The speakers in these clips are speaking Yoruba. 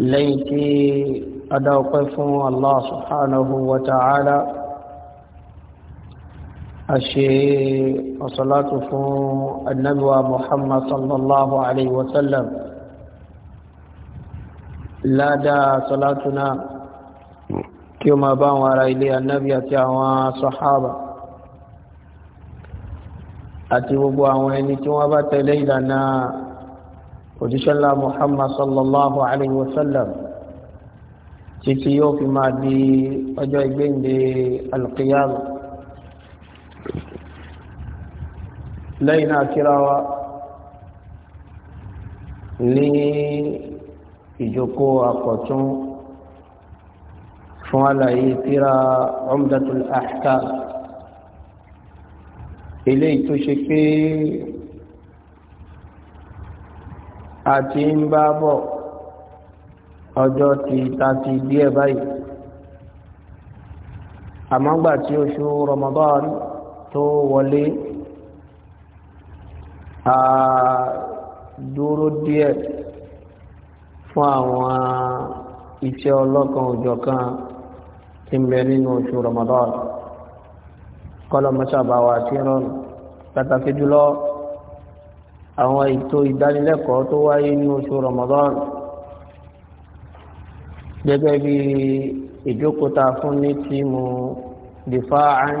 ليتي أدوقف الله سبحانه وتعالى أشي وصلاة النبوة محمد صلى الله عليه وسلم لدى صلاتنا كما بان وراي إلي النبي تعوى صحابة أتي وبوا ويني ليلنا òjíṣẹ́ ńlá muhammad sallallahu alayhi wa sallam títí yóò fi máa di ọjọ́ ìgbéǹde alqiyam lẹ́yìn náà kíra wa ní ìjókòó àkọ́tún fún àlàyé kíra umdatul ahkam eléyìí tó ṣe pé àti ń bá bọ̀ ọjọ́ ti ta ti díẹ̀ báyìí àmọ́ gbà tí oṣù Ramadan tó wọlé a dúró díẹ̀ fún àwọn iṣẹ́ ọlọ́kan òjọ̀kan tí ń bẹ nínú oṣù Ramadan kọ́lọ́mọ́sàbáwá tí rọrùn pàtàkì jùlọ àwọn ètò ìdánilẹ́kọ̀ọ́ tó wáyé ní oṣù Ramadan gẹ́gẹ́ bí ìjókòta fún ní tíìmù difa'an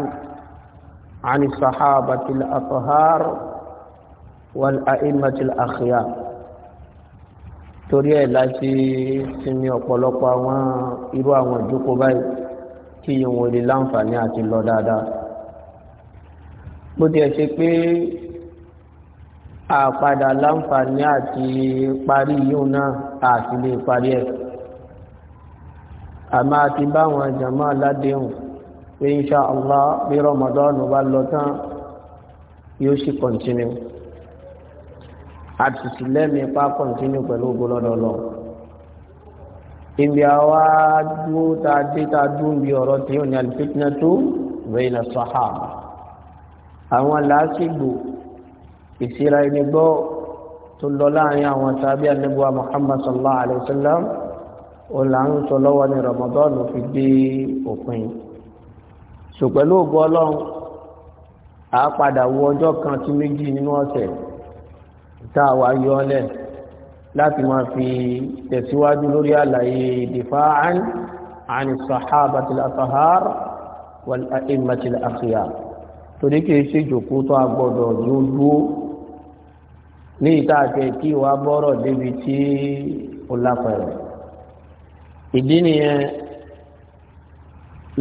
عن الصحابة الأطهار والأئمة الأخيار torí ẹ̀ láti sinmi ọ̀pọ̀lọpọ̀ àwọn irú àwọn ìjókòó báyìí kí ìwọ̀n lè láǹfààní àti lọ dáadáa bó tiẹ̀ ṣe pé àpadà láǹfààní àti parí yóò náà àti lè parí ẹ̀ àmá àti báwọn jàmá aládéhùn pé insha Allah bí rọmọdọ́nù bá lọ tán yóò sì kọ̀ntínú àti sì lẹ́mìí pa kọ̀ntínú pẹ̀lú ogolọ́dọ̀lọ́ ibi àwa dúró tá a dé tá a dún bí ọ̀rọ̀ tí yóò ní alifitnatu bayna sahaba àwọn làásìgbò ìsira ẹni gbọ́ tó lọ láàrin àwọn tàbí ànábì Muhammad sallallahu alayhi wa sallam ó là ń sọ lọ́wọ́ ní Ramadan fi dé òpin sò pẹ̀lú ògbọ́ ọlọ́run a padà wo ọjọ́ kan tí méjì nínú ọ̀sẹ̀ tá a wá yọ ọ́lẹ̀ láti máa fi tẹ̀síwájú lórí àlàyé difa'an àni sahabatil atahar wal a'immatil akhyar torí kìí ṣe jòkó tó a gbọ́dọ̀ yóò ní ìta àti kí wàá bọ́rọ̀ débi tí ó lápẹ̀rẹ̀ ìdí nìyẹn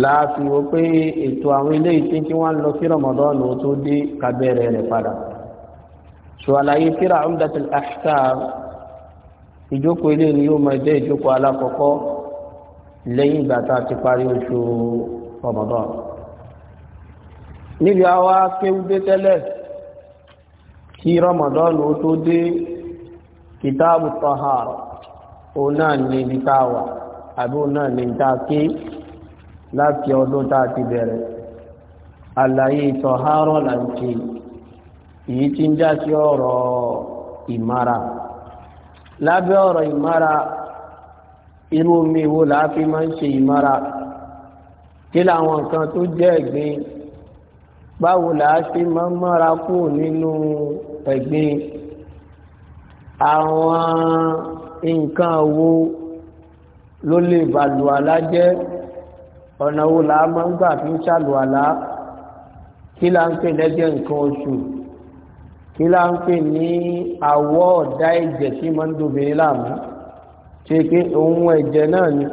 láàfi wo pé ètò àwọn ilé ìsìn tí wọ́n ń lọ sí rọmọdọ́ọ̀nù ó tó dé kábẹ́rẹ́ rẹ̀ padà ṣùgbọ́n kíra Umdatul Ahkam ìjókòó ilé ni yóò máa jẹ́ ìjókòó alákọ̀ọ́kọ́ lẹ́yìn ìgbà tá a ti parí oṣù rọmọdọ́ọ̀nù níbi àwa kéwúdé tẹ́lẹ̀ kí Ramadan ó tó dé kìtàbù tahara òun náà ní ibi tá a wà àbí òun náà ní ta ké láti ọdún tá a ti bẹ̀rẹ̀ àlàyé tahara là ń ṣe èyí tí ń já sí ọ̀rọ̀ ìmára lábẹ́ ọ̀rọ̀ ìmára irú omi wo là á fi máa ń ṣe ìmára kí làwọn nǹkan tó jẹ́ ẹ̀gbin báwo là á ṣe máa ń mára kú nínú ẹ̀gbin àwọn nǹkan wo ló lè bàlùwàlá jẹ́ ọ̀nà wo là á máa ń gbà fi ń ṣàlùwàlá kí là ń pè lẹ́jẹ̀ nǹkan oṣù kí là ń pè ní àwọ̀ ọ̀dá ẹ̀jẹ̀ tí máa ń dòbìnrin láàmú ṣe pé òun ẹ̀jẹ̀ náà ni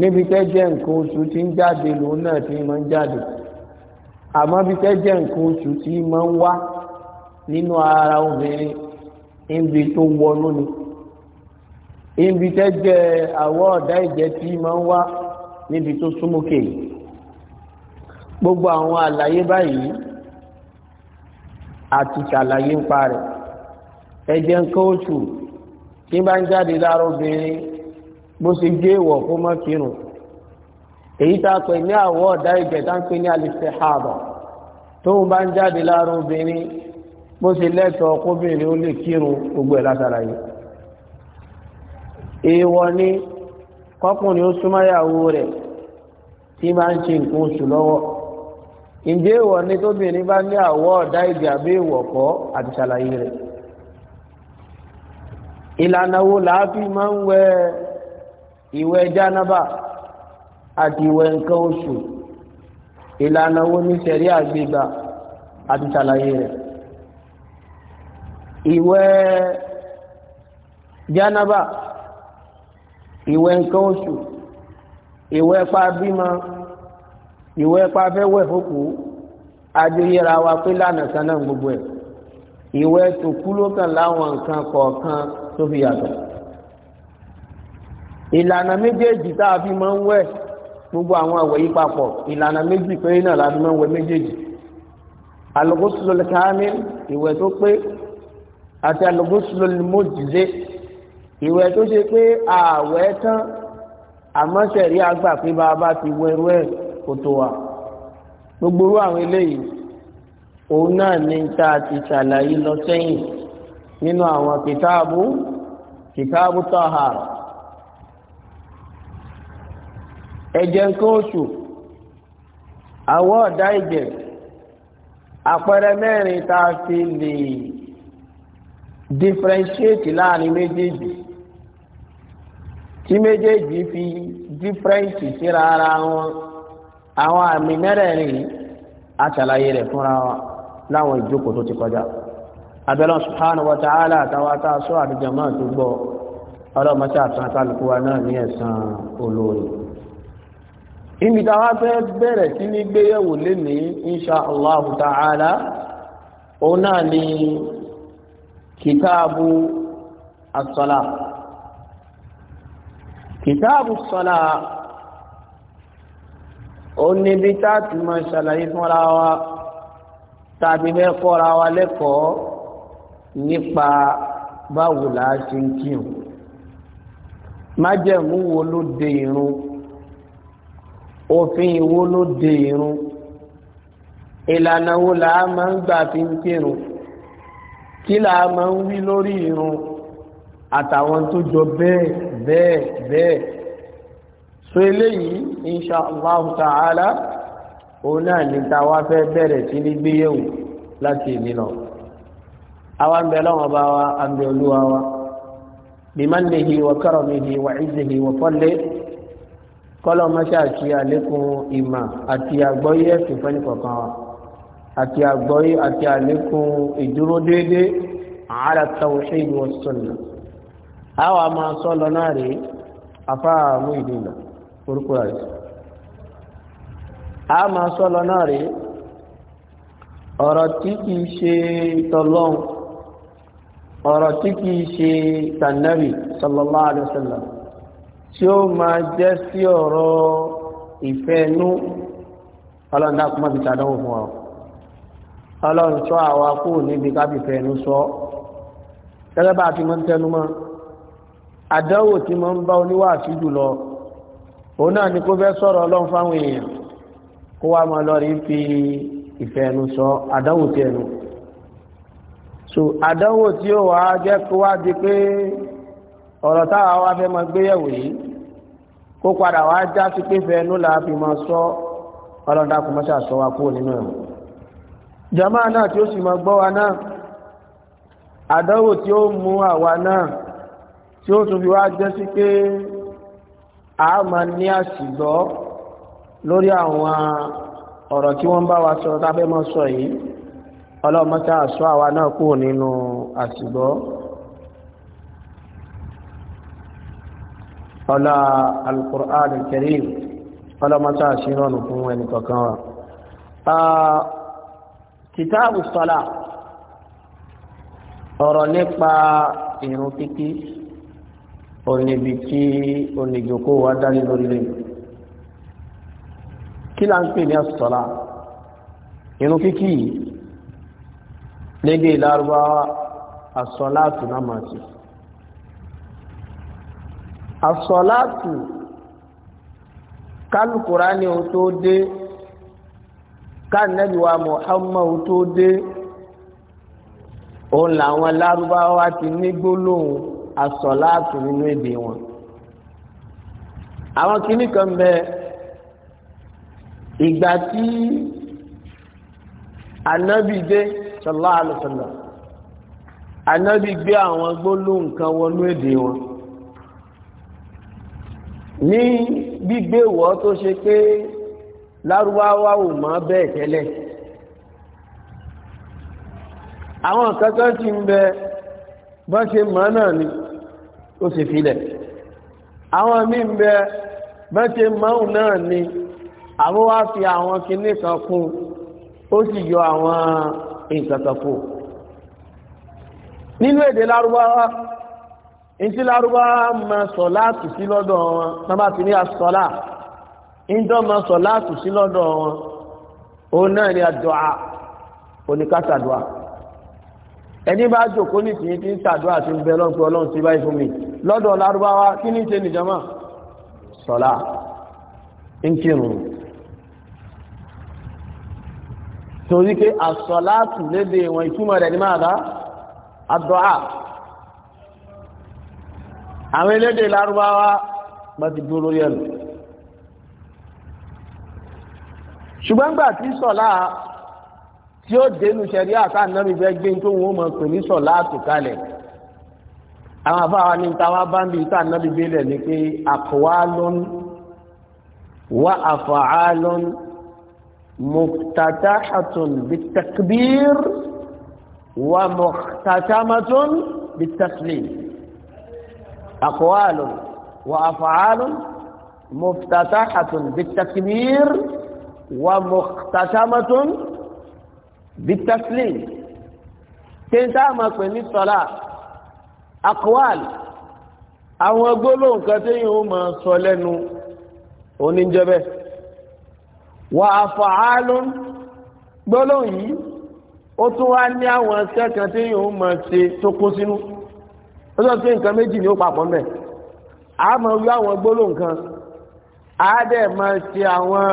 níbi tẹ́jẹ̀ nǹkan oṣù ti ń jáde lòun náà ti máa ń jáde àmọ́ bí tẹ́jẹ̀ nǹkan oṣù ti máa ń wá nínú ara obìnrin ibi tó wọnú ni ibi tẹ́jẹ́ àwọ̀ ọ̀dá ìjẹ́ tí máa ń wá níbi tó súnmọ́kè gbogbo àwọn àlàyé báyìí àti ṣàlàyé ń pa rẹ̀ ẹ̀jẹ̀ nǹkan oṣù tí bá ń jáde lára obìnrin bó ṣe gé ìwọ̀ kó mọ́ kírun èyí tá a pè ní àwọ̀ ọ̀dá ìjẹ́ tá ń pè ní alìsẹ̀ ààbọ̀ tóun bá ń jáde lára obìnrin bó ṣe lẹ́tọ̀ọ́ kóbìnrin ó lè kírun gbogbo ẹ̀ látara yìí èèwọ̀ ni kọkùnrin ó súnmáyàwó rẹ̀ tí máa ń ṣe nǹkan oṣù lọ́wọ́ èèwọ̀ ni tóbìnrin bá ní àwọ̀ ọ̀dá ìdí àbí ìwọ̀kọ́ àti ṣàlàyé rẹ̀ ìlànà wo làáfi máa ń wẹ jánábà àti nǹkan oṣù wo ní sẹ̀rí àgbègbà àti ìwẹ̀ jánábà ìwẹ̀ nǹkan oṣù ìwẹ̀ pa bímọ ìwẹ̀ pa fẹ́ wẹ̀ fòkú adéyẹra wa pé lánàá kan náà gbogbo ẹ̀ ìwẹ̀ tó kú ló kàn láwọn nǹkan kọ̀ọ̀kan tó fi yàtọ̀ ìlànà méjèèjì tá a fi máa ń wẹ̀ gbogbo àwọn àwẹ̀ yìí papọ̀ ìlànà méjì péré náà la fi máa ń wẹ̀ méjèèjì al-ghusl al-kamil ìwẹ̀ tó pé àti alùbùsùlùmí mọ́jìlé ìwẹ̀ tó ṣe pé ààwẹ̀ tán àmọ́ sẹ̀rí àgbà pé bàbá ti wọ irú ẹ̀ kò tó wa gbogbo irú àwọn eléyìí òun náà ní tá a ti ṣàlàyé lọ sẹ́yìn nínú àwọn kìtáàbù kìtáàbù tọ́hà ẹ̀jẹ̀ nǹkan oṣù àwọ̀ ọ̀dá ìjẹ̀ àpẹẹrẹ mẹ́rin tá a fi lè. differentiate láàrin méjèèjì tí méjèèjì fi difference síra ara wọn àwọn àmì mẹ́rẹ̀ẹ̀rin àṣàlàyé rẹ̀ fúnra wa láwọn ti kọjá subhanahu wa ta'ala àtàwátá sọ àdìjàmá tó gbọ́ ọlọ́mọṣẹ́ àtàn kálukú wa náà ní olóore ibi táwa fẹ́ bẹ̀rẹ̀ sí ní gbéyẹ̀wò lénìí allahu ta'ala òun náà ni kitabu as-salah kitabu as-salah ó ní bí táàtì máa ṣàlàyé fúnra wa tàbí bẹ́ẹ̀ kọ́ra wa lẹ́kọ̀ọ́ nípa báwo là á ṣe ń kírun májẹ̀mú wo ló de irun òfin wo ló de irun ìlànà wo là á máa ń gbà fi ń kírun kí là á máa ń wí lórí irun àtàwọn tó jọ bẹ́ẹ̀ bẹ́ẹ̀ bẹ́ẹ̀ so eléyìí insha allah ta'ala òun náà ní ta wá fẹ́ bẹ̀rẹ̀ sí ní gbéyẹ̀wò láti ìní lọ àwa ń bẹ lọ́wọ́ bá wa à ń bẹ olúwa wa bimanihi wa karamihi wa izzihi wa fadli kọ́lọ́ mọ́ṣáàṣì àlékún ìmọ̀ àti àgbọ́yé ẹ̀sìn fẹ́ni kọ̀ọ̀kan wa àti àgbọ́yé àti àlékún ìdúró déédé ala tawhid wa sunna àwọn àmà sọ lọ náà rèé afáàmú ìdìnnà orúkọ rẹ̀ àmà sọ lọ náà rèé ọ̀rọ̀ tí kìí ṣe tọlọ́n ọ̀rọ̀ tí kìí ṣe tànàbì sallallahu alaihi tí ó máa jẹ́ sí ọ̀rọ̀ ìfẹ́ inú ọlọ́ndà kúmọ̀bìtà dánwò fún ọ ọlọ́run sọ àwa kú níbi kábìfẹ́ ẹnu sọ gẹ́gẹ́ bá ti mọ́ ń tẹnu mọ́ àdánwò tí mọ́ ń bá oníwàásí jùlọ òun náà ni kó fẹ́ sọ̀rọ̀ ọlọ́run fáwọn èèyàn kó wá máa lọ rí fi ìfẹ́ ẹnu sọ àdánwò tí ẹnu so àdánwò tí ó wàá jẹ́ kó wá di pé ọ̀rọ̀ táwa wá fẹ́ máa gbéyẹ̀wò yìí kó padà wá já sí pé fẹ́ ẹnu là á fi máa sọ ọlọ́run dákun mọ́ṣáà sọ wa kúrò nínú ẹ̀wọ̀n jama náà tí ó sì máa gbọ́ wa náà àdánwò tí ó mú àwa náà tí ó tún fi wá jẹ́ sí pé a máa ní àsìgbọ́ lórí àwọn ọ̀rọ̀ tí wọ́n bá wa sọ tábẹ́ mọ́ sọ yìí ọlọ́mọta àṣọ àwa náà kúrò nínú àsìgbọ́ ọlá al-Qur'an ọlọ́mọta àṣírọ̀nù fún ẹnìkọ̀ọ̀kan wa ah, kìtáàbù sọlá ọ̀rọ̀ nípa ìrun kíkí oníbi tí oníjòkó wa dání lórí rẹ̀ kí là ń pè ní àsọlá ìrun kíkí lédè lárúbáwá àsọlá àtúnámàtì àsọlá àtù kálukúrá ni o tó dé kánẹ́bí wa Muhammadu tó dé òun làwọn lárúbáwá ti ní gbólóhùn asọ̀láàtù nínú èdè wọn àwọn kìíní kan bẹ ìgbà tí anábì dé sallallahu alaihi wasallam anábì gbé àwọn gbólóhùn kan wọnú èdè wọn ní gbígbéwọ̀ tó ṣe pé lárúbáwá ò mọ̀ bẹ́ẹ̀ tẹ́lẹ̀ àwọn nǹkan tó ti ń bẹ bọ́n ṣe mọ̀ náà ni ó sì filẹ̀ àwọn míì ń bẹ bọ́n ṣe mọ́hùn náà ni àwọn wá fi àwọn kinní kan kún ó sì yọ àwọn nǹkan kan kún nínú èdè lárúbáwá ìtí lárúbáwá mọ sọ̀láàtì sí lọ́dọ̀ wọn tán bá ti ní asọ́láàtì ìjọba sọ láti sí lọ́dọ̀ wọn òun náà ni àdúà oníkásàdúà ẹni bá jòkó ní tìyí tí ń sàdúà tí ń bẹ lọ́pẹ́ ọlọ́run ti báyìí fún mi lọ́dọ̀ lárúbáwá kí ní ṣe nìjọba sọ̀lá ń kírun torí pé àsọ̀láàtù lédè wọn ìtumọ̀ rẹ̀ ní máa dá àwọn elédè lárúbáwá bá ti dúró lórí ẹ̀lú ṣùgbọ́n gbà tí sọ̀lá tí ó dénú ṣẹ̀rí àtànàbí fẹ́ gbé tó wọ́n mọ̀ pè ní sọ̀lá àtòkalẹ̀ àwọn afáwa ní tàwa bá ń bí ìtànàbí bílẹ̀ ni pé àkọwálọ́n wà àfàálọ́n mọ̀tàtàhàtùn bìtàkbír wà mọ̀tàtàmàtùn bìtàslim àkọwálọ́n wà àfàálọ́n mọ̀tàtàhàtùn bìtàkbír wa mukhtasamatun bitaslim tí n táà máa pè ní sọlá akwal àwọn gbólóhùn kan tí yóò máa sọ lẹ́nu oníjẹ́bẹ́ wa afa'alun gbólóhùn yìí ó tún wá ní àwọn iṣẹ́ kan tí yóò máa ṣe nǹkan méjì ni ó papọ̀ mẹ́ a máa wí àwọn gbólóhùn a dẹ̀ máa ṣe àwọn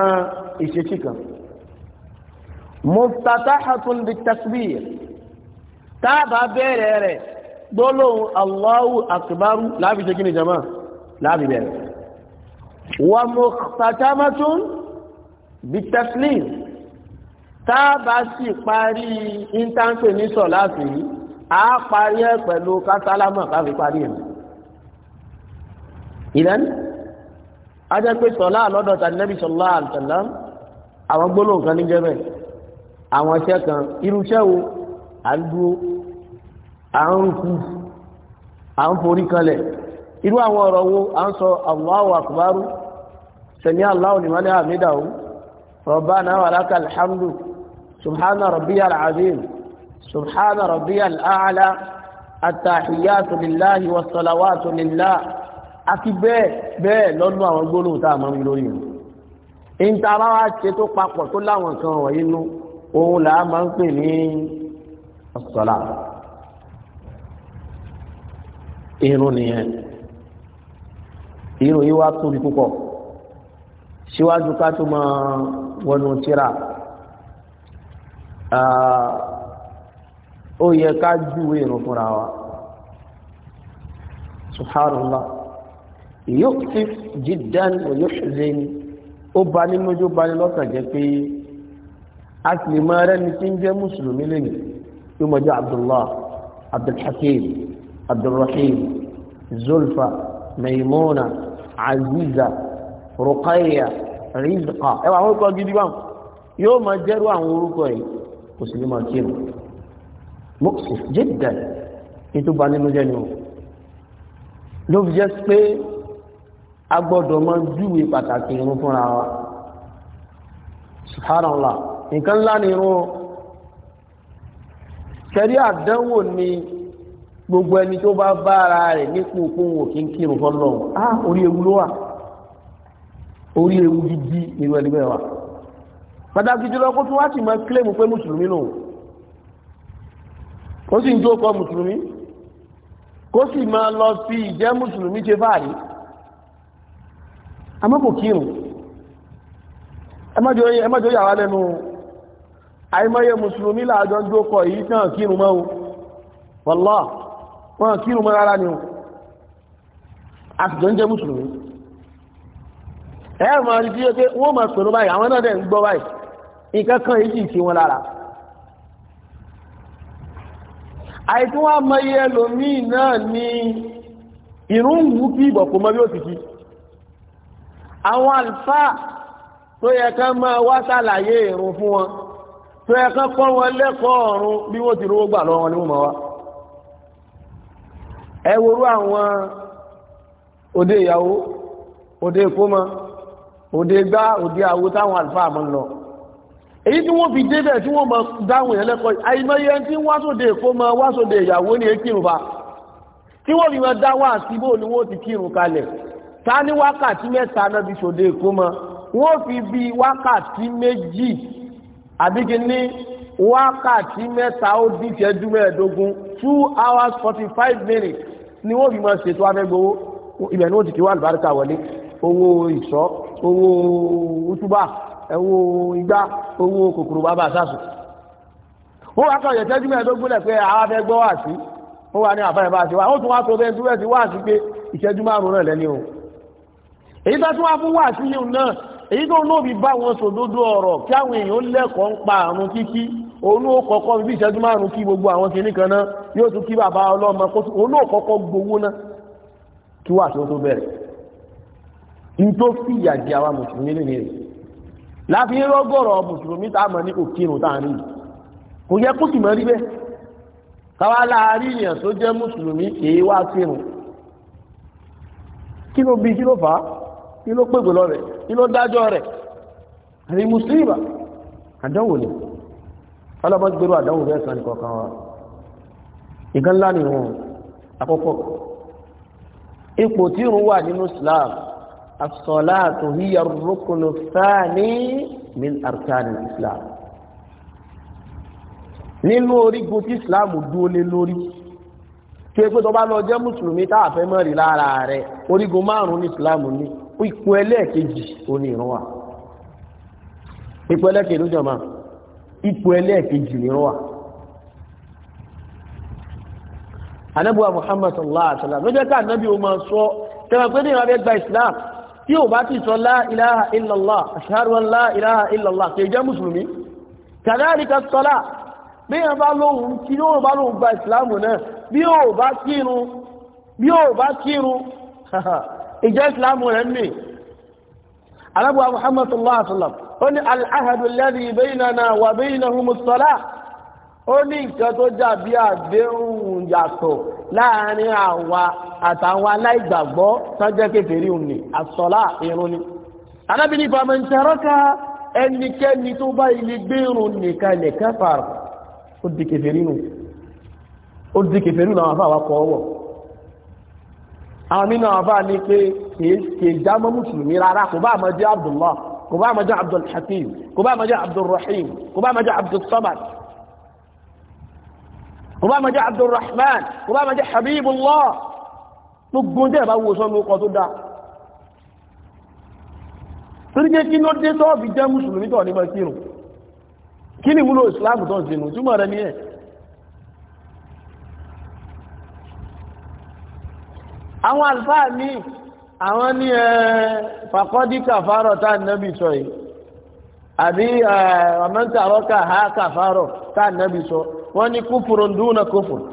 ìṣesí kan muftatahatun bitasbih táàbà bẹ̀rẹ̀ rẹ̀ gbólóhùn Allahu akbar láàbì ṣe kíni jama láàbì bẹ̀rẹ̀ wa muftatamatun bitaslim táàbà sì parí intanpe ní sọ láti yìí a parí ẹ̀ pẹ̀lú kátálámà káfí parí ẹ̀ ìdán ajẹ́ pé sọ̀lá lọ́dọ̀ nẹ́bí sallallahu alaihi àwọn gbólóhùn kan níjẹ́ bẹ́ẹ̀ àwọn iṣẹ́ kan irúṣẹ́ wo à ń dúró à ń rúkú à ń forí kanlẹ̀ irú àwọn ọ̀rọ̀ wo à ń sọ Allahu akbaru sẹ̀mí Allahu liman hamidahu rabbana walakal hamdu subhana rabbiyal azim subhana rabbiyal a'la at-tahiyyatu lillahi was-salawatu lillah àti bẹ́ẹ̀ bẹ́ẹ̀ lọ́nà àwọn gbólóhùn tá a máa ń lórí rẹ̀ níta bá wá ṣe tó papọ̀ tó láwọn nǹkan wọ̀nyí nú òun là á máa ń pè ní ọ̀sọ̀là irun nìyẹn irun yìí wá tóbi púpọ̀ síwájú ká tó máa wọnú tíra ó yẹ ká júwe irun fúnra wa subhanallah yóò fi jiddan wa yóò fi zẹni ó bà nínú ojú bà ní lọ́kàn jẹ́ pé a sì lè máa rẹ́ni tí ń jẹ́ mùsùlùmí lónìí tó mọ̀ jẹ́ abdullah abdulhakeem abdulrahim zulfa maimuna aziza ruqayya rizqa ẹwà àwọn orúkọ gidi báwọn yóò máa jẹ́rú àwọn orúkọ yìí kò sì lè máa kí mu mọ́kùsì jẹ́ dẹ̀ ní tó bà nínú ló fi jẹ́ pé a gbọ́dọ̀ mọ júwe pàtàkì irun fúnra wa subhanallah nǹkan ńlá ni irun kẹrí àdánwò ni gbogbo ẹni tó bá bá ara rẹ̀ nípò òpóhùn òkè ń kírun fọlọ́ á orí ewu ló wà orí ewu gidi irú ẹni bẹ́ẹ̀ wà pàtàkì jùlọ kó tún wá sì máa kílèmù pé mùsùlùmí nù ó sì ń tó kọ mùsùlùmí kó sì máa lọ fi ìjẹ́ mùsùlùmí ṣe fáàrí àmọ́ kò kírun ẹmọ́jọ́ yà wá lẹ́nu àìmọ́yẹ mùsùlùmí láàjọ ń jókọ̀ èyí kinu kírun mọ́ wọ́lá wọ́n kinu mọ́ rárá ni àtìjọ ń jẹ́ mùsùlùmí ẹ máa rí díẹ̀ pé wọ́n máa pẹ̀lú báyìí àwọn náà dẹ̀ ń gbọ́ báyìí nǹkan kan wọn àwọn àlùfáà tó yẹ ká máa wá ṣàlàyé ìrun fún wọn tó yẹ ká kọ́ wọn lẹ́kọ̀ọ́ ọ̀run bí wọ́n ti rówó gbà lọ́wọ́ wọn ni wọ́n máa wá ẹ worú àwọn òde ìyàwó òde ìkómọ òde gbá òde àwo táwọn àlùfáà mọ́ lọ èyí tí wọ́n fi débẹ̀ tí wọ́n mọ̀ dáhùn ẹlẹ́kọ́ àìmọye tí wá sóde èkó mọ sóde ìyàwó ní ekírun bá tí wọ́n fi mọ dáwà sí bó ni wọ́n ti kírun kalẹ̀ ta ní wákàtí mẹ́ta náà fi ṣòde èkó mọ́ wọ́n fi bí wákàtí méjì àbíkí ní wákàtí mẹ́ta ó dín ìṣẹ́jú mẹ́ẹ̀ẹ́dógún two hours forty five minutes ni wọ́n fi máa ṣètò afẹ́gbowó ibẹ̀ ni wọ́n ti kí wá àlùbáríkà wọlé owó ìṣọ́ owó útúbà owó igbá owó kòkòrò bàbá sásù wọ́n wá kọ̀yẹ̀ tẹ́jú mẹ́ẹ̀ẹ́dógún lẹ̀ pé àwọn afẹ́ gbọ́ wà sí wọ́n wá ní àfáyẹ̀bá sí wa ó èyí tó tún wá fún wà sílé òun náà èyí tó lóbi bá wọn sòdodo ọ̀rọ̀ kí àwọn èèyàn lẹ́kọ̀ọ́ ń pa àrùn kíkí òun ó kọ́kọ́ bí ìṣẹ́jú márùn kí gbogbo àwọn kìíní kan náà yóò tún kí bàbá ọlọ́mọ kó òun ó kọ́kọ́ gbowó náà kí wà tó tó bẹ̀rẹ̀ n tó fi ìyà jẹ àwa mùsùlùmí nìyẹn rẹ̀ láfi rọ́gọ̀rọ̀ mùsùlùmí tá a mọ̀ ní kò tá a rí kò yẹ kó sì mọ̀ rí bẹ́ẹ̀ káwá láàárín èèyàn tó jẹ́ mùsùlùmí kì í wá kírun kí ló bí kí ló fà á kí ló pègbè lọ rẹ̀ kí ló dájọ́ rẹ̀ àrí mùsùlùmí àdánwò ni ọlọ́mọdúgbèrú àdánwò bẹ́ẹ̀ sàn kọ̀ọ̀kan wa ìgán ńlá nìwọ̀n àkọ́kọ́ ipò tí òun wà nínú Islam as-salatu hiya ar-ruknu thani min arkan Islam nínú orígun tí Islam dúó lé lórí tí ó pé tó bá lọ jẹ́ mùsùlùmí táàfẹ́ mọ́rin lára rẹ̀ orígun márùn-ún ní Islam ní ipò ẹlẹ́ẹ̀kejì òní ìran wà ipò ẹlẹ́ẹ̀kejì ló jọ̀mọ́ ipò ẹlẹ́ẹ̀kejì ìran wà. anábùwà Muhammad sallallahu alaihi wa sallam lọ́jọ́ ká anábì ó máa sọ tẹ̀wọ̀n pé ní ìran abẹ́gbà Islam tí ò bá ti gba Islam náà bí yóò bá kírun bí yóò bá kírun ìjẹ́ ìsìláàmù rẹ̀ mì alábùwà muhammad sallallahu alaihi wasallam ó ní al'ahadu alladhi baynana wà baynahum as-salah ó ní nǹkan tó dàbí àdéhùn yàtọ̀ láàrin àwa àtàwọn aláìgbàgbọ́ sọ́jẹ́ kékeré òní àsọ̀lá irun ni alábìnrin faman taraka ẹnikẹ́ni tó bá ilé gbérun nìkan lè kafar ó di kékeré nù ó di kékeré nù àwọn afáwà àwọn mínú àwọn bá ní pé kèé jámọ́ mùsùlùmí rárá kò bá máa jẹ́ abdullah kò bá máa jẹ́ abdulhakim kò bá máa jẹ́ abdulrahim kò bá máa jẹ́ abdulsamad kò bá máa jẹ́ abdulrahman kò bá máa jẹ́ habibullah gbogbo jẹ́ ìbá wo sọ́nù tó dáa kí ni wúlò ìsìláàmù tó ń sinú túmọ̀ rẹ̀ ní ẹ̀ àwọn àlùfáà ní àwọn ní ẹ fàkọ́dí kàfárọ̀ tá ànábì sọ yìí àbí ọmọntà ọkà ha kàfárọ̀ tá ànábì sọ wọ́n ní kúfùrù ndúnà kúfùrù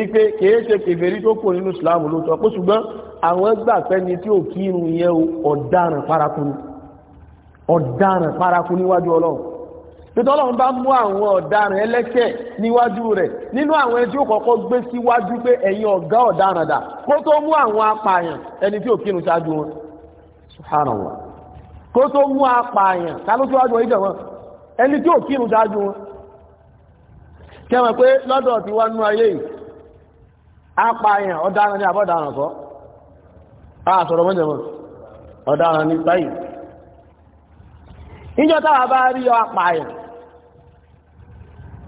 ipe kìí ṣe kèfèrí tó kò nínú ìsìláàmù lóòótọ́ kó ṣùgbọ́n àwọn gbà pé tí ò kírun yẹn ọ̀daràn tọ́lọ́run bá mú àwọn ọ̀daràn ẹlẹ́ṣẹ̀ níwájú rẹ̀ nínú àwọn ẹjọ́ tí gbé síwájú pé ẹ̀yin ọ̀gá ọ̀daràn dà kó tó mú àwọn apààyàn ẹni tí ò kírun ṣáájú wọn kó tó mú apààyàn wọn ẹni tí ò ṣáájú wọn pé lọ́dọ̀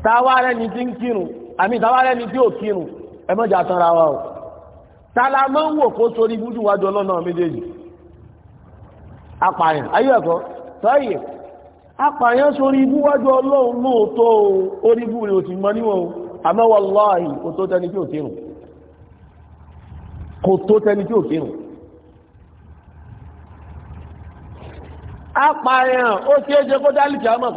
táwárẹ́ ni tí ń kírun àmì táwárẹ́ ni tí ò kírun o tala mọ́ ń wò kó sórí ibùdó wájú ọlọ́nà méjèèjì apààyàn ayé ẹ̀kọ́ apààyàn sórí wájú ọlọ́run lóòótọ́ orí rẹ̀ ò sì mọ́ níwọ̀n àmọ́ kò tó tẹni tí ò kírun kò tó tẹni tí ò kírun apààyàn ó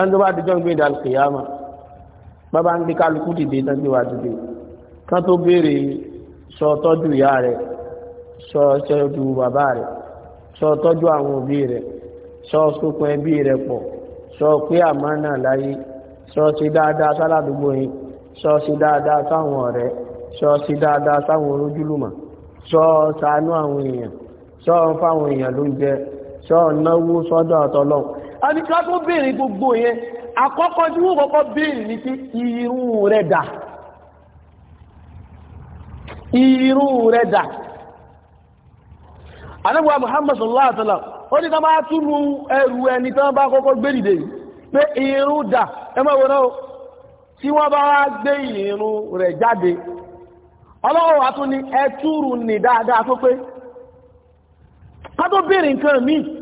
ẹni tó bá dijọ́ ń gbé ìdàlù kìyàmà bàbá ń gbé kálukú dìde tán gbé wa dìde kán tó béèrè sọ tọ́jú ìyá rẹ̀ sọ tọ́jú bàbá rẹ̀ sọ tọ́jú àwọn òbí rẹ̀ sọ sókun ẹbí rẹ̀ pọ̀ sọ pé àmánà láyé sọ sí dáadáa sáládùúgbò yín sọ sí dáadáa sáwọn ọ̀rẹ́ sọ sí dáadáa sáwọn olójúlùmọ̀ sọ ṣàánú àwọn èèyàn sọ fáwọn èèyàn ló ń jẹ sọ náwó sọ́dọ̀ ọ̀tọ̀lọ́wọ́ a ní ká tó béèrè gbogbo yẹn àkọ́kọ́ tí wọ́n kọ́kọ́ béèrè pé irun rẹ̀ dà irun rẹ̀ dà anábùwà Muhammad sallallahu alaihi wasallam ó ní ká túnú ẹrù ẹni tí wọ́n bá kọ́kọ́ gbé dìde pé irun dà ẹ wọ́n náà tí wọ́n bá wá gbé irun rẹ̀ jáde ọlọ́wọ́ wa tún ní dáadáa tó pé ká tó nǹkan míì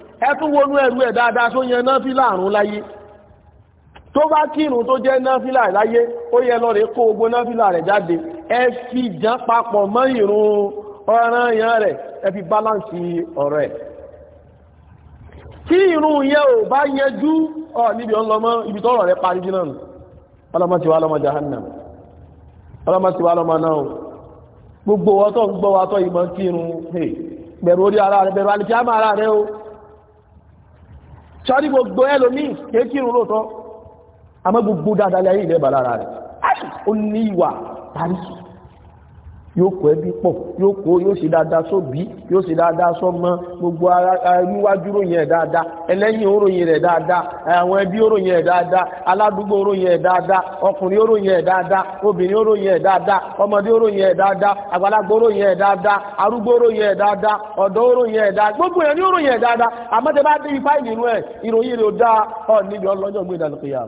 ẹtún wọnú ẹrú ẹ̀ dáadáa tó yẹn náfílà àrùn láyé tó bá kírun tó jẹ́ náfílà láyé ó yẹ lọ rẹ̀ kó ogbó náfílà rẹ̀ jáde ẹ fi jàn papọ̀ mọ́ ìrun ọ̀ràn yẹn rẹ̀ ẹ fi báláǹsì ọ̀rọ̀ ẹ̀ tí ìrun yẹn ò bá yẹjú ọ níbi ọlọmọ ibi tọrọ rẹ̀ parí jìnnà nù ọlọmọ sọ́rí gbogbo ẹlòmíì kéèkìrún lóòótọ́ àmọ́ gbogbo dáadáa lẹ́yìn ilẹ̀ bàlára rẹ̀ ó ní ìwà tàrísù yóò kó ẹbí pọ̀ yóò kó yóò ṣe dáadáa so yóò ṣe dáadáa sọ́mọ gbogbo aríwájú ròyìn ẹ dáadáa ẹlẹ́yìn òròyìn rẹ̀ dáadáa àwọn ẹbí òròyìn ẹ dáadáa aládùúgbò òròyìn ẹ dáadáa ọkùnrin òròyìn ẹ dáadáa obìnrin òròyìn ẹ dáadáa ọmọdé òròyìn ẹ dáadáa àgbàlagbà òròyìn ẹ dáadáa arúgbó òròyìn dáadáa òròyìn dáadáa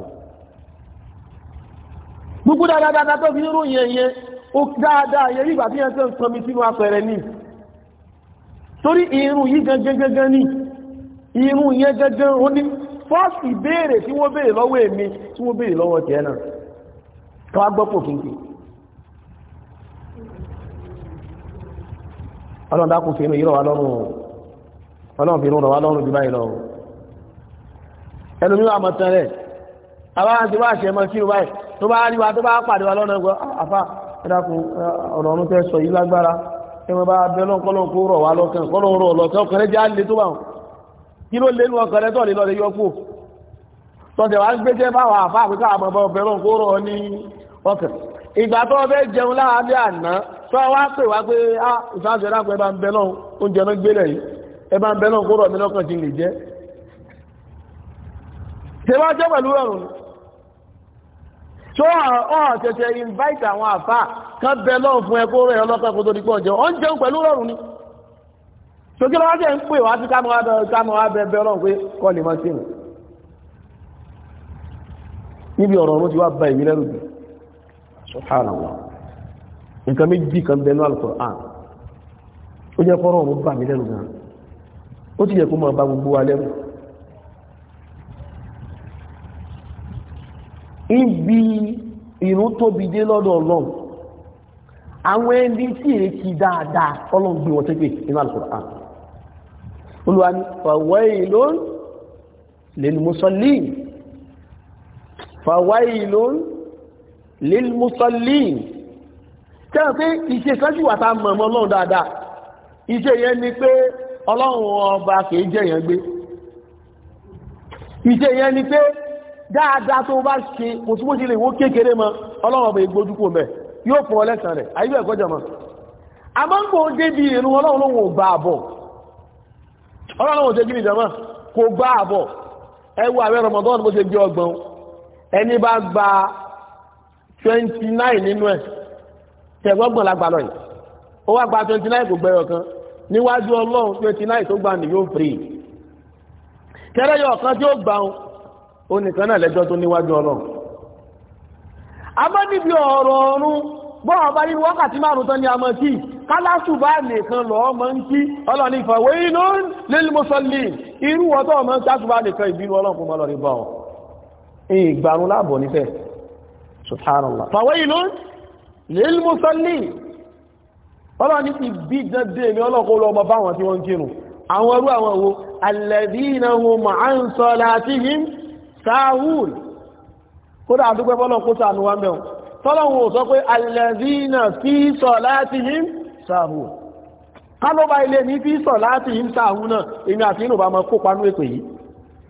gbogbo ó dáadáa yẹ nígbà tí yẹn tẹ́ ń pọnmi sínú apẹ̀rẹ̀ ni torí irun yìí gangan gangan ni irun yẹn gangan ó ní fọ́ọ̀sì béèrè tí wọ́n béèrè lọ́wọ́ èmi tí wọ́n béèrè lọ́wọ́ tẹ́ náà káwá gbọ́pọ̀ kínkì ọlọ́run dákù fi inú ìrọ̀wà lọ́rùn ọlọ́run fi inú ìrọ̀wà lọ́rùn jù báyìí lọ ẹnu mímọ̀ àmọ̀tán rẹ̀ àwọn àti wáṣẹ̀ mọ̀ sí ìrọ̀wà tó bá rí wa tó bá pàdé wa lọ́nà ẹgbẹ́ àfáà ẹ̀dàkùn ọ̀rọ̀ ọ̀run tẹ́ sọ yìí lágbára ẹmọ bá bẹ́lọ́n kọ́lọ́n kó rọ̀ wá lọ́kàn kọ́lọ́n rọ̀ lọ́kàn ọkànrẹ́ jẹ́ àlè tó bá wọn kí ló lé ní ọkànrẹ́ tọ́ lè lọ́lẹ̀ yọpò tọ́tẹ̀ wá ń gbé jẹ́ báwọn àfá àpíká àmọ́ bẹ́lọ́n kó rọ̀ ní ọkàn ìgbà tó fẹ́ jẹun láàárín àná tó wá pè wá pé á ìfáàjọ dákun ẹ tó ọ̀hàn tẹ̀tẹ̀ invite àwọn àfà kan bẹ lọ́n fún ẹkọ́ rẹ̀ ọlọ́pẹ́ kó tó di pọ̀ jẹun ó ń jẹun pẹ̀lú rọrùn ni sókè lọ́wọ́ jẹ́ ń pè wá sí kánú kánú abẹ́bẹ́ ọlọ́run pé kọ́ lè máa sínú níbi ọ̀rọ̀ ọ̀run ti wá bá ìwé lẹ́rù jù subhanallah nǹkan méjì kan bẹnu alukur'an ó jẹ́ kọ́rọ̀ ọ̀run bà mí lẹ́rù gan ó ti yẹ kó máa bá gbogbo wa lẹ́rù ibi ìrún tóbi dé lọ́dọ̀ ọlọ́run àwọn ẹni tí èrè ti dáadáa ọlọ́run gbé wọn tẹ́gbẹ̀ nínú Al-Qur'an olùwà ní fawailun lil musallin fawailun lil musallin tẹ́wọ̀n pé iṣẹ́ sọ́jú wà tá mọ̀ ọmọ ọlọ́run dáadáa iṣẹ́ yẹn ni pé ọlọ́run ọba kìí jẹ́yàn gbé iṣẹ́ yẹn ni pé dáadáa tó bá ṣe kò tí wọ́n ṣe lè wó kékeré mọ́ ọlọ́run ọba ìgbójú kò mẹ́ yóò fún ọ lẹ́sàn rẹ̀ àyíbẹ̀ ẹ̀kọ́ jọmọ́ àmọ́ ń gbòó débi ìrún ọlọ́run ló wọ̀n gbà àbọ̀ ọlọ́run ló wọ̀n ṣe kí ni jọmọ́ kò gbà àbọ̀ ẹ wo àwẹ̀ Ramadan bó ṣe gbé ọgbọ̀n ẹni bá gba twenty nine nínú ẹ̀ tẹ̀gbọ́gbọ̀n la gbà lọ yìí ó twenty nine kò gbẹ̀yọ̀ kan níwájú ọlọ́run twenty nine tó gbà ní yóò fèrè tẹ́lẹ̀ yọ̀ kan tí ó gbà wọn ó nìkan náà lẹ́jọ́ tó níwájú ọlọ́run abọ́dìbí ọ̀rọ̀ ọ̀run bọ́ọ̀ bá nínú wákàtí márùn tán ni a mọ̀ sí kálásù bá nìkan lọ ọmọ ń kí ọlọ́ni ìfàwé inú lil musallin irú ọ̀tọ́ ọmọ kálásù bá nìkan ìbínú ọlọ́run fún ọlọ́rin bá ọ lọ tawul kódà àdúgbẹ́ bọ́lọ̀ kó sànú wa mẹ́wọ̀n tọ́lọ̀wọ̀n ò sọ pé alẹ́zínà fi salatihim sahun kálọ́bà ilé ní fi salatihim sahun náà èmi àti inú bá mọ́ kó panú ètò yìí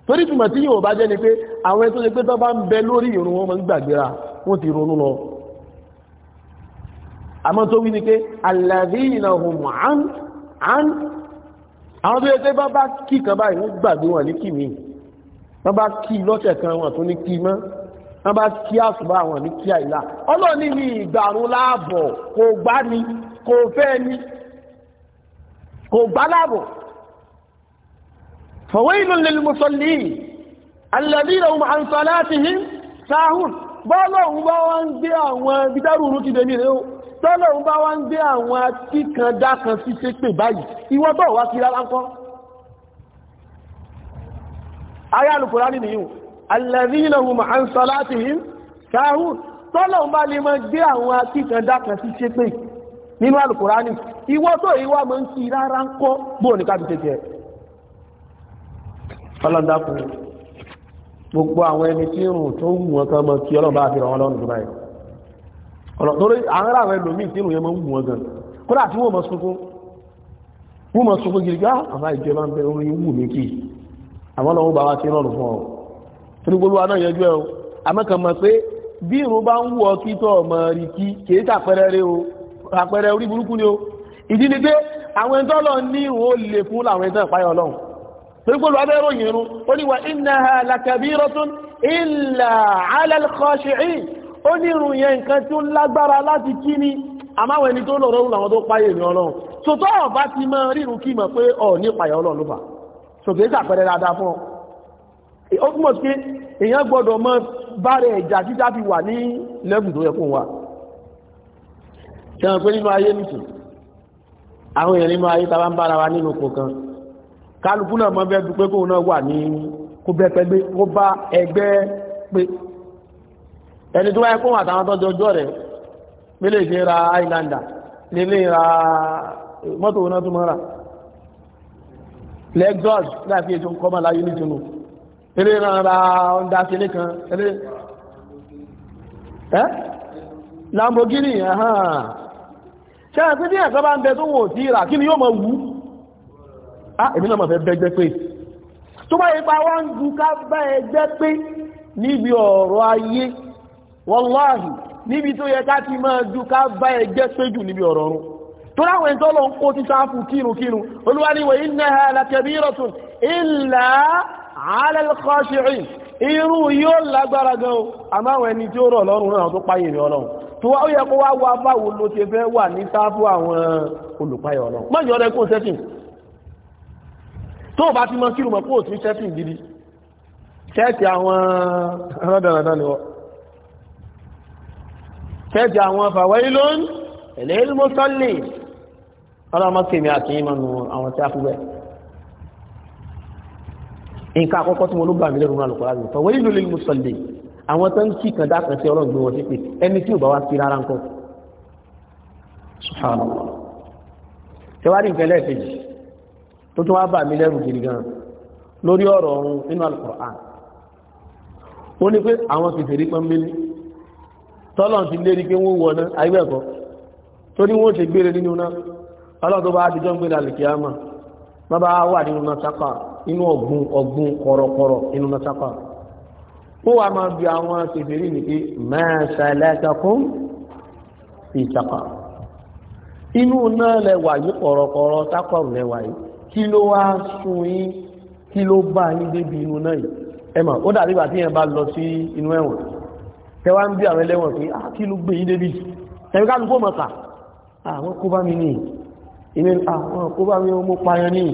torí túnmọ̀ tí yóò bá jẹ́ ni pé àwọn ẹ̀tọ́ pé tọ́ bá ń bẹ lórí ìrun wọn mọ́ an àwọn tó yẹ pé bá bá kíkan gbàgbé wọ́n bá kí lọ́sẹ̀ kan wọn tó ní kí mọ́ wọ́n bá kí àsùbá wọn ní kí àìlá ọlọ́ọ̀ni ní ìgbàrún láàbọ̀ kò gbá ni kò fẹ́ ni kò gbá láàbọ̀ fawailun lil musallin alladhina hum an salatihim sahun bọ́ọ̀lọ́hun bá wá ń gbé àwọn bídárùrù ti dèmí rẹ̀ ó tọ́lọ́hun bá wá ń gbé àwọn akíkandákan sí ṣépè báyìí ìwọ́n bọ̀ wá kí rárá ayé alùkùránì nìyí alladhina hum an salatihim sahun tọ́lọ̀ bá lè mọ́ gbé àwọn akíkandá kan sí ṣépè nínú alùkùránì ìwọ tó ìwọ mọ́ ń kí rárá ń kọ́ bóò ní tẹ́tẹ́ gbogbo àwọn ẹni tí tó kan mọ́ kí lọ́nà dubai ọ̀rọ̀ tó rí àwọn àwọn ọlọ́run bá wá sí rọrùn fún ọ torí gbogbo wa náà yẹjú ẹ o àmọ́kàn mọ̀ pé bí irun bá ń wọ títọ́ ọmọ rí kí kìí sàpẹrẹ rẹ o àpẹrẹ orí burúkú ni o ìdí ni pé àwọn ẹni tọ́lọ̀ ní ìwò lè fún làwọn ẹni ìpáyọ̀ ọlọ́run torí gbogbo wa bẹ́ẹ̀ ròyìn irun ó ní wa innaha lakabiratun illa ala al-khashi'in ó ní irun yẹn nǹkan tí ó lágbára láti kí ni àmáwọn ẹni tó lọ̀rọ̀ làwọn tó páyè ní ọlọ́run sòtọ́ ọ̀bá ti máa rírun kí mọ̀ pé ọ̀ ní ìpáyọ̀ ọlọ́run ló sòkè sàpẹrẹ dáadáa fún ọ ó túnmọ̀ sí pé èèyàn gbọ́dọ̀ mọ bárẹ̀ ìjà títà fi wà ní lẹ́gùn tó yẹ fún wa ṣe hàn pé nínú ayé nìtì àwọn èèyàn nínú ayé tàbá ń bára wa nínú kò kan kálukú náà mọ́ bẹ́ẹ̀ dúpẹ́ kóun náà wà ní kó bẹ́ pẹ́gbé kó bá ẹgbẹ́ pé ẹni tó wáyé kóun àtàwọn tọ́jú ọjọ́ rẹ̀ nílé ìṣe ra islander nílé ra mọ́tò náà tó mọ́ Lagos láti ètò ń kọ́mọ́ láyé nìtúnú eré ìran ra ọ̀dá sílé kan eré ẹ́ Lamborghini ẹ̀hàn ṣẹ́yà pé ní ẹ̀kọ́ bá ń bẹ tó wò tí ìrà kí ni yóò mọ̀ wú á ah, èmi náà mọ̀ fẹ́ bẹ́gbẹ́ pé tó bá ipa wọ́n ń du ká bá ẹgbẹ́ pé níbi ọ̀rọ̀ ayé wọ́láhì níbi tó yẹ ká ti máa du ká bá ẹgbẹ́ pé jù níbi ọ̀rọ̀ ọ̀run tó láwọn ẹni tọ́lọ ń kó ti sáfù kírùkírù olúwa ní wa innaha lakabiratun illa ala al-khashi'in irú yóò lágbára gan àmáwọn ẹni tí ó rọ̀ lọ́rùn náà tó páyè rẹ̀ ọlọ́run tó wá ó yẹ kó wá wá báwo ló ti fẹ́ wà ní sáfù àwọn olùpáyè ọlọ́run má yọ ọdẹ ọlọ́mọ́sẹ̀mí àti ìmọ̀nù àwọn tí a fi wẹ̀ nǹkan àkọ́kọ́ tí mo ló gbà mí lẹ́rù náà lọ́kọ́ láti fọwọ́ ìlú lè mú sọ̀lẹ̀ àwọn tó ń kí kan dákan sí ọlọ́run gbé wọn sípè ẹni tí ò bá wá sí rárá ń kọ́ subhanallah tẹwárí nǹkan lẹ́ẹ̀kejì tó tún wá bà mí lẹ́rù gidi gan lórí ọ̀rọ̀ ọ̀run nínú alukur'an ó ní pé àwọn kìfèrí pọ́nbélé tọ́lọ̀ ti lérí pé wọ́n wọ̀ ọlọ́dọ̀ bá adìjọ́ ń gbé lálẹ́ kíámà má bá wà nínú masaka inú ọ̀gbun ọ̀gbun kọ̀rọ̀kọ̀rọ̀ inú masaka ó wà máa bí àwọn kèfèrí ní pé máa ṣàlẹ́kàkún fi ìtàkà inú náà lẹwà yìí kọ̀rọ̀kọ̀rọ̀ tákọ̀rù lẹwà yìí kí ló wá sún yín kí ló bá yín débi inú náà yìí ẹ mà ó dàbí ìgbà yẹn bá lọ sí inú ẹ̀wọ̀n tẹ́ wá ń bí àwọn ẹlẹ́wọ̀n pé ah, kí ló gbé yín débi ẹ̀mí ká ló fò mọ̀ kà àwọn ah, kó bá mi nìyí ìmìn àwọn ah, kó bá mi o mú payẹ ní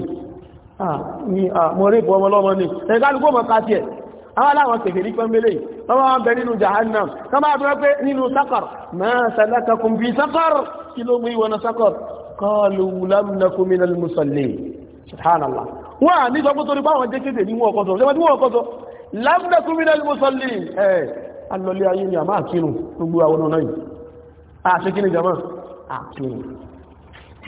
àmọ́rẹ́bọ̀ ọmọlọ́mọ ní ẹgbàlùkú ọmọ káàkiri ẹ̀ àwọn aláwọn kèfèrí pẹ́mbélé tọ́wọ́ wọn bẹ nínú jahannam tọ́wọ́ wọn bẹ nínú sakar ma salakakum fi sakar kí ló mú ìwọ̀n sakar qalu lam naku minal musallin subhanallah wọ́n à ní sọpọ́ torí báwọn jẹ́ kéde ní wọ́n kọ́sọ̀ ṣe wọ́n kọ́sọ̀ lam naku minal musallin ẹ̀ alọ́lé ayé ni a máa kírun gbogbo àwọn ọ̀nà yìí àṣekínì jama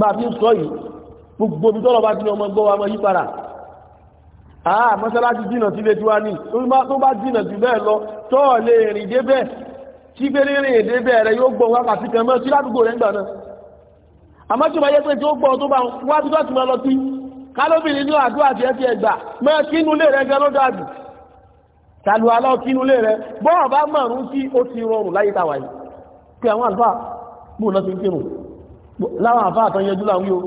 bá a fi ń sọ yìí gbogbo omi tọ́lọ̀ bá ti ní ọmọ gbọ́ wa mọ́ yí padà àà mọ́sálásí jìnà sí ilé tiwa ní tó bá jìnà sí bẹ́ẹ̀ lọ tọ́ lè rìn débẹ̀ tí bẹ́ẹ̀ rìn débẹ̀ rẹ yóò gbọ́ wákàtí kan mọ́ sí ládùúgbò rẹ̀ ń gbà náà àmọ́ tí ó máa yẹ pé tí ó gbọ́ tó bá wá bí tó ti máa lọ sí kálóbìnrin ní àdúrà tí ẹ ti ẹgbà mọ́ kínú lè rẹ gan ló dàbí tàlù aláwọ̀ láwọn àfá àtàn yẹjú láwọn yóò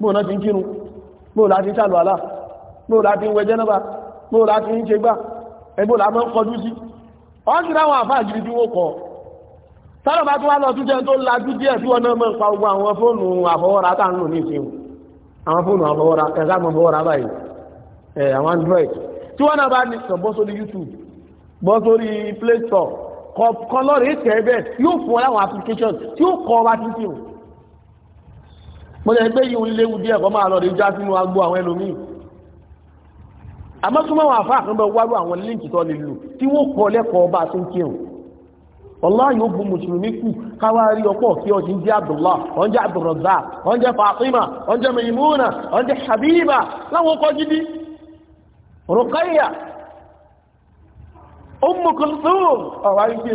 bóò náà ti ń kírun bóò láti ń sàlọ̀ àlá bóò láti ń wẹ jẹ́nàbà bóò láti ń ṣe gbà ẹgbóò láti ń kọjú sí wọ́n sì láwọn àfá àjírí tí wọ́n kọ̀ sára bá tó wá lọ túnjẹ tó lajú díẹ̀ tí wọ́n náà mọ́ ń lò ní àwọn fóònù mo lè gbé yìí léwu díẹ̀ kọ́ máa lọ rí já sínú agbó àwọn ẹlòmíì àmọ́ súnmọ́ àwọn àfáà kan bẹ wárú àwọn líǹkì tó lè lò tí wọ́n kọ́ lẹ́kọ̀ọ́ bá tó ń kírun ọláyìn ó bu mùsùlùmí kù káwá rí kí ń jẹ́ láwọn gidi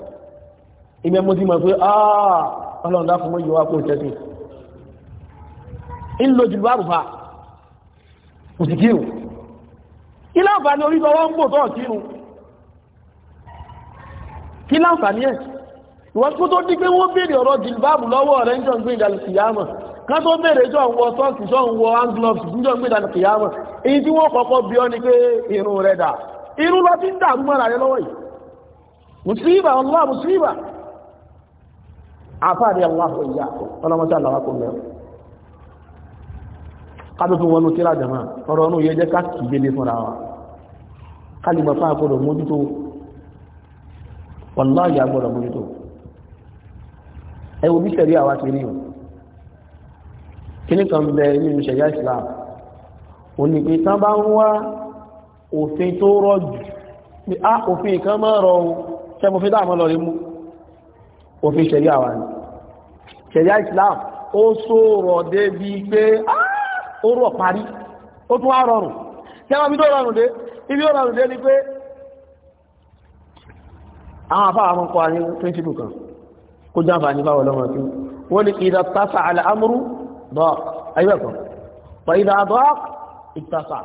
ìgbà mo ti mọ̀ pé ah ọlọ́run dá fún mọ́ yíwá kó tẹ́sí ń lo jùlọ àrùfà kò sì kírun kí láǹfààní orí tọwọ́ ń bò tọ́ kírun kí láǹfààní ẹ̀ ìwọ́n tó tó dí pé wọ́n béèrè ọ̀rọ̀ jìlbáàbù lọ́wọ́ rẹ̀ ń jọ ń gbé ìdàlù kìyàmọ̀ Allah mùsíbà àfáàrí aláhùn ìyá ọlọ́mọ́sá àlàwákò mẹ́rin kábí fún wọnú tíra jama ọ̀rọ̀ ọ̀nà yẹ jẹ́ ká kìgbélé fúnra wa kálìmọ̀ fún àkọ́dọ̀ mójútó wọ́nlá ìyá gbọ́dọ̀ mójútó ẹwọ bí sẹ̀rí àwa ti rí o kíní kan bẹ nínú sẹ̀yà Islam òní pé tán bá ń wá òfin tó rọ̀ jù pé á ah, òfin kan máa rọ̀ o ṣẹ́gun fi dáàmọ́ lọ rí mú òfin ṣẹ̀ríà wa ni ṣẹ̀ríà Islam ó sọ̀rọ̀ débi pé ah, ó rọ̀ parí ó tún wá rọrùn tẹ́wọ́n bí tó rọrùn dé ibi ó rọrùn dé ni pé àwọn afáwà mọ́ kọ́ ayé píńsípù kan kó jáfà ní báwọn lọ́wọ́ tí wọ́n ni ìdá tásà al'amuru dọ́ọ̀k ayébẹ̀kọ́ pọ̀ ìdá dọ́ọ̀k ìtásà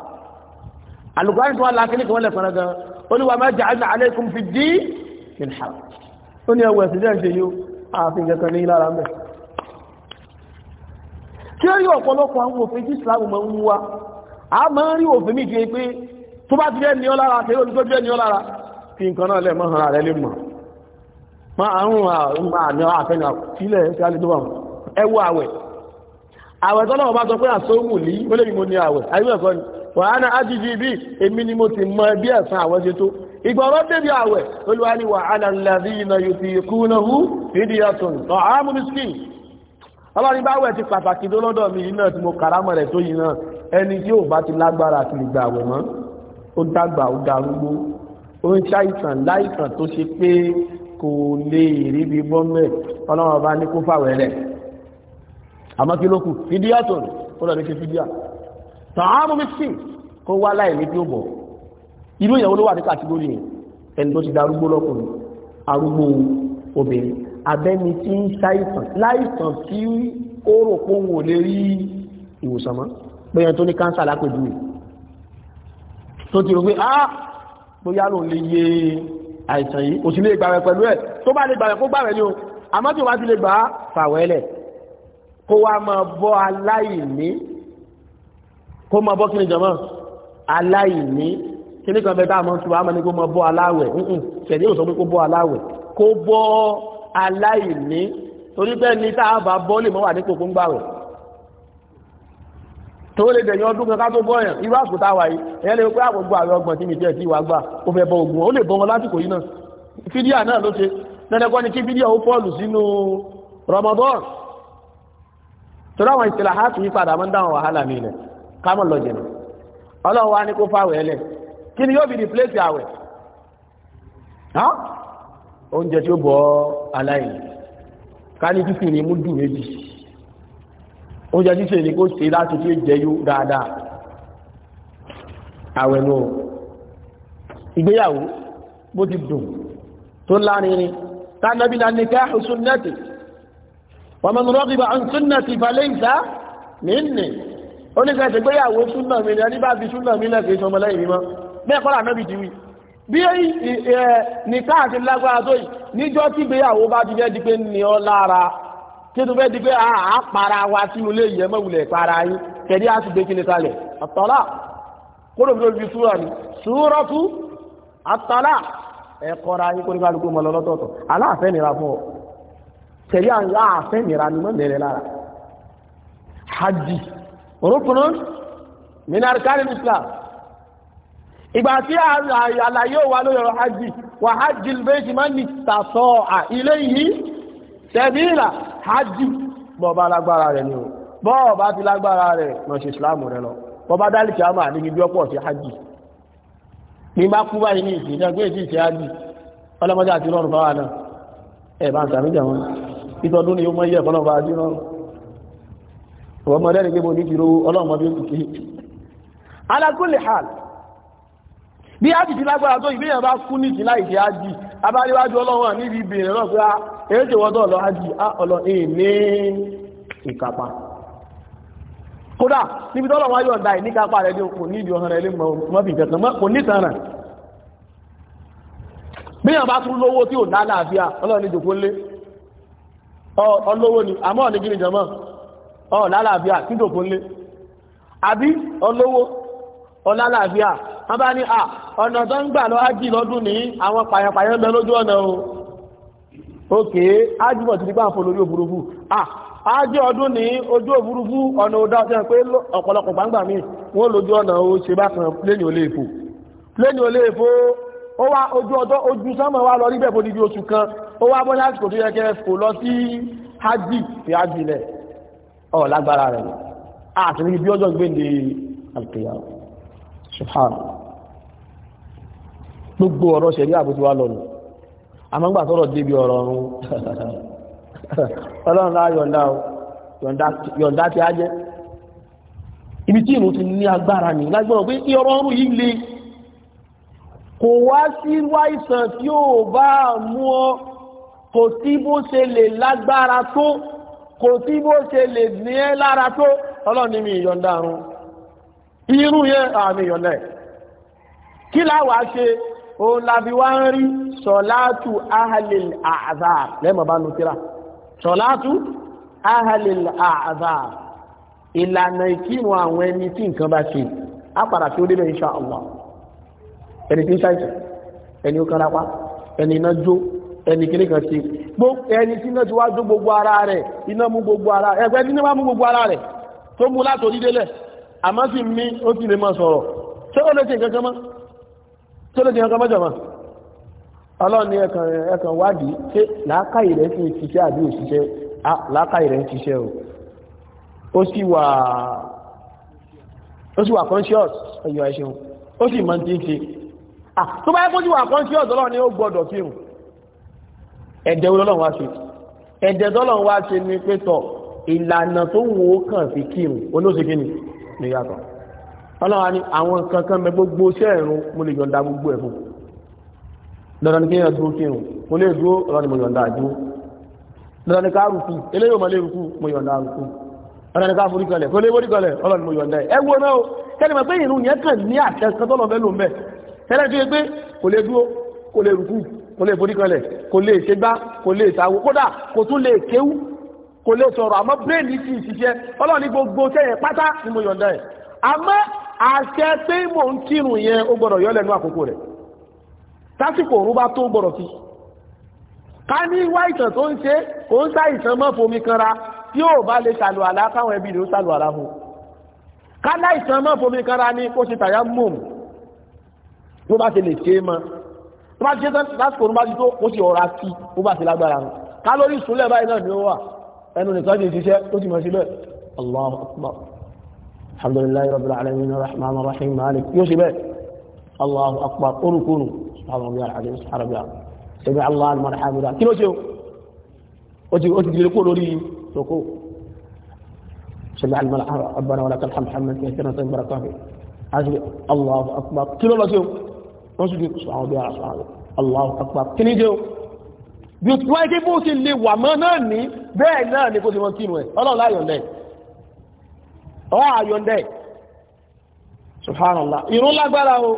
alùgbáyìn tó wà lákìlì kan ó ní ẹwọ ẹ̀sìn jẹ́ yóò ààfin ìjẹta ní lára mẹ́ kí ó rí ọ̀pọ̀lọpọ̀ àwọn òfin tí Islam mọ́ ń wá a máa ń rí òfin ní ìfẹ́ pé tó bá ti jẹ́ ní ọlára tẹ́lẹ̀ omi tó jẹ́ ní ọlára fi nǹkan náà lẹ́mọ́ ara rẹ̀ lè mọ̀ máa àrùn àmì àfẹ́nà sílẹ̀ sí alẹ́ tó wà ẹwọ àwẹ̀ àwẹ̀ tọ́lọ́wọ́ bá sọ pé àsọ́mù lè mi ní àwẹ̀ ni wàhánà ájíjì bí èmi ni mo ti mọ ẹbí ẹ̀sán àwẹ̀ ṣe ìgbọ̀rọ̀ débi àwẹ̀ olúwàníwà alàlàdí ìnà yóò fi kú náà hú fídíyàtùn tọ̀hámù miskin ọlọ́rin bá wẹ̀ ti pàtàkì lọ́dọ̀ mi iná tí mo kàrámọ̀ rẹ̀ tó yìí náà ẹni tí ó bá ti lágbára àti lè gbà àwẹ̀ mọ́ kò lè rí bí ó lọ́ọ́ irú ìyàwó ló wà ní kàtígórì yẹn ẹni tó ti da arúgbó lọ́kùnrin arúgbó obìnrin abẹ́ni tí ń ṣàìsàn láìsàn tí ó rò pé òun ò lè rí ìwòsàn mọ́ pé ẹni tó ní káńsà lápèjúwe tó ti rò pé ah bóyá ló lè yé àìsàn yìí kò sí lè gbàwẹ̀ pẹ̀lú ẹ̀ tó bá lè gbàwẹ̀ kó gbàwẹ̀ ni o àmọ́ tí o bá ti lè gbà á fàwẹ́lẹ̀ kó wá máa bọ́ aláìní kó máa bọ́ kí ni jọmọ́ aláìní kíní kan bẹ́ẹ̀ bá àmọ́ tí wàá mọ́ ní kó mọ́ bọ́ aláwẹ̀ ṣẹ̀dí ò sọ pé kó bọ́ aláwẹ̀ kó bọ́ aláìní torí bẹ́ẹ̀ ni tá a bá bọ́ lè mọ́ wà nípò fún gbàwẹ̀ tó lè dẹ̀yìn ọdún kan ká tó bọ́ yẹn irú àsìkò táwa yìí ẹ̀yẹ́ lè pé àgbègbè àwẹ̀ ọgbọ̀n tí mi tiẹ̀ tí wàá gbà ó fẹ́ bọ ògùn ó lè bọ́ wọn lásìkò yìí náà fídíà náà ló ṣe dandankan ni kí fídíà ó fọ́ọ̀lù sínú Ramadan torí àwọn ìṣẹ̀lẹ̀ àti yípadà máa ń dáhùn wàhálà mi lẹ̀ ká mọ̀ lọ jẹ̀nà Ọlọ́run wa ní kó fáwẹ̀ ẹlẹ̀ kí ni yóò fi replace àwẹ̀ oúnjẹ tí ó bọ́ aláìní ká ní títì ní múdù méjì oúnjẹ títì ní kó ṣe láti tí ó jẹyó dáadáa àwẹ̀ nù ìgbéyàwó bó ti dùn tó lárinrin tánàbí na nikahu sunnati wa man raghiba an sunnati falaysa minni oníkẹsẹ̀gbéyàwó súnnà mi ní ẹni bá fi súnnà mi lẹ́kẹ̀ẹ́ sọmọlẹ́yìn mímọ́ bẹ́ẹ̀ kọ́lá náà bìí wí bí nìkan àti lágbára tó yìí níjọ́ tí ìgbéyàwó bá ti fẹ́ di pé ní ọ lára kí tó fẹ́ di pé àá ah, para wa sínú ilé yìí ẹmọ ìwùlẹ̀ para yín kẹ̀dí á sì gbé kíni kalẹ̀ àtọ́lá kóró bí lóbi súra ni súra tú àtọ́lá ẹ kọ́ra yín kórìkà lóko mọ́ lọ́tọ̀ọ̀tọ̀ aláàfẹ́ nira fún ọ kẹ̀dí àfẹ́ nira ni mọ́ ìgbà tí àlàyé wà lórí ọ̀rọ̀ hajj wà hajj lórí máa ní tàṣọ à ilé yìí tẹ̀bíìlà hajj bọ́ọ̀bá lágbára rẹ̀ ni o bọ́ọ̀bá ti lágbára rẹ̀ náà ṣe islamu rẹ̀ lọ bọ́ọ̀bá dálìkì àmà àdígi bí ọ̀pọ̀ sí hajj ní bá kú báyìí ní ìsìn náà gbé ìsìn ìsìn hajj ọlọ́mọdé hal bí ájì ti lágbára tó ìgbéyàn bá kú ní ìtìlá ìṣẹ́ ájì abáríwájú ọlọ́wọ́n ibi ìbèèrè náà pé ah, èyí tó wọ́dọ̀ lọ ájì ah, ọlọ́ èèní ìkápá kódà níbi tọ́lọ̀ wáyọ̀ ọ̀dà ìníkápá rẹ̀ kò ní ìdí ọ̀hán rẹ̀ lè mọ́ bí ìjẹ̀kan kò ní ìtàn rẹ̀ bíyàn bá tún lówó tí ò ná láàfíà ọlọ́run ní ìjòkó lé ọlọ́wọ́ ni àmọ́ ọ̀nà gíní jẹmọ́ ọ̀ lálàáfíà tí ìjòkó lé àbí ọlọ́wọ́ ọlálàáfíà wọ́n bá ní à ọ̀nà tó ń gbà lọ ájì lọ́dún ní àwọn pàyàpàyà ń bẹ lójú ọ̀nà o òkè ájìmọ̀ ti nígbà fún lórí òfurufú à ájì ọdún ní ojú òfurufú ọ̀nà òdá ọ̀sẹ̀ pé ọ̀pọ̀lọpọ̀ gbangba mi wọ́n lójú ọ̀nà o ṣe bá kan pléni olè èfò pléni olè èfò ó wá ojú ọjọ́ ojú sánmọ̀ wá lọ níbẹ̀ fòdìdí oṣù kan ó wá bọ́ lásìkò tó yẹ kẹ́ fò lọ sí ájì fi ájì lẹ̀ ọ̀ lágbára rẹ̀ àti bí ọjọ́ gbé ní àlùkìyà subhanahu gbogbo ọ̀rọ̀ ṣẹ̀rí àbújú wá lọ́nà àmọ́gbà tọ́rọ̀ débi ọ̀rọ̀ ọ̀run ọlọ́run láà yọ̀ǹda yọ̀ǹda tí a jẹ́ ibi tí ìrùn ti ní agbára ní lágbọ́n pé ọ̀rọ̀ ọ̀run yìí le kò wá sí wáìsàn tí ó bá mú ọ kò tí bó ṣe lè lágbára tó kò tí bó ṣe lè ní ẹ lára tó ọlọ́run ní mi ìyọ̀ǹda àrùn irú yẹn àmì ìyọ̀ǹda ẹ̀ kí láwàá ṣe òun làbí wá ń rí sọ̀látù ahalil azab lẹ́mọ̀ bá nu tíra sọ̀látù ahalil azab ìlànà ìkírun àwọn ẹni tí nǹkan bá ṣe apàdà tí ó débẹ̀ insha Allah ẹni tí ń ṣàìsàn ẹni ó kárápá ẹni iná jó ẹni kìnnì kan ṣe ẹni tí iná ti wá jó gbogbo ara rẹ̀ iná mú gbogbo ara rẹ̀ ẹgbẹ́ tí mú gbogbo ara rẹ̀ tó mú látòrí délẹ̀ àmọ́ sì mí ó sì lè máa sọ̀rọ̀ ṣé ó lè ṣe nǹkan kan mọ́ tó ló di ẹ̀kan mọ́jọ̀mọ́ ọlọ́run ní wádìí tí làákàyè rẹ̀ fi ṣiṣẹ́ àbí òṣìṣẹ́ rẹ̀ ń o ó sì wà conscious ẹ̀yọ̀ ó sì mọ tí ń ṣe tó bá yẹ kó conscious ọlọ́ni ó gbọ́dọ̀ fi hùn ẹ̀dẹ̀ wá ṣe ẹ̀dẹ̀ ọlọ́wà ni àwọn kankan mẹ gbogbo iṣẹ́ ìrun mo lè yọ̀ǹda gbogbo ẹ̀fún dandan ni kí èèyàn dúró kírun mo lè dúró ọlọ́wà ni mo yọ̀ǹda àdúró dandan ni ká rùkú eléyìí ò mọ lè rùkú rùkú dandan ni ká forí kó lè forí kalẹ̀ ni mo yọ̀ǹda ẹ̀ wo náà kẹ́ni mọ̀ pé ìrun yẹn kàn ní àṣẹ kan tọ́lọ̀ mẹ́lò mẹ́ tẹ́lẹ̀ tó yẹ pé kò lè dúró kò lè rùkú kò lè forí kalẹ̀ kò lè ṣègbá kò lè ṣàwò kódà kò tún lè kéwú kò lè sọ̀rọ̀ àmọ́ bírèèdì ti ìṣiṣẹ́ ọlọ́run ní gbogbo sẹ́yìn pátá ni mo yọ̀ǹda ẹ̀ àmọ́ àṣẹ pé mò ń kírun yẹn ó gbọ́dọ̀ yọ lẹ́nu àkókò rẹ̀ tásìkò òun bá tó gbọ́dọ̀ fi ká ní wá ìtàn tó ń ṣe kò ń ṣàìsàn mọ́ fomi kanra tí ò bá lè ṣàlù àlá káwọn ẹbí rẹ̀ ó ṣàlù àlá fún ká láìsàn mọ́ fomi kanra ní kó ṣe tàyà mùm ló bá ṣe lè ṣe é mọ́ ló bá ṣe lásìkò òun bá ti tó kó ṣe ọ̀rá sí ó bá ṣe lágbára hàn ká lórí ìsúnlẹ̀ báyìí náà ni ó wà ẹnu nìkan ti ṣiṣẹ́ ó ti mọ̀ sílẹ̀ Allahu Akbar الحمد لله رب العالمين الرحمن الرحيم مالك يوسف الله اكبر قولوا اركن سبحان الله العظيم سبحان الله سمع الله لمن حمده كيلو شو وجي وجي جيل كو لوري توكو سمع لمن ربنا ولك الحمد محمد كثيرا طيب بركاته عزيز الله اكبر كيلو لو سبحان الله سبحان الله اكبر كيلو شو بيوت واي كي بوتي لي وامانني بينا ني بوتي مونتي نو الله لا يوندي ọ àyọ̀ndẹ̀ subhanallah ìrún lágbára o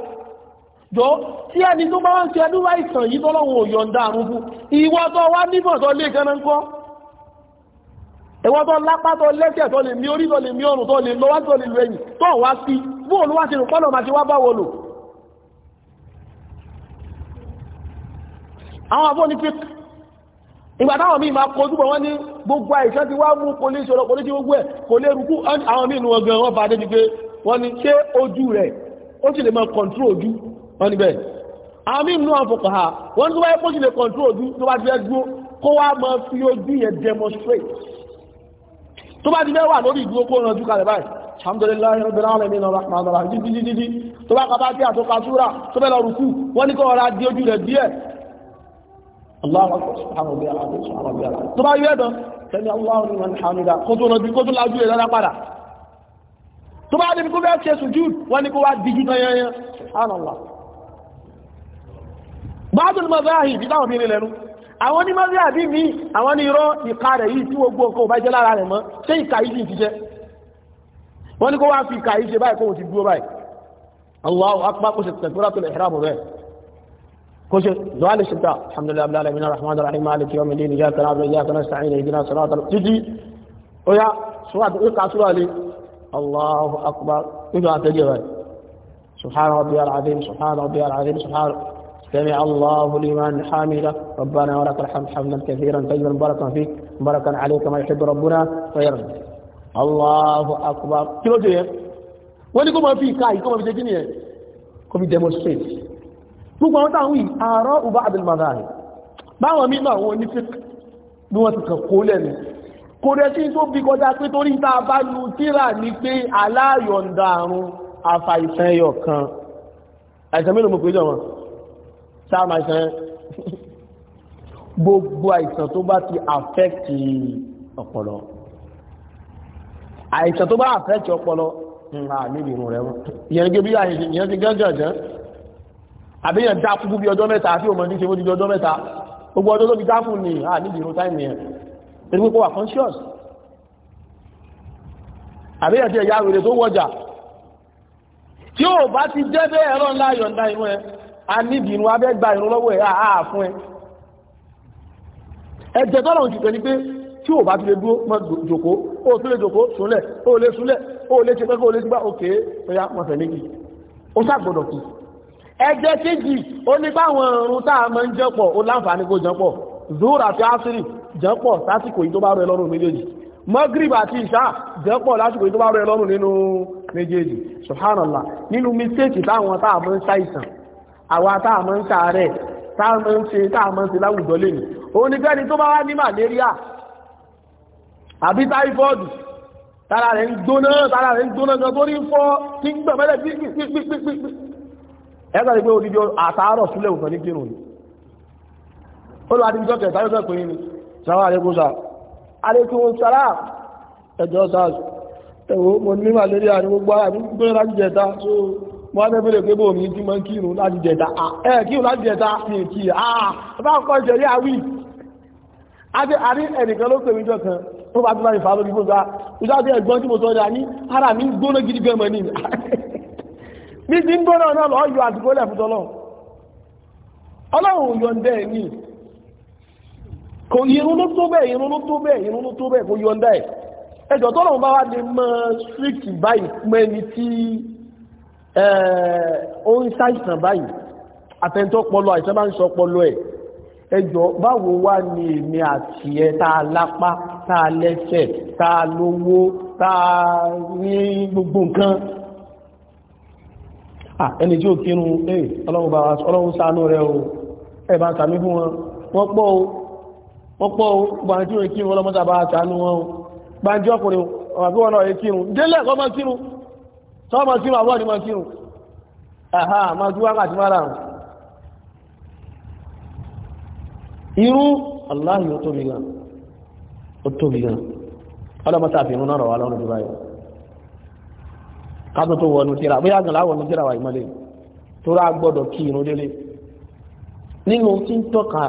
jọ tí ẹni tó bá ń ṣe ẹdúrà ìsàn yìí tọ́lọ́wọ́ òyọ̀ndà àrùn fún ìwọ tó wá níbọ̀ tó lé kaná ń kọ́ ẹwọ́ tó lápá tó lẹ́sẹ̀ tó lè mí orí tó lè mí ọrùn tó lè lọ́wọ́ tó lè lọ ẹ̀yìn tó wá sí bóòlù wá sí rùpọ́lọ̀ máa ti wá báwo lò àwọn àbọ̀ ní pé ìgbà táwọn míì máa kojú bọ̀ wọ́n ní gbogbo àìsàn ti wá mú kólé ìṣòro kólé tí gbogbo ẹ̀ kò lè rúkú àwọn míì nu ọgbẹ̀ wọn bá dé pé wọ́n ní ṣé ojú rẹ̀ ó sì lè máa kọ̀ǹtúrò ojú wọn níbẹ̀ àwọn míì nu àfọkàn ha wọ́n tó wáyé kó sì lè kọ̀ǹtúrò ojú tó bá ti fẹ́ dúró kó kaba tí a tó ka súra tó bẹ́ lọ rúkú wọ́n ní kó Allahu akbar subhanahu wa ta'ala subhanahu wa ta'ala tó bá yẹ dán sami Allahu liman hamida kó tó lọ bí kó tó lájú ẹ̀ lára padà tó bá débi kó bẹ́ẹ̀ ṣe sùjúd wọ́n ni kó wá dìjú tán yẹn yẹn subhanallah báàdùn mazahib ìdáwọn obìnrin lẹ́nu àwọn ní mazahib mi àwọn ní irọ́ ìka rẹ̀ yìí tí gbogbo nǹkan ò bá jẹ́ lára كل شيء زوال الشتاء الحمد لله رب العالمين الرحمن الرحيم مالك يوم الدين اياك نعبد واياك نستعين اهدنا صراط تجي ويا سورة اقرا سؤالي الله اكبر اقرا تجي سبحان ربي العظيم سبحان ربي العظيم سبحان سمع الله لمن حمده ربنا ولك الحمد حمدا كثيرا طيبا مباركا فيك مباركا عليك ما يحب ربنا ويرضى الله اكبر كيلو جيه ولي كما في كاي كما في جينيه كما ديمونستريت gbogbo àwọn táwọn yìí àárọ̀ ọba abdulmazari báwọn mímọ̀ àwọn onífik bí wọ́n ti kàn kó lẹ́nu kò rẹ̀ sí tó bí kọjá pé torí tá a bá lu tíra ní pé aláyọ̀ǹda àrùn àfàìsàn ẹyọ kan àìsàn mélòó mo pè jọ wọn sáà máa ṣe gbogbo àìsàn tó àbíyàn dákú bí ọjọ́ mẹ́ta àti òmọ̀ níṣe bójú ọjọ́ mẹ́ta gbogbo ọjọ́ tó fi dákú ní à níbi ìrún táìmì yẹn torí pé kó wà conscious àbíyàn ti ẹ̀yà rere tó wọjà tí ó bá ti jẹ́ bẹ́ẹ̀ ẹ̀rọ ńlá yọ̀ǹda irun ẹ a níbi irun abẹ́ gba irun lọ́wọ́ ẹ̀ àá fún ẹ ẹ̀jẹ̀ tọ́lọ̀ oṣù pẹ̀lú pé tí ò bá fi lè dúró mọ́ jòkó ó tún lè jòkó súnlẹ̀ ó lè súnlẹ̀ ó lè ṣe pẹ́kọ́ ó lè ṣe gbá òkè ẹ̀yà mọ̀fẹ̀ méjì ó sàgbọ́dọ̀ kìí ẹjẹ́ kéjì ó ní báwọn ọ̀run tá a máa ń jẹ́pọ̀ ó láǹfààní kó jẹ́pọ̀ zuhur àti asiri jẹ́pọ̀ lásìkò yìí tó bá rọ ẹlọ́run méjèèjì magrib àti ìṣá jẹ́pọ̀ lásìkò yìí tó bá rọ ẹlọ́run nínú méjèèjì subhanallah nínú mistake táwọn tá a máa ń ṣàìsàn àwa tá a máa ń ṣàárẹ̀ tá a máa ni fẹ́ni tó bá wá ní malaria àbí táífọ́ọ̀dù tára rẹ̀ e pé odidi àtàárọ̀ sílẹ̀ òfin ní kírun olùwádìí jọ́kẹ̀ ni sàwọn àlékún sára ẹjọ́ sars ẹ̀wọ́ malaria ní gbogbo ara ní gbogbo láti jẹta tó mo wá pé bóòmí tí mo ń kírun láti jẹta ẹ kírun láti jẹta ní èkì kọ́ àwì àti àrí ẹnìkan ló pè mí bá lórí tí mo sọ ní bí ti ń gbóná náà lọ yọ àdúgbò lẹ́fún tọ́lọ́ ọlọ́run yọ̀ǹda ẹ̀ ní kò irun ló tó bẹ́ẹ̀ irun ló tó bẹ́ẹ̀ irun ló tó bẹ́ẹ̀ kò yọ̀ǹda ẹ̀ ẹjọ́ tọ́lọ́run bá wá lè mọ strict báyìí fún ẹni tí ó ń ṣàìsàn báyìí àtẹ̀ntọ́ pọlọ àìsàn bá ń sọ pọlọ ẹ̀ ẹjọ́ tá a tá a tá a tá a ní ẹni tí ó kírun ẹ̀ ọlọ́run bá ọlọ́run ṣàánú rẹ̀ o ẹ̀ bá sàmí fún wọn wọ́n pọ̀ o wọ́n pọ̀ o gbàǹ tí ó kírun ọlọ́mọta bá ṣàánú wọn o gbàǹ tí ọkùnrin ọ̀rọ̀ bí wọn náà yẹ kírun délẹ̀ kọ́ máa kírun tọ́ máa kírun àbúrò ni máa kírun àhá máa tún wákàtí máa rà irú aláhìí ó tóbi gan ó tóbi gan ọlọ́mọta àfihàn náà rọ̀ wá lọ́rùn jù báyìí kátó tó wọnú tíra bóyá gan láwọnú tíra wà ìmọ̀lẹ́ tóra gbọ́dọ̀ kí irun délé nínú tí ń tọ́ka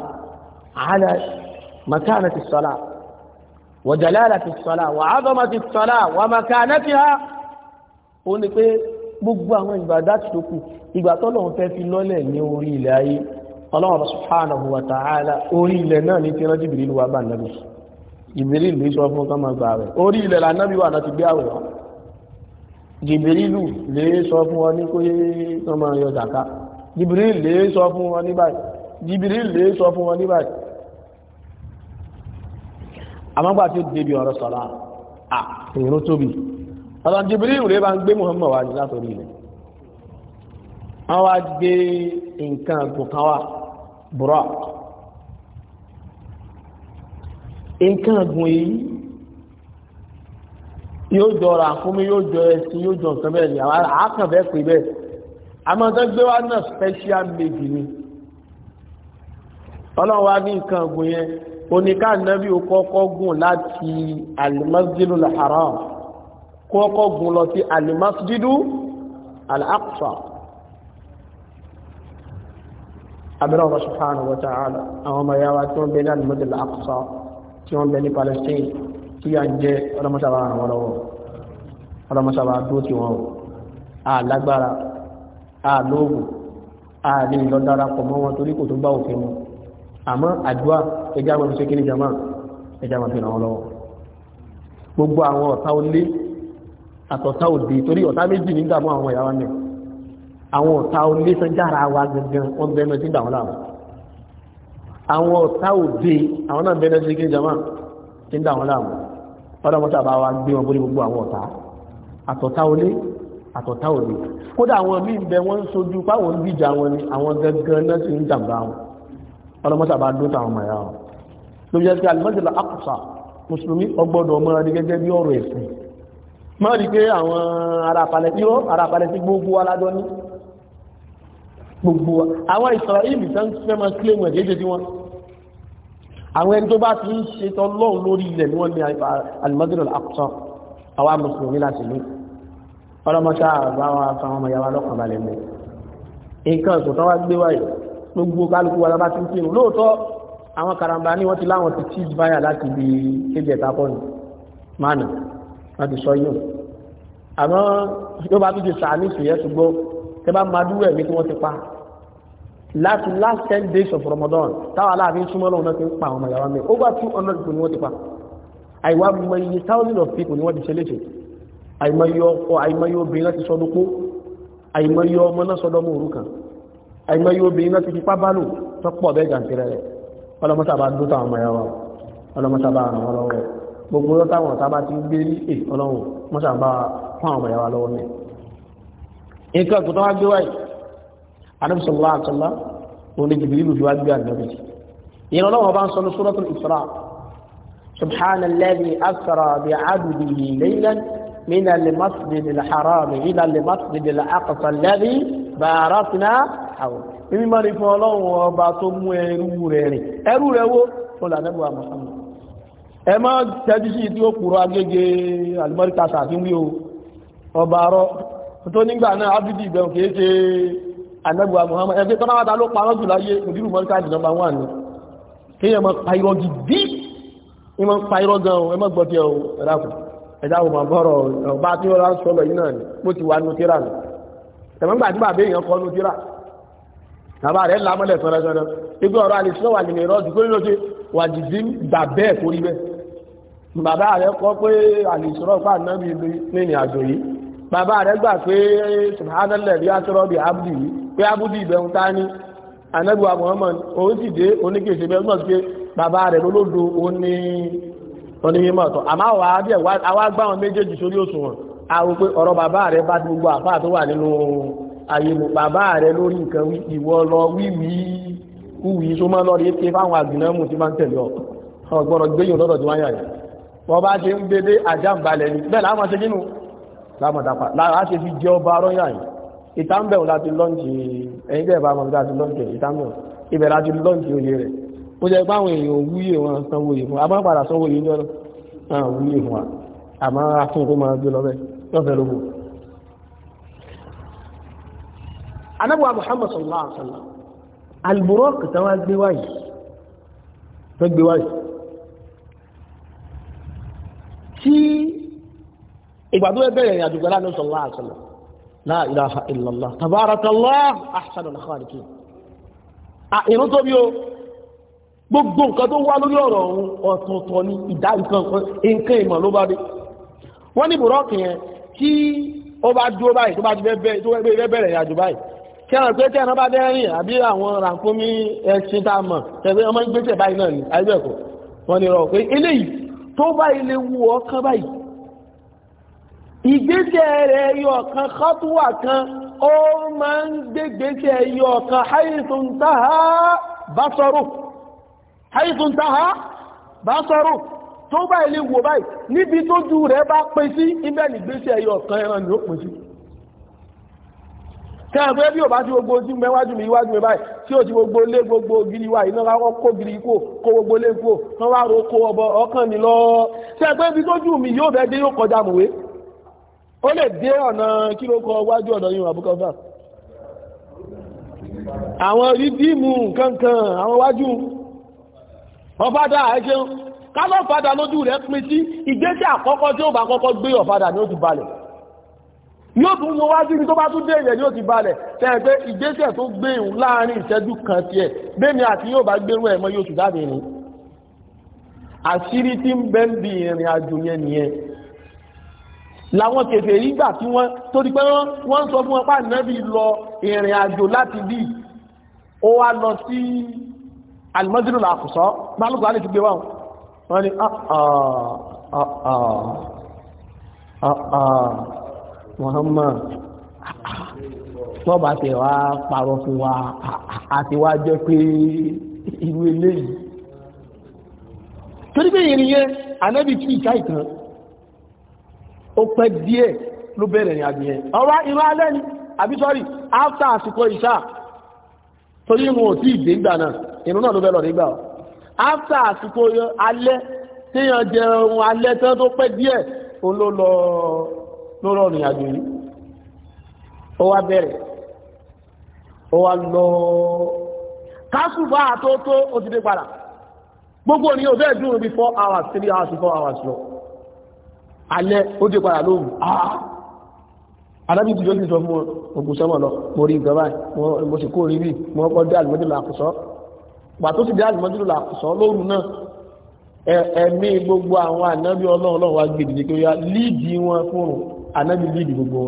àhálà makana ti sọ́lá wa jalala ti sọ́lá wa azama ti sọ́lá wa makana ti ha ó ní pé gbogbo àwọn ìbàdá ti tó kù ìgbà tọ́lọ́run fẹ́ fi lọ́lẹ̀ ní orí ilẹ̀ ayé ọlọ́run subhanahu wa ta'ala orí ilẹ̀ náà ní tíran jìbìrì ló wà bá nàbì ìbìrì ló sọ fún kọ́mọ jìbìrìlù lè sọ fún wọn ní kó yé wọn máa yọ zaka jìbìrìlù lè sọ fún wọn ní báyìí jìbìrìlù lè sọ fún wọn ní báyìí àmọ́gbà tí ó débi ọ̀rọ̀ sọ̀lá à ìrún tóbi ọ̀rọ̀ jìbìrìlù lè bá ń gbé Muhammad wájú látòrí ilẹ̀ wọ́n wá gbé nǹkan ọ̀gùn wá Burak nǹkan ọ̀gùn yìí yóò jọ ra fún mi yóò jọ ẹsìn yóò jọ nǹkan bẹ́ẹ̀ ni àwọn àákàn bẹ́ẹ̀ pé bẹ́ẹ̀ amọ̀tán gbé wá náà special made ni ọlọ́run wá ní nǹkan ọ̀gùn yẹn oníkà nàbí ó kọ́kọ́ gùn láti alimasjidu al-haram kọ́kọ́ gùn lọ sí alimasjidu al-aqsa abẹ́rẹ́ ọ̀rọ̀ subhanahu àwọn ọmọ yàrá tí wọ́n bẹ ní alimasjidu al tí wọ́n bẹ ní palestine tí a ń jẹ́ ọlọ́mọsáwà àwọn ọlọ́wọ́ ọlọ́mọsáwà tó ti wọn àlágbára àlóògùn ààlè ìlọ́dára pọ̀ mọ́ wọn torí kò tó bá òfin wọn àmọ́ àdúrà ẹjá wọn fi ṣe kéré jama ẹjá wọn fi ràn wọn lọ́wọ́ gbogbo àwọn ọ̀tá olé àtọ̀tá òde torí ọ̀tá méjì nígbà mọ́ àwọn ìyàwó mẹ́ àwọn ọ̀tá olé sanjára wa gangan wọ́n bẹ́ẹ̀ mẹ́tí gbà wọn láwọn àwọn ọ̀tá òde àwọn náà bẹ́ẹ̀ mẹ́tí kéré jama ti ń láwọn ọlọ́mọta bá wa gbé wọn borí gbogbo àwọn ọ̀tá àtọ̀tá olé àtọ̀tá olè kódà àwọn míì bẹ wọ́n ń sojú páwọn ń bíjà wọn ni àwọn gangan náà sì ń jàǹbá wọn ọlọ́mọta bá dún táwọn mọ̀ ya wọn lóbi jẹ́ pé alimọ́sílẹ̀ akọ̀sà mùsùlùmí ọgbọ́dọ̀ ọmọ rẹ̀ gẹ́gẹ́ bí ọ̀rọ̀ ẹ̀sìn mọ́ rí pé àwọn ará palẹ̀tí ó ará palẹ̀tí gbogbo aládọ́ ní gbogbo àwọn Ísírẹ́lì tán fẹ́ máa kílẹ̀ wọn ẹ̀jẹ̀ tí wọ́n àwọn ẹni tó bá ti ń ṣe tọ́lọ́run lórí ilẹ̀ ni wọ́n ní al-Masjid al-Aqsa àwa mùsùlùmí láti ní ọlọ́mọṣá àbá wa fáwọn ọmọ yàrá lọ́kàn balẹ̀ mọ́ nǹkan ẹ̀sùn tó wá gbé wáyé gbogbo kálukú wa bá ti ń pinnu lóòótọ́ àwọn karambà ní wọ́n ti láwọn ti tíì báyà láti bí kébì ẹ̀ta pọ̀ nù mánà wọ́n Last last ten days of Ramadan táwọn aláàfin súnmọ́ lọ́wọ́ náà ti ń pa àwọn ọmọyàwó mi over two hundred people ni wọ́n ti pa àìwá mọ thousands of people ni wọ́n ti ṣe léṣe àìmọye ọkọ àìmọye obìnrin láti sọdún kó àìmọye ọmọ náà sọdọ́ mọ́ òrukàn àìmọye obìnrin náà ti fi pábá lò tó pọ̀ bẹ́ẹ̀ jàǹtìrẹ rẹ̀ ọlọ́mọ́sàbà dún táwọn ọmọyàwó ọlọ́mọ́sàbà ràn wọ́n lọ́wọ́ gbogbo ọjọ́ táwọn ọ̀tá bá ti gbé ní è ọlọ́run mọ́sàbà fún àwọn ọmọyàwó lọ́wọ́ mi nǹkan kò tó wá gbé wáyìí anabi sallallahu alaihi wasallam òun ni jìbìrìlù fi wá gbé ànábì ìyẹn ọlọ́wọ́ bá ń sọ ní suratul isra subhana alladhi asra bi abdihi laylan min al-masjid al-haram ila al-masjid al-aqsa alladhi barakna hawla mímí máa ní fún ọlọ́wọ́ ọba tó mú ẹrú rẹ̀ rìn ẹrú rẹ̀ wo fún lànàbù Muhammad ẹ má tẹ́jú sí tí ó kúrò agége alimọ́ríkà sàfihàn wí o ọba rọ tó nígbà náà ábídì kéèké anẹ́gbà muhammad ẹgbẹ́ tọ́nà wádá ló parọ́ jù láyé mùdírù mọ́ríkàdì nọmba wà ní kíyàn mọ́ pairọ́ gidi ní mọ́ pairọ́ gan-an ẹmọ́ gbọ́dí ẹ̀ ẹ̀dàkùn ẹ̀dàkùn mọ́ bọ́rọ̀ ọba tí wọ́n sọ́lọ̀ yìí náà mo ti wà nù tíra nù tẹ̀mọ́gbà tí bàbá èèyàn kọ́ nù tíra bàbá rẹ̀ lámọ́lẹ̀ fẹ́rẹ́fẹ́rẹ́ igbó ọ̀rọ̀ alìsíọ́ wà nìyẹn rọ́ọ̀dù kó lóde wà jìdí gbà bẹ́ẹ̀ kórí bẹ́ẹ̀ bàbá rẹ̀ kọ́ pé alìsíọ́ pàdánù ní ìrìn àjò yìí bàbá rẹ̀ gbà pé subhanallah bí asọ́rọ̀ bí abdi pé abdi ìbẹ̀hún ta ní anẹ́gbà muhammad òun sì dé oníkèsè bẹ́ẹ̀ mọ̀ pé bàbá rẹ̀ lólódo oní onímọ̀tọ̀ àmọ́ àwa gbá wọn méjèèjì sórí òṣùwọ̀n àwọn pé ọ̀rọ̀ bàbá rẹ̀ bá gbogbo àfáà tó wà nínú ayé mu bàbá rẹ̀ lórí nǹkan ìwọ lọ wíwìí kúwì tó máa lọ́rí ké fáwọn àgbìnàmù tí máa ń tẹ̀lé ọ̀gbọ́rọ̀ gbéyìn lọ́dọ̀ tí wáyà rẹ̀ wọ́n bá ṣe ń dédé àjàmbalẹ̀ ní bẹ́ẹ̀ láwọn ṣe nínú lámọ̀dápa lára ṣe fi jẹ ọba rọ́yà yìí ìtàǹbẹ̀wò láti lọ́ǹtì ẹ̀yìn tẹ́ bá mọ̀dá ti lọ́ǹtì ìtàǹbẹ̀wò ibẹ̀ láti lọ́ǹtì oyè rẹ̀ ó jẹ́ pé àwọn èèyàn wúyè wọn sanwó yìí fún àmọ́ padà sanwó yìí lọ́rọ̀ náà wúyè fún wa àmọ́ afún kó máa gbé lọ́bẹ̀ lọ́fẹ̀ẹ́ lóko. tí ìgbà tó bẹ̀rẹ̀ ìrìn àjò gbẹ́lá ní sọ̀rọ̀ àṣọlọ̀ la ilaha illallah tabarakallah ahsanul khaliqin ìrún tó bí o gbogbo nǹkan tó wá lórí ọ̀rọ̀ ọ̀hún ọ̀tọ̀ọ̀tọ̀ ni ìdá nǹkan nǹkan ìmọ̀ ló bá dé wọ́n ní bùrọ́ọ̀kì yẹn kí ó bá dúró báyìí tó bá ti fẹ́ bẹ̀rẹ̀ ìrìn àjò báyìí kí ẹran pé tẹ́ran bá dẹ́ rìn àbí àwọn ràǹkómi báyìí ìgbésẹ̀ rẹ̀ yọ kan kọ́tùwà kan ó máa ń gbégbésẹ̀ yọ kan háìtùntàhá bá sọ́rọ̀ tó bá ilé wò báyìí níbi tó ju rẹ̀ bá pín sí ibẹ̀ nìgbésẹ̀ yọ kan ẹran ni ó pín sí kẹ́ẹ̀fẹ́ bí ò bá tí gbogbo ojú mẹ́wájú mi iwájú mi báyìí tí ò ti gbogbo lé gbogbo ògiri wa iná wá kó giri kó kó gbogbo lé kó wọ́n wá ro kó ọkàn mi lọ kẹ́ẹ̀fẹ́ bí tójú mi yóò bẹ́ẹ̀ dé yóò kọjá mọ̀wé ó lè dé ọ̀nà kí ló kọ wájú ọ̀dọ̀ yìí àbúkọ́fà àwọn rídìmù kankan àwọn wájú ọ̀fádà ẹ̀ṣẹ́ kálọ̀ fádà lójú rẹ̀ pín sí ìgbésẹ̀ àkọ́kọ́ tí ó bá kọ́kọ́ gbé ọ̀fádà ní ó ti balẹ̀ yóò tún mú wájú ní tó bá tún dé ìyẹ̀ ní ó ti balẹ̀ tẹ́ẹ̀ pé ìgbésẹ̀ tó gbé ìhùn láàrin ìṣẹ́jú kan tiẹ̀ bẹ́ẹ̀ni àti yóò bá gbérú ẹ̀mọ́ yóò tún dábìnrin àṣírí tí ń bẹ́ẹ̀ bí ìrìn àjò yẹn nìyẹn làwọn kèfèrí gbà tí wọ́n torí pé wọ́n sọ fún wọn pé ànábì lọ ìrìn àjò láti bí ó wá lọ sí alimọ́sílù làkùsọ́ málùkù alẹ́ ti gbé wọn wọ́n ni ah, ah, ah, Muhammad tọ́ba tẹ̀ wá parọ́ fún wa àti wá jẹ́ pé irú eléyìí torí pé ìrìn yẹn ànábì kí ìka ìkan ó pẹ́ díẹ̀ ló bẹ̀rẹ̀ ní àgbìyẹ ọwá ìrún alẹ́ ni àbí sọ́rí áfà àsìkò ìṣà torí mo ò tí ìdè ìgbà náà ìrún náà ló bẹ̀rẹ̀ nígbà ọ̀ áfà àsìkò alẹ́ téèyàn jẹ ohun alẹ́ tán tó pẹ́ díẹ̀ òun ló lọ ló rọ ìrìn àjò yìí ó wá bẹ̀rẹ̀ ó wá lọ kásùbà àtótó ó ti dé padà gbogbo òní ò bẹ́ẹ̀ dùn bí four hours three hours four hours lọ alẹ́ ó dé padà lóhùn ah adábí ìdíjọ́ ti sọ fún wọn ògùn sọ́mọ̀ lọ mo rí nǹkan báyìí mo sì kó rí bí mo kọ́ dé àlùmọ́jù làkùsọ́ gbà tó sì dé àlùmọ́jù làkùsọ́ lóru náà ẹ̀mí gbogbo àwọn ànábí ọlọ́run wá gbèdì ní kí ó líìdì wọn fún ànábí líìdì gbogbo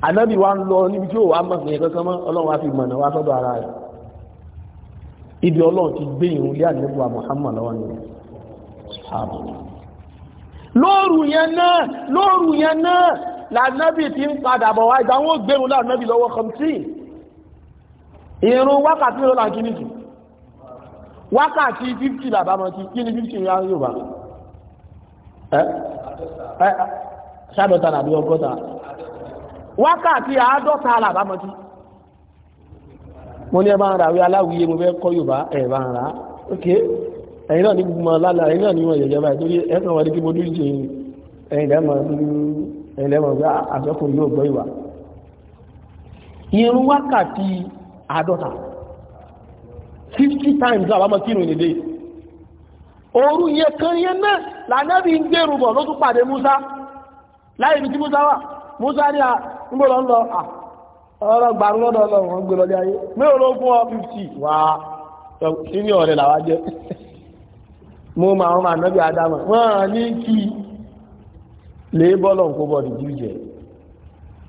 ànábì wa ń lọ níbi tí ó wà mọ̀ ní ẹ̀kọ́kọ́ mọ́ ọlọ́run wá fi mọ̀nà wá sọ́dọ̀ ara rẹ̀ ibi ọlọ́run ti gbé ìrún lé àdébùwà Muhammad lọ́wọ́ ni lóòrù yẹn náà lóòrù yẹn náà lànábì ti ń padà bọ̀ wá ìgbà wọn gbẹ̀rún lànábì lọ́wọ́ kọmtí ìrún wákàtí lọ́la kìnìkì wákàtí 50 làbámọ́ ti kí ni 50 yára yóò bá ẹ́ sábẹ́ta làbí ọgọ́ta wákàtí àádọ́ta alábàmọ́tí mo ní ẹbá ń ra wí aláwìyé mo fẹ́ kọ́ Yorùbá ẹ̀bá ń ra ok ẹ̀yìn náà ní gbogbo lálà ẹ̀yìn náà ní wọ́n yẹ̀yẹ̀ báyìí torí ẹ̀kan wọ́n ní kí mo dúró ṣe ẹ̀yìn lẹ́mọ̀ ẹ̀yìn lẹ́mọ̀ pé àjọkùnrin yóò gbọ́ ìwà irun wákàtí àádọ́ta fifty times àbámọ́ kírun ìdè òru yẹn kan yẹn náà lànà bí ń gbèrú bọ̀ ló tún pàdé Musa láì ní tí Musa wà Musa ní ń gbọ́dọ̀ ń lọ ọ̀rọ̀ gbàrú lọ́dọ̀ lọ wọ́n gbé lọ́dẹ ayé mẹ́rin ló fún ọ fifty wá sínú ọ̀rẹ́ làwa jẹ́ mo mọ àwọn ànábì adamu wọ́n ní kí lè bọ́lọ̀ ń kó bọ́ọ̀dù jíjù jẹ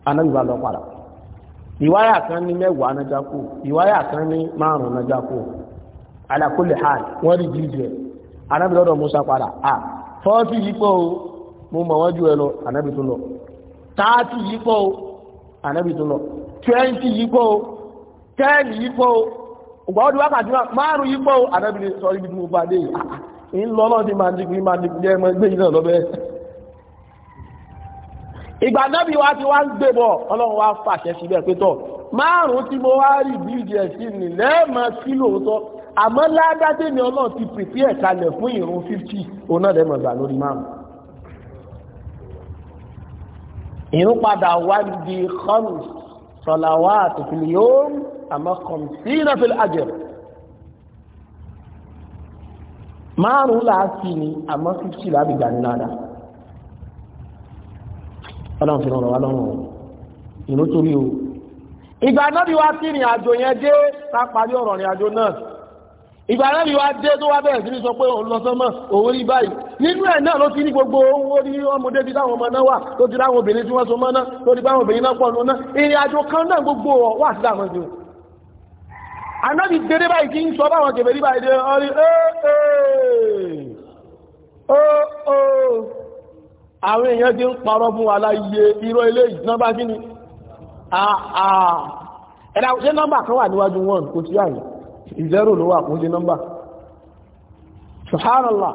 ànábì bá lọ padà ìwáyà kan ní mẹ́wàá nájà kù ìwáyà kan ní márùn-ún nájà kù ala kulli hal wọ́n rí jíjù jẹ ànábì lọ́dọ̀ Musa padà à fọ́ọ̀tì yípo mo mọ̀ wọ́n ju ẹ lọ ànábì tó lọ táàtì yípo ànábì tó lọ twenty yìí kó o ten yìí kó o ògbà ọdún wákàtí márùn yìí kó o ànábì lè sọ ibi tí mo bá dé yìí ah, ah. ń lọ náà ti máa ń dìgbì máa ń dìgbì jẹ́ ẹmọ ẹgbẹ́ yìí náà lọ́bẹ̀. ìgbà ànábì wa ti wá ń gbé bọ̀ ọlọ́run wá fàṣẹ síbẹ̀ pé tọ̀ márùn tí mo wá rí bí ìjẹ́ sí ni lẹ́ẹ̀mọ sí lóòótọ́ àmọ́ ládàá tèmi ọlọ́run ti pèpè ẹ̀kalẹ̀ fún ìrun fifty òun náà lẹ́mọ̀ gbà lórí márùn-ún ìrún padà wá di khams salawat fil yawm àmọ́ khamsina fil ajr márùn láti ni àmọ́ fífì láti gbà ní lára ọlọ́run fi ràn wá lọ́rùn ìrún torí o ìgbà náà bí wá sí ìrìn àjò yẹn dé ìgbà arábì wa dé tó wá bẹ̀rẹ̀ sí ní sọ pé òun lọ sọ́mọ̀ òun rí báyìí nínú ẹ̀ náà ló ti ní gbogbo owó rí ọmọdé ti táwọn ọmọ náà wà tó ti ráwọn obìnrin tí wọ́n so mọ́ná tó ti báwọn obìnrin náà pọ̀ lọ́nà ìrìn àjò kan náà gbogbo wà sí àwọn ìdíwọ̀n anábì dédé báyìí kí ń sọ báwọn kèfèrí báyìí dé ọrí ẹ́ẹ̀ẹ́ àwọn èèyàn ti ń parọ́ fún wa láyé irọ́ ilé ìsinọ́bá kí ni àà ẹ̀dà òṣèlú nọ́mbà kan wà níwájú wọn kò sí àyè zero ló wà kún sí nọ́mbà subhanallah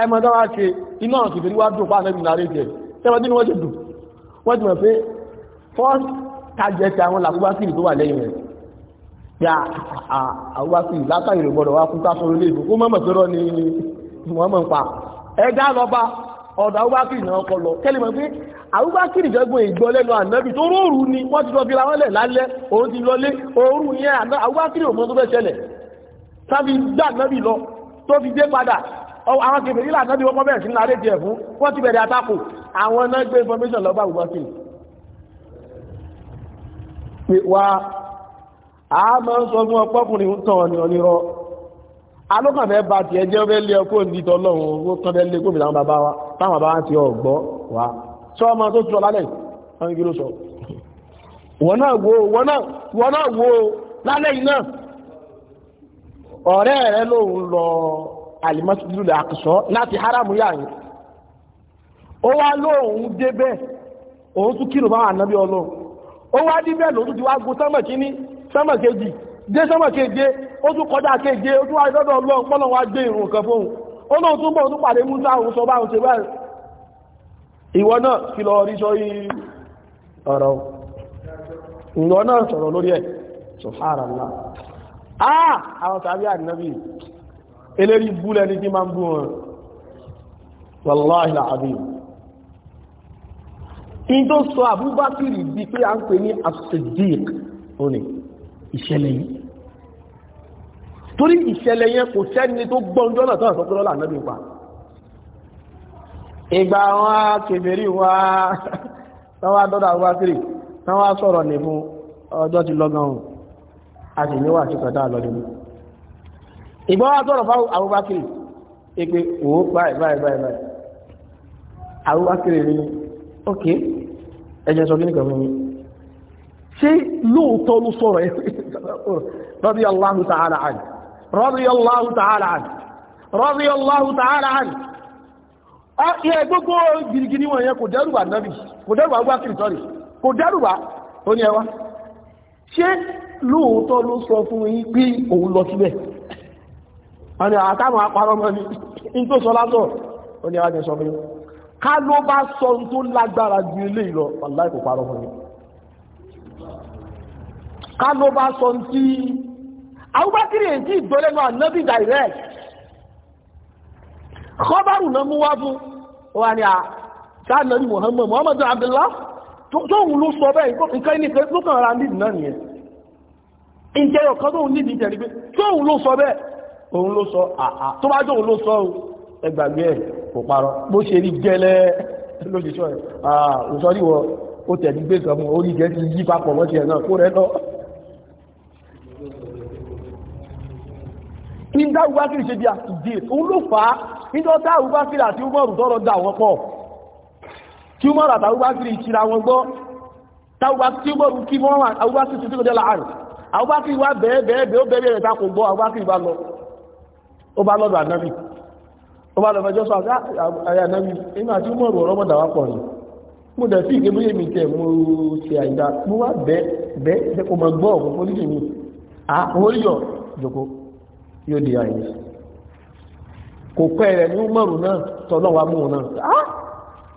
ẹ mọ̀ dáwà ṣe iná ọ̀sùn tó ní wá dùn pa ànábì náà rèé jẹ tẹ́wọ́n tí wọ́n ṣe dùn wọ́n ti mọ̀ pé first target àwọn làbúgbàsírì tó wà lẹ́yìn rẹ̀ ya àbúgbàsírì látàrí rẹ̀ gbọ́dọ̀ wá fún ká sọ̀rọ̀ léèkó kó mọ̀mọ̀ pẹ́rọ ni mọ̀mọ̀ pa ẹ̀dá lọ́ba ọ̀dọ̀ àbúgbàsírì náà kọ lọ kẹ́lẹ̀ mọ̀ pé àwùbákìrì jẹ́gbọ́n ìgbọ́ lẹ́nu ànábì tó róòrù ni wọ́n ti lọ fi làwọn lẹ̀ lálẹ́ òun ti lọlé òórùn yẹn àwùbákìrì òun tó fẹ́ ṣẹlẹ̀ sáfi gbà ànábì lọ tó fi dé padà àwọn kèfè nílà ànábì wọ́n bẹ̀rẹ̀ sí láré tiẹ̀ fún wọ́n ti bẹ̀rẹ̀ atakò àwọn náà gbé information lọ bá àwùbákìrì pé wá a máa ń sọ fún ọpọkùnrin ń tàn ọ̀nì ọ̀nì rọ alókànfẹ́ bá tiẹ̀ jẹ́ ó fẹ́ lé ọkọ̀ òǹdí tọ́lọ́run ó kàn fẹ́ lé gómìnà bàbá wa táwọn bàbá wa ti ọ̀gbọ́ wa sọ ọmọ tó ti sọ ló sọ wọ́n náà wo wọ́n náà wo lálẹ́ yìí náà ọ̀rẹ́ lọ alimọ́sílù àkùsọ́ láti haramu yà yìí ó wá lóun débẹ̀ òun tún ànábí ó wá tún ti kíní kejì dé keje ó tún kọjá keje ó tún wá wá gbé ìrùn kan fóun ó tún pàdé sọ ìwọ náà kí lọ rí sọ yìí ọ̀rọ̀ ìwọ náà sọ̀rọ̀ lórí ẹ̀ subhanallah ah àwọn tàbí ànábì eléri búlẹ̀ ní tí máa ń bú wọn wallahi alazim in tó sọ àbúbákìrì bí pé a ń pè ní as òní ìṣẹ̀lẹ̀ yìí torí ìṣẹ̀lẹ̀ yẹn kò sẹ́ni tó gbọ́njọ́ náà tó ìgbà wọn kèbèrè wá tán wá dọ́dọ̀ àwúbákiri tán wá sọ̀rọ̀ ní ọjọ́ ti lọ́gán ohun a sì níwà sí kọ̀dá lọ́dún ìgbà wá sọ̀rọ̀ fún àwúbákiri ìpé o báyìí báyìí báyìí àwúbákiri ní ok ẹjẹ́ sọ kíníkà fún ṣé lóòótọ́ ló sọ̀rọ̀ radiyallahu ta'ala anhu radiyallahu ta'ala anhu radiyallahu ta'ala anhu ẹ gbogbo girigiri wọn yẹn kò dẹ́rùbà nábì kò dẹ́rùbà wá kìrì kò dẹ́rùbà ó ní ẹwà ṣé lóòótọ́ ló sọ fún yín pé òun lọ síbẹ̀ ọ̀nà àtàwọn apárọ̀ mọ́ tó sọ ó ní ẹwà jẹ́ sọ sọ tó lágbára ju ilé ìlọ kò parọ́ sọ tí èyí tí kọ́bárù náà mú wá wa ni sáànàrí Muhammad Muhammad Abdullah tóhun ló sọ bẹ́ẹ̀ nǹkan ẹnìkan ló kàn ra náà nìyẹn ìjẹyọ kan tóhun nídìí jẹ̀rí pé tóhun ló sọ bẹ́ẹ̀ òun ló sọ àà tó bá jóhun ló sọ ẹgbàgbé ẹ̀ kò parọ́ bó ṣe rí gẹ́lẹ́ lójúṣọ́ ẹ̀ àà òṣọ́ríwọ̀ ó tẹ̀lé gbé kan orí jẹ́ ti yí papọ̀ mọ́ ti ẹ̀ náà kó rẹ̀ náà ìdá Abubakar ṣe di àtìdí òun ló fà á níjọ́ tá Abubakar àti Umaru tọ́rọ dà wọ́n pọ̀ kí Umaru àti Abubakar ìṣira wọn gbọ́ tí Umaru kí wọ́n wà Abubakar tuntun kọjá láàrin Abubakar wá bẹ́ẹ̀ bẹ́ẹ̀ bẹ́ẹ̀ ó bẹ́ẹ̀ rẹ̀ ta kò gbọ́ Abubakar bá lọ ó bá lọ́dọ̀ ànábì ó bá lọ́dọ̀ ẹjọ́ sọ ànábì inú àti Umaru ọ̀rọ̀ mọ́dà wá pọ̀ ni mo dẹ̀ sí ìgbé bóyá mi tẹ̀ mo ṣe àìdá mo wá bẹ́ẹ̀ bẹ́ẹ̀ kò mọ̀ gbọ́ ọ̀hún oníṣègùn ah orí yọ̀ jòkó yóò di àyè kò pẹ́ rẹ̀ ní Umaru náà tọ́lọ́ wa mú un náà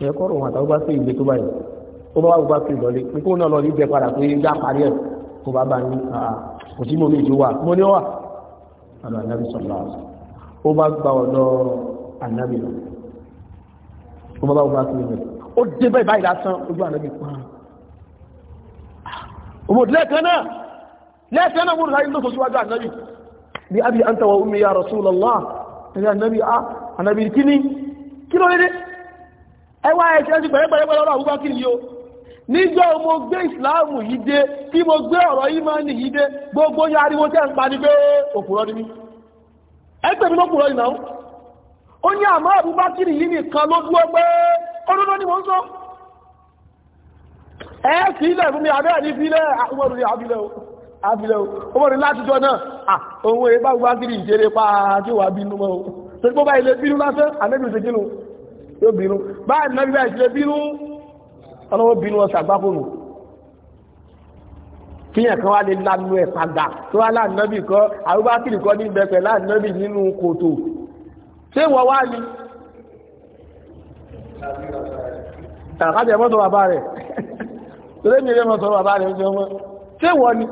ẹ̀ kọ́rọ̀ wọn àtàwọn bá sí ìgbé tó báyìí ó bá wà bá sí ìlọlé pé kóun náà lọ rí bẹ padà pé dá parí ẹ̀ kó bá bá ní kò sí mòmí ìjó wà mo ní wà àlọ́ ànábì sọ̀rọ̀ ó bá gba ọ̀dọ̀ ànábì lọ ó bá wà bá sí ìlọlé ó dé bẹ́ẹ̀ báyìí lásán ojú ànábì pa ah! òmòdìlẹ́ẹ̀kan náà lẹ́ẹ̀kan náà mo rà bí abi anta wa ummi ya rasulallah ẹ̀yà ah, anabi a anabi kíní kí ló dédé ẹwà ẹ̀ṣẹ́ sí pẹ̀lẹ́pẹ̀lẹ́pẹ̀ lọ́rọ̀ àwúgbá kí ni o mo gbe ìsìláàmù yi de k'i mo gbe ọ̀rọ̀ iman yìí gbogbo ya ariwo tẹ́ ń pa ní ni mí ẹgbẹ́ mi ló pùrọ́ ìnà ó ní yi àbúbákìrì yìí nìkan ni mo ń sọ ẹ sílẹ̀ mi àfilẹ̀ ọmọdé látijọ́ náà òun èé bá gbá kiri ìṣeré pa tí wà bínú mọ́ ohun tó gbọ́ bá ilé bínú lásán àmẹ́bí ṣe kínú yóò bínú bá ìnáwí bá ìṣẹ́ bínú ọlọ́wọ́ bínú ọ̀sà gbáfóònù kíyàn kan wá lè lanu ẹ̀ padà tó wá láàánábì kọ́ àrúbá kiri kọ́ ní ìbẹ̀pẹ̀ láàánábì nínú kòtò ṣé wọ́n wá ní tàkàtẹ̀ mọ́tò bàbá rẹ̀ tó lé mi lé mọ́tò bàbá rẹ̀ ṣé wọ́n ni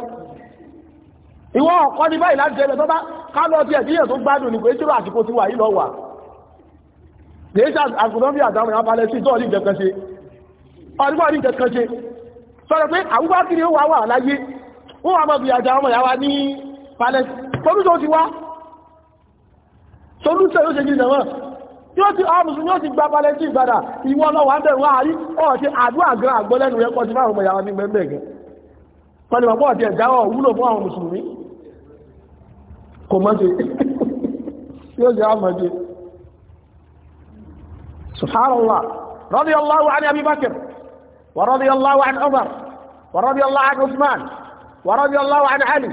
ìwọ ọ̀kọ́ ní báyìí láti jẹ́ tọ́bá kálọ̀ tí ẹ̀díyàn tó gbádùn ní pé tí ó àsìkò tí wà yìí lọ wà déṣà àkùnọ́bí àdámọ̀ abalẹ̀ sí tọ́ọ̀lì ìjẹ̀kanṣe ọdúnbọ̀ọ̀lì ìjẹ̀kanṣe sọ́rọ̀ pé àwúgbákiri ó wà wà láyé ó wà mọ́bí àjà ọmọ ìyáwá ní palẹ̀ solúṣọ́ ti wá solúṣọ́ yóò ṣe gírí náà yóò ti ọmọ mùsùlùmí yóò ti gba palẹ̀ sí ìgbàdà ìwọ ọlọ́wà ń bẹ̀rù àárí ọ̀ṣẹ́ àdúrà gan àgbọ́lẹ́nu rẹ̀ pọ̀ sí fáwọn ọmọ ìyáwá ní mẹ́mẹ́gẹ̀ pẹ̀lú ọ̀pọ̀ ọ̀tẹ̀ ìdáwọ̀ wúlò fún àwọn mùsùlùmí kò mọ́ ṣe yóò ṣe àmọ́ ṣe subhanallah radiyallahu an abi bakr wa radiyallahu an umar wa radiyallahu an usman wa radiyallahu an ali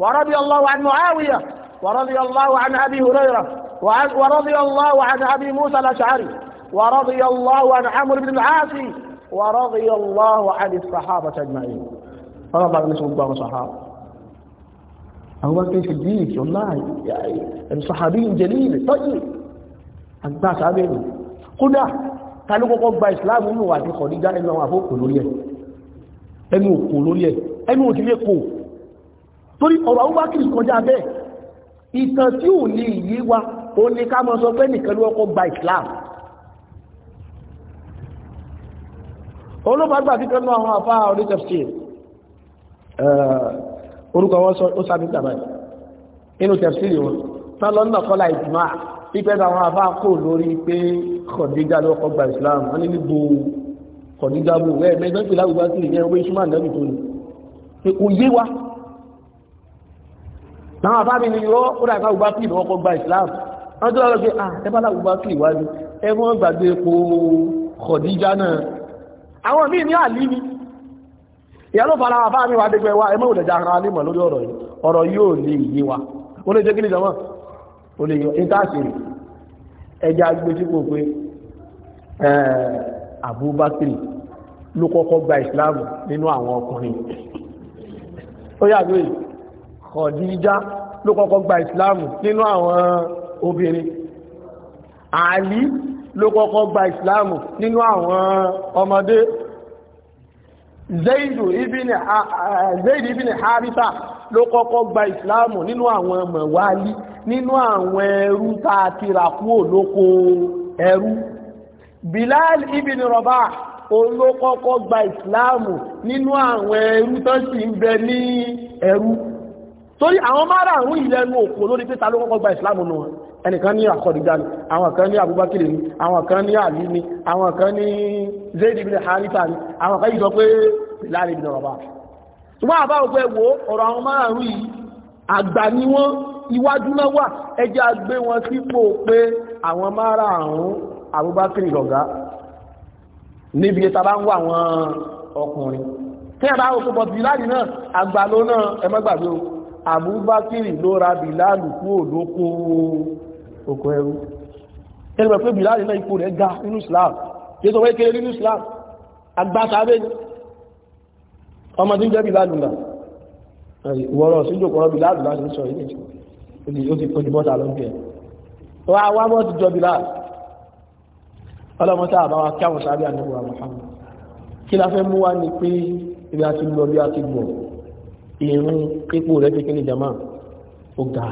wa radiyallahu an muawiya wa radiyallahu an abi hurairah wa radiyallahu an abi musa al-ash'ari wa radiyallahu an amr ibn al-as ورضي الله عن الصحابة أجمعين رضى الله عنهم الصحابة Abubakar Siddiq wallahi sahabi jalil tayyib agba sahabi ni kódà ta ló kọ́kọ́ gba islam nínú wa ti Khadija ẹnu àwọn àfókò lórí ẹ̀ ẹnu òkò lórí ẹ̀ ẹnu òtí lè kò torí ọ̀rọ̀ Abubakar kọjá bẹ́ẹ̀ ìtàn tí ò lè yé wa ó ní ká mọ́ sọ pé nìkan ló kọ́kọ́ gba islam olóbàgbà kíkan náà àwọn àfáà orí tafsir orúkọ wọn sọ ó sábẹ́ tàbá yìí nínú tẹ̀síìlì wọn tán lọ nínú ọ̀kọ́lá ìjùmọ̀ pípẹ́ táwọn afá kò lórí pé kọ̀dígá ló kọ́ gba islam wọn ní níbo kọ̀dígá bò wẹ́ẹ̀ mẹ́tọ́ pé láwùjọ sí ìyẹn owó ìṣúmọ̀ àdánù tó ní pé kò yé wa táwọn afá ni yọ ó dà káwùbá kì ló kọ́ gba islam wọn tó lọ pé ah ẹ bá láwùjọ kì wájú ẹ mọ́ gbàgbé epo kọ̀dígá náà àwọn míì ní àlí ìyá ló fara àbá mi wà dégbé wa ẹmọ́ òdẹ̀jà ara ní mọ̀ lórí ọ̀rọ̀ yìí ọ̀rọ̀ yóò lè yé wa ó lè jẹ́ kí ní jọmọ́ ó lè yọ ìtàṣìrì ẹja gbé sípò pé Abubakar ló kọ́kọ́ gba Islam nínú àwọn ọkùnrin ó yàgbé Khadija ló kọ́kọ́ gba Islam nínú àwọn obìnrin Ali ló kọ́kọ́ gba Islam nínú àwọn ọmọdé zaidu ibini eh, zaidu ibini harita ló kọ́kọ́ gba islamu nínú àwọn mọ̀wálí nínú àwọn ẹrú ta a ti rà ẹrú bilal ibini rọba òun gba islamu nínú àwọn ẹrú tó sì ń bẹ ní ẹrú torí àwọn márààrún ìlẹ́nu òkò lórí pé ta gba islamu nù ẹnìkan ní àkọ̀dìgbà ni àwọn kan ní Abubakar ni àwọn kan ní Ali ni àwọn kan ní Zaid ibn Haritha ni àwọn kan yìí sọ pé láàrin ibn Rabah ṣùgbọ́n àbá òpẹ́ wo ọ̀rọ̀ àwọn márùn-ún yìí àgbà ni wọ́n iwájú náà wà ẹjẹ́ agbé wọn sípò pé àwọn márùn-ún Abubakar lọ̀gá níbi ìtàbá ń wà wọn ọkùnrin tí ẹ̀bá òpópọ̀ bíláàlì náà àgbà ló náà ẹ má gbàgbé o Abubakar ló ra bíláàlù kúrò lókòó oko ẹrú ẹgbẹ̀ pé Bilal náà ipò rẹ̀ ga nínú Islam yíò tó wáyé kéré nínú Islam agbásáwé ni ọmọ tí ń jẹ́ Bilal nùgbà ìwọ̀rọ̀ sí jòkó ọ̀rọ̀ Bilal nùgbà sí sọ ilé ìjọ ti kojú bọ́ta lọ́jọ́ ẹ̀ wá wá mọ́ ti jọ Bilal ọlọ́mọta àbáwá kí àwọn sábẹ́ àdúgbò Muhammad kí la fẹ́ mú wá ni pé ibi a ti lọ bí a ti gbọ̀ ìrún ipò rẹ̀ kékeré jama ó ga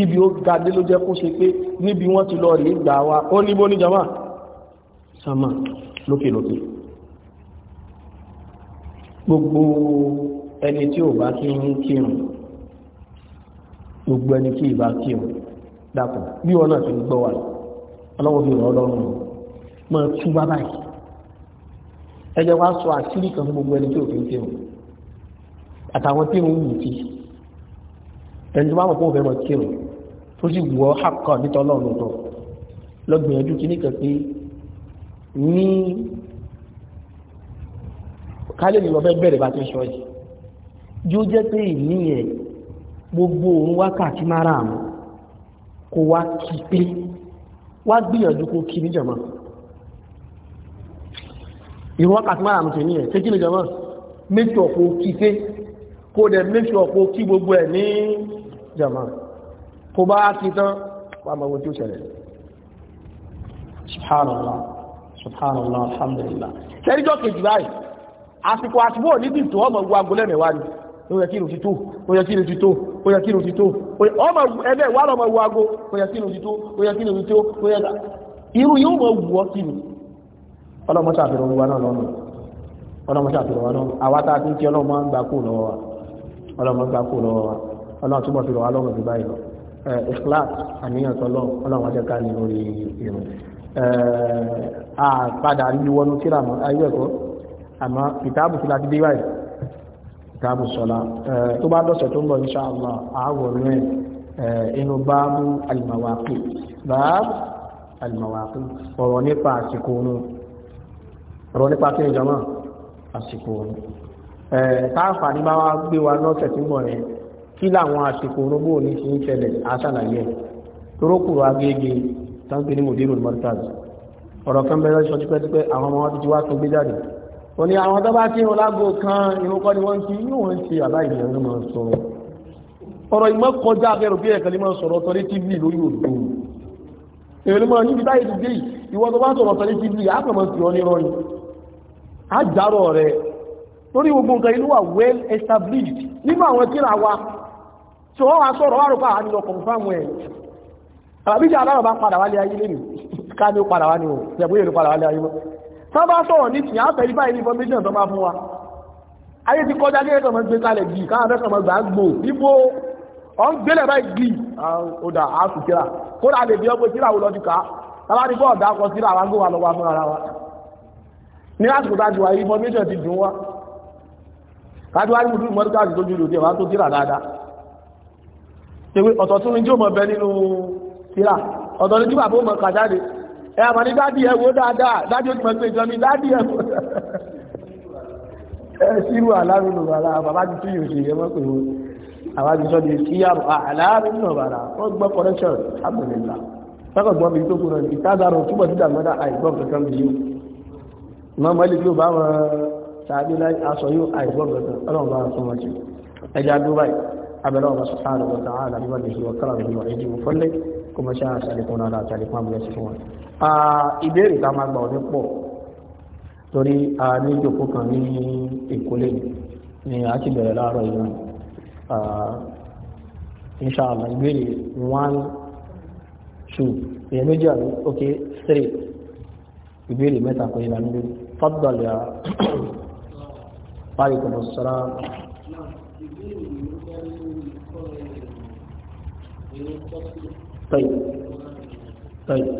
ibi ó gadé ló jẹ́ kó ṣe pé níbi wọ́n ti lọ rí ìgbà wa ó níbó ní jama sama lókèlókè gbogbo ẹni tí ò bá kí ń kírun gbogbo ẹni tí ìbá kírun dàpọ̀ bí wọn náà ti gbọ́ wa ọlọ́wọ́ fi rọ̀ ọlọ́run mọ́ tú bá báyìí ẹjẹ wa sọ àṣírí kan fún gbogbo ẹni tí ò fi ń kírun àtàwọn tí ń wù kí ẹni tó bá mọ̀ pé òun fẹ́ mọ̀ kírun tó sì wọ́ àkọ́ nítorí ọlọ́run tó lọ́gbìyànjú kí nìkan pé ní kálẹ̀ ni wọ́n fẹ́ bẹ̀rẹ̀ bá ti ń sọ yìí jí ó jẹ́ pé ìní yẹn gbogbo òun wákàtí mara àmọ́ kó wá kí pé wá gbìyànjú kó kí níjàmọ́ ìrún wákàtí mara àmọ́ tẹ̀ ní yẹn tẹ́kí níjàmọ́ méjì ọ̀pọ̀ kí pé kó dẹ̀ méjì ọ̀pọ̀ kí gbogbo ẹ̀ ní jama kó bá kí tán wà mọ̀ tí ó ṣẹlẹ̀ subhanallah subhanallah alhamdulillah sẹ́ríjọ́ kejì báyìí àsìkò àsìkò níbi tó ọmọ ogun agolẹ́ mẹ́wàá ni ó yẹ kí ìrùn ti tó ó yẹ kí ìrùn ti tó ó yẹ kí ìrùn ti irú yóò mọ̀ wù kí ni ọlọ́mọ ṣàfihàn wa náà lọ́nà ọlọ́mọ ṣàfihàn wa náà àwa tá a ń kí ọlọ́mọ lọ́wọ́ wa ọlọ́mọ gbà kú lọ́wọ́ wa ọlọ́run túbọ̀ fi rọ̀ wá lọ́rùn jù báyìí lọ ikhlas àníyàn tọ́lọ́ ọlọ́run ajẹ́ ká ní orí irun àpadà wọnú tíra mọ́ ayé ẹ̀kọ́ àmọ́ kìtàbù fi láti dé báyìí kìtàbù sọ̀la tó bá dọ̀sẹ̀ tó ń bọ̀ insha Allah àwòrán ẹ̀ inú báàbù al-mawaqit báàbù al-mawaqit ọ̀rọ̀ nípa àsìkò oorun ọ̀rọ̀ nípa kí ni àsìkò oorun táàfà ní bá wá gbé wa lọ́sẹ̀ tí ń bọ̀ yẹn kí làwọn àsìkò rogbó ní ṣe ń ṣẹlẹ̀ àṣàlàyé torókùrò agége tánpé ní mòdérò mọ́tàz ọ̀rọ̀ kan bẹ̀rẹ̀ sọ tipẹ́tipẹ́ àwọn ọmọ wọn ti wá tó gbé jáde ó ní àwọn tọ́ba tí wọn lágbo kan irun kọ́ ni wọ́n ti inú wọn ti àbá ìyẹn ló máa sọ̀rọ̀ ọ̀rọ̀ ìmọ̀ kọjá abẹ́rù bí ẹ̀kan ní máa sọ̀rọ̀ tọ́lé tv lórí òdo èmi ló níbi báyìí dé ìwọ tó bá sọ̀rọ̀ tọ́lé tv àpamọ́ sí ọ ní rọ́ọ̀nì rẹ̀ lórí gbogbo nǹkan inú wa well established nínú àwọn tíra wa tí wọ́n wá sọ̀rọ̀ wá rúpa àánú ọkọ̀ fáwọn ẹ̀ àbíjà aláwọ̀ bá padà wálé ayé lẹ́nu ká ní ó padà o tẹ̀bú èrò padà wálé ayé mọ́ tán bá sọ̀rọ̀ ní tìyàn áfẹ́ ibá ilé information tó bá fún wa ayé ti kọjá gẹ́gẹ́ tọmọ gbé kalẹ̀ bí káwọn fẹ́ tọmọ gbà gbò ọ ń gbélẹ̀ báyìí gbì ọdà kíra kódà lè bí ọgbẹ́ kíra ká tábà ní bọ́ọ̀dà wa fún ara wa tewé ọ̀tọ̀ tún ní mọ̀ bẹ nínú tíra ọ̀tọ̀ ní tí bàbá mọ̀ ẹ àmọ́ ní dádì ẹ dáadáa dádì ó ti mọ̀ pé ìjọ ní dádì ẹ sírù tí yóò dúbáyìí abẹ́rẹ́ ọba sùhánù wọ́n tàn án àlàbí wọ́n lè ṣe wọ́n kọ́ra ìlú ẹ̀jì wọ́n fọ́lẹ̀ kó mọ̀ ṣe àṣàlẹ̀kùn náà àtàlẹ̀kùn àmúyẹ sí fún wọn. ìbéèrè ká máa gbà ọ ní pọ̀ torí a ní ìjòkó kan ní Èkó lẹ́yìn ni a ti bẹ̀rẹ̀ láàárọ̀ yìí inṣàlá ìbéèrè one two èèyàn méjì àbí ok three ìbéèrè mẹ́ta kan ìlànà lórí fọ́tbọ̀lù yà wàlúùkùn طيب طيب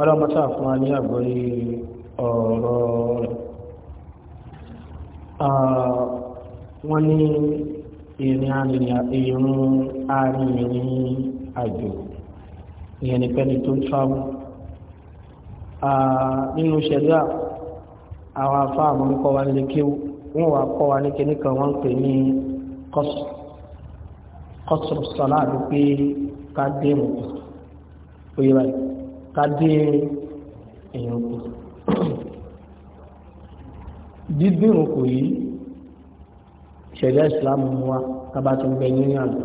ọlọ́mọ sáà fún wa ní àgbọ́rí ọ̀rọ̀ rẹ̀ Ah, wọ́n ní ìrìn arìnrìn àjò ìyẹn ni pẹ́ni tó ń travel ah, nínú ṣẹ̀dá àwọn afá àmọ́ ń kọ́ wa nílé kéwú wọ́n wà kọ́ wa ní kíní kan wọ́n ń pè ní kọ́sùrù sọ́lá àti ká dé mọ̀tò ó ká dé èèyàn kù dídìrún kò yí ṣẹ̀lẹ̀ ìsìlámù wa tábà ti ń bẹ ní àjò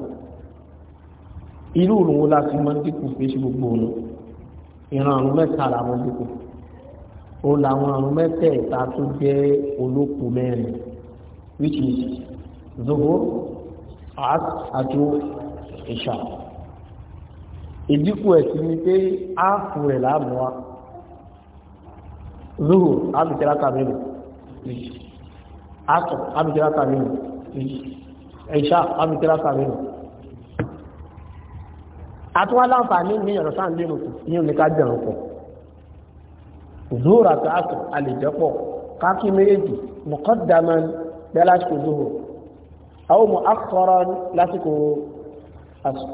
irú òrùn wo láti mọ́ dínkù pé ṣe gbogbo òun ìran àrùn mẹ́ta làwọn dínkù ó làwọn àrùn mẹ́tẹ̀ẹ̀ta tó jẹ́ olóko mẹ́rin which is zobo as àjò ìṣà ìdínkù ẹ̀ sí ni pé áàfù rẹ̀ láàmú wa zobo áàfù tẹ́lá kàmílò méjì àtọ̀ ábìtìráta mẹ́rin méjì ẹ̀ṣà ábìtìráta mẹ́rin àtúwá láǹfààní ní ọ̀rọ̀ sáà lérò kù ní oníká jẹun pọ̀ zuhur àti àtọ̀ àlèjẹ́pọ̀ káàkiri méjì muqaddaman bẹ́ẹ̀ lásìkò zuhur àwọn mu'akhkharan lásìkò àtọ̀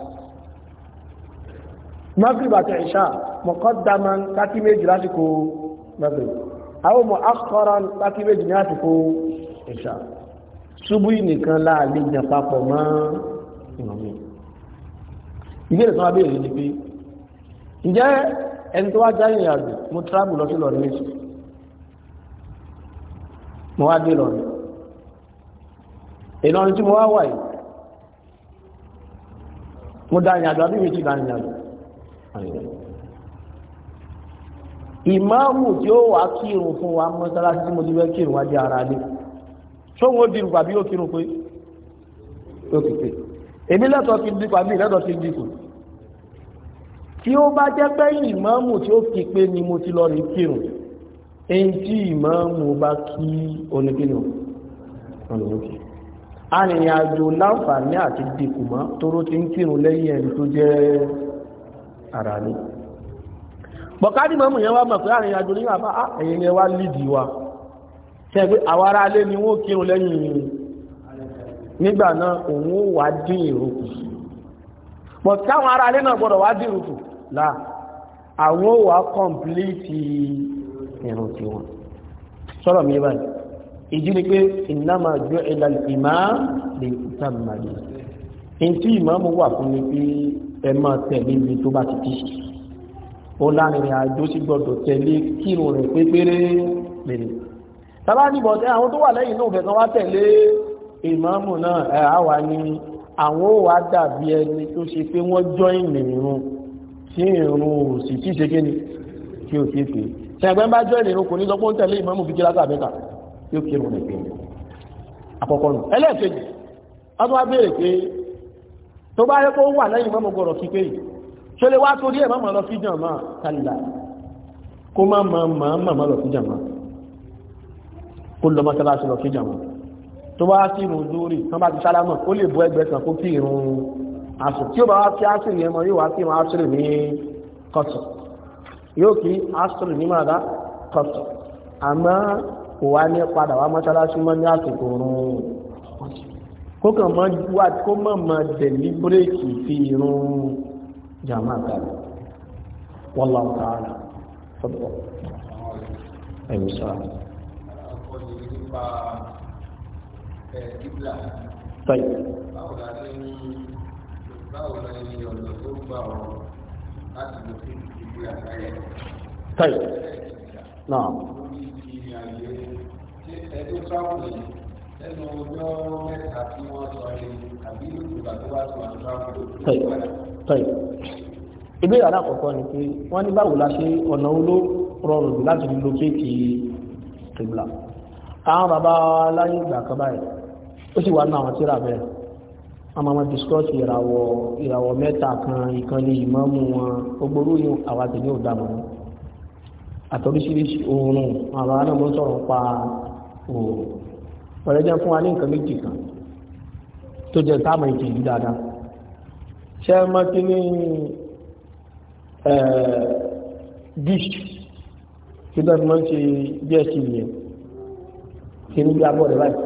magrib àti ẹ̀ṣà muqaddaman káàkiri méjì lásìkò magrib àwọn ọmọ akọ́ra láti méjì ní àsìkò ìṣà ṣubú nìkan láàlè jà papọ̀ mọ́ ìmọ̀mí ìbéèrè kan abéèrè ni pé ǹjẹ́ ẹni tó wá já ìrìn àjò mo tíráàbù lọ sí lọ́rin méjì mo wá dé lọ́rin ìlọrin tí mo wá wà yìí mo dá ìrìn àjò àbí méjì dá ìrìn àjò ìmáàmù tí ó wà kírun fún wa mọ́sálásí tí mo ti fẹ́ kírun wá jẹ́ ara lé ṣóhun ó dirun pàbí ó kírun pé ó ti èmi lẹ́tọ̀ọ́ ti dín pàbí lẹ́tọ̀ọ́ ti dín tí ó bá jẹ́ pé ìmáàmù tí ó kí pé ni mo ti lọ rí kírun èyí tí ìmáàmù bá kí oníkírun ọlọ́ọ̀kì arìnrìn àjò láǹfààní àti dínkù mọ́ toró ti ń kírun lẹ́yìn ẹni tó jẹ́ ara lé bọ̀kádì mọ́mù yẹn wá mọ̀ pé àrìn àjò nígbà bá ah, ẹ̀yìn yẹn wá lìdì wa tẹ́ pé àwọn ará alé ni wọ́n kírun lẹ́yìn nígbà náà òun ó wá dín ìrókù bọ̀ táwọn ará alé náà gbọ́dọ̀ wá dín ìrókù là àwọn ó wá kọ̀m̀plìtì ìrùn tí wọn sọ̀rọ̀ mi báyìí ìdí ni pé ìnáma jọ ìlà ìmá lè kúta màlè ní tí ìmáàmù wà fún mi pé ẹ máa tẹ̀lé mi tó bá ti tíṣì ó láàrin àjò sí gbọdọ̀ tẹ̀lé kírun rẹ̀ pépéré lèrè tàbá níbọ̀ tẹ́ àwọn tó wà lẹ́yìn náà fẹ̀kan wá tẹ̀lé ìmáàmù náà ẹ̀ àwà ni àwọn ò wá dàbí ẹni tó ṣe pé wọ́n jọ ìrìnrún tí ìrún ò sì tí ṣe kéni kí o ti pè ṣẹ̀gbẹ́ bá jọ ìrìnrún kò ní sọ pé ó ń tẹ̀lé ìmáàmù fi kíláàsà mẹ́ta tí ó kírun rẹ̀ pé àkọ́kọ́ nù ẹlẹ́ẹ̀kejì wọ́n tún béèrè pé tó bá yẹ kó wà lẹ́yìn mọ́mọ́ gbọ́dọ̀ kí pé yìí ṣe lè wá torí ẹ̀ mọ́mọ́ lọ sí jàmá kálílà kó má mọ́ mọ́ lọ sí jàmá kó lọ mọ́sálásí lọ sí jàmá tó bá sí irun lórí tán bá ti sálámà ó lè bọ́ ẹgbẹ́ kan kó kí irun àṣù tí ó bá wá sí àṣù yẹn mọ́ yóò wá sí irun àṣù ní kọ́tù yóò kí àṣù ní màdá kọ́tù àmọ́ kò wá ní padà wá mọ́sálásí mọ́ ní àsìkò oorun kó kàn mọ́ wá kó mọ̀ mọ́ dẹ̀ bírèkì fi irun jàmáà kalẹ̀ wallahu ta'ala fọ́tọ̀ ẹ̀rù sáà. Tọ́yì. ọjọ́ mẹ́ta tí wọ́n sọ yìí àbí ìgbà tó bá tó àtúrà fún tó bá tọ́yì ìbéèrè alákọ̀ọ́kọ́ ni pé wọ́n ní báwo la ṣe ọ̀nà oló rọrùn jù láti lo kéèkì kìbìlà àwọn bàbá láyé ìgbà kan báyìí ó sì wà ní àwọn tíra bẹ́ẹ̀ àmọ́ wọn discuss ìràwọ̀ ìràwọ̀ mẹ́ta kan ìkànnì ìmọ̀mù wọn ogboro yìí àwọn àtẹ̀lé ò dàmọ́ àtọ́ríṣiríṣi oorun àwọn ará tó jẹ́ táàmù ìtẹ̀lú dáadáa ṣe é mọ́ kí ní dish kí lọ́dún máa ń ṣe díẹ̀ sí ìyẹn kí ní bí abọ́ rẹ̀ báyìí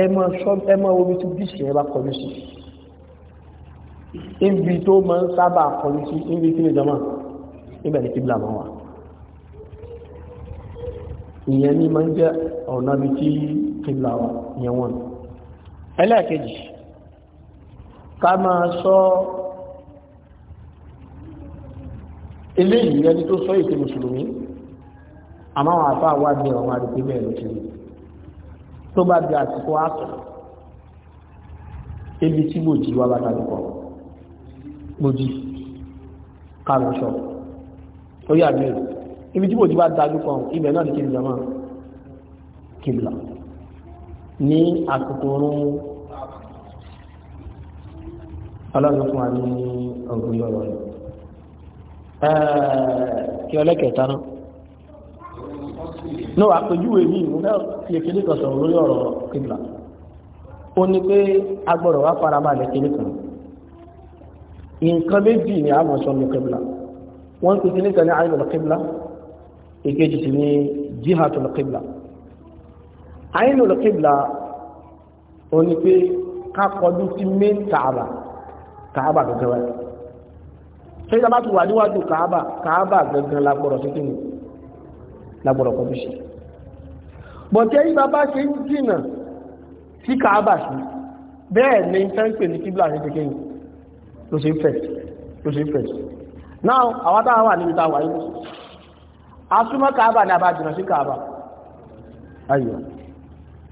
ẹ máa ṣọ́ ẹ máa wo bí tí dish yẹn bá kọjú sí ibi tó máa ń sábà kọjú sí ibi kí ní jọmọ́ ibẹ̀ ní kíbla máa wà ìyẹn ní máa ń jẹ́ ọ̀nà bí tí kíbla wà yẹn wọ́n ẹlẹ́ẹ̀kejì ká máa sọ eléyìí ẹni tó sọ ètò mùsùlùmí àmọ́ àwọn àfa wà ní ọmọ àdúgbò bẹ́ẹ̀ ló ti rí tó bá di àsìkò àtọ̀ ebi tí bòjì wà bá dàdúkọ bòjì kàrọ̀ sọ ó yà mí ibi tí bòjì bá dàdúkọ ibẹ̀ náà ní kí n jẹ máa kìlà ní àsìkò oorun ọlọ́run fún wa ní ọ̀gbìn ọ̀rọ̀ rẹ̀. kí ọlẹ́kẹ̀ẹ́ta náà ní wàá pẹ̀júwe mi ìmú náà fi èkéde kan sọ̀rọ̀ lórí ọ̀rọ̀ kìbìlà ó ní pé agbọ́dọ̀ wá farabalẹ̀ kéde kan nǹkan méjì ni àwọn sọ ní kìbìlà wọ́n ti kéde kan ní àyìnbó kìbìlà èkejì sì ní jihatu kìbìlà àyìnbó kìbìlà ó ní pé ká kọjú sí mẹ́ta kàábà tó kẹwàá ṣe ìjọba tó wà níwájú kàábà kàábà gangan lágbọ́rọ̀ sí kíni lágbọ́rọ̀ kọ́ bí ṣe bọ̀tẹ́ yìí bàbá ṣe ń jìnà sí kàábà sí bẹ́ẹ̀ ni tẹ́ǹpẹ̀ ní kíblà ní kékeré ló ṣe ń fẹ̀ ló ṣe ń fẹ̀ náà àwọn táwọn wà níbi táwọn ayé asúmọ́ kàábà ní abájìnà sí kàábà ayọ̀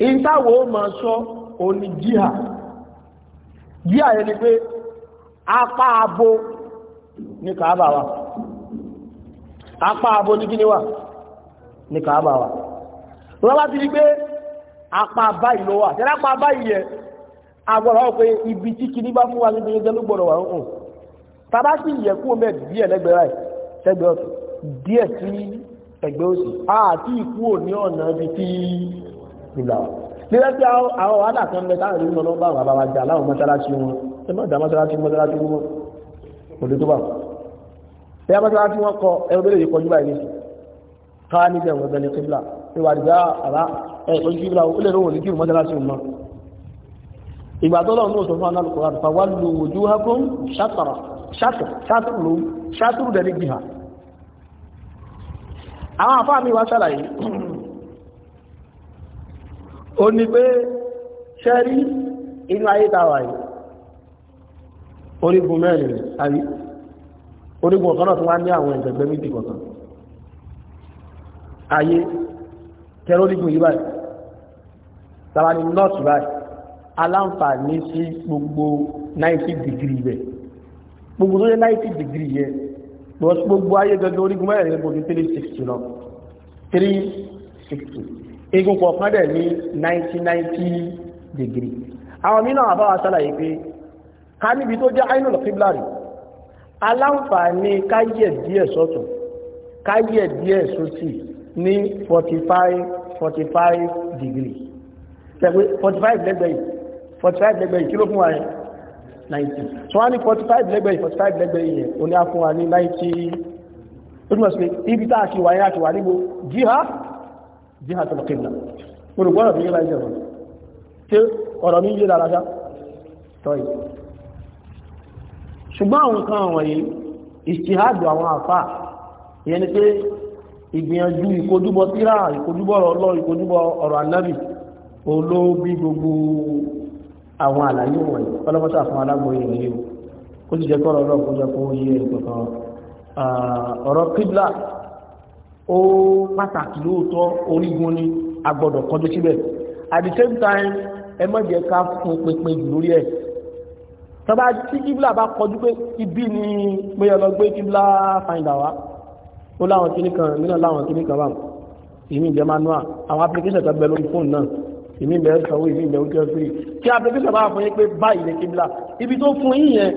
ìtawọ̀ máa sọ òní jíhà jíhà yẹn ni pé apá abo ní kàábà wa apá abo ní kíní wa ní kàábà wa wọ́n bá ti rí pé apá báyìí ló wà tẹ́lá apá báyìí yẹ agbọ́dọ̀ wọ́n pé ibi tí kíní bá fún wa níbi ẹgbẹ́ ló gbọ́dọ̀ wà ń hùn tàbá sì yẹ kú omi ẹ̀dì díẹ̀ lẹ́gbẹ̀ẹ́ rẹ̀ tẹ́gbẹ̀ẹ́ ọ̀tún díẹ̀ sí ẹgbẹ́ òsì àti ikú ò ní ọ̀nà ibi ẹ má dá mọ́sálásí mọ́sálásí mú òde tó bá ẹ yá mọ́sálásí wọn kọ ẹ bẹ́ẹ̀ lè kọjú báyìí nìyí káà ní bẹ̀rẹ̀ ọ̀gbẹ́ni kíbla ìwà àdìgbà àrá ẹ ojú kíbla ó lè lóhùn nígbìrì mọ́sálásí mọ́ ìgbà tó lọ́nà òṣòfò àwọn alùpùpù àti fàwálù ojú hákún ṣàtàrà ṣàtùrù ṣàtùrù dẹ̀ nígbìhà àwọn àfáà mi wá ṣàlàyé ó ní pé ṣẹ́rí inú ayé tàwà yìí orígun mẹ́rin àbí orígun ọ̀kan náà tó wá ní àwọn ẹ̀gbẹ̀gbẹ̀ méjì kọ̀ọ̀kan ayé tẹ́rọ orígun yìí báyìí tàbá ní north báyìí aláǹfààní sí gbogbo 90 degree ibẹ̀ gbogbo tó yẹ 90 degree yẹ lọ sí gbogbo ayé gẹ́gẹ́ orígun mẹ́rin gbogbo ní 360 lọ 360 igun kọ̀ọ̀kan dẹ̀ ní 90 90 degree àwọn mìíràn àbáwá sálàyé pé ká níbi tó jẹ́ ainul qibla rí aláǹfààní káyẹ̀ díẹ̀ sọ́tún káyẹ̀ díẹ̀ sósì ní 45 45 degree 45 lẹ́gbẹ̀ẹ́ 45 lẹ́gbẹ̀ẹ́ kí ló fún wa yẹn 90 so wá ní 45 lẹ́gbẹ̀ẹ́ 45 lẹ́gbẹ̀ẹ́ yẹn o ní a fún wa ní 90 ó túnmọ̀ sí pé ibi tá a ṣe wáyé àti wà níbo jíha jíha tó lọ́kẹ́ ìlà mo rò gbọ́dọ̀ bí yẹn láì ṣé ọ̀rọ̀ mi yé dára ṣá tọ́yì ṣùgbọ́n àwọn nǹkan wọ̀nyí ìṣìhádù àwọn àfà ìyẹn ni pé ìgbìyànjú ìkojúbọ tírà ìkojúbọ ọlọ́ ìkojúbọ ọ̀rọ̀ anábì olóbi gbogbo àwọn àlàyé wọ̀nyí ọlọ́mọṣà fún alágbóyè wọ̀nyí o the same time fún pínpín lórí ẹ̀ tọba tí kíbla bá kọjú pé ibi ni péye lọ gbé kíbla finder wa ó láwọn kíní kan mìíràn láwọn kíní kan báwọn ìmí ìjẹ manual àwọn application kan bẹ lórí fóònù náà ìmí ìbẹ̀ sanwó ìmí ìbẹ̀ ojú ọ̀sìn kí application bá fún yín pé báyìí ni kíbla ibi tó fún yín yẹn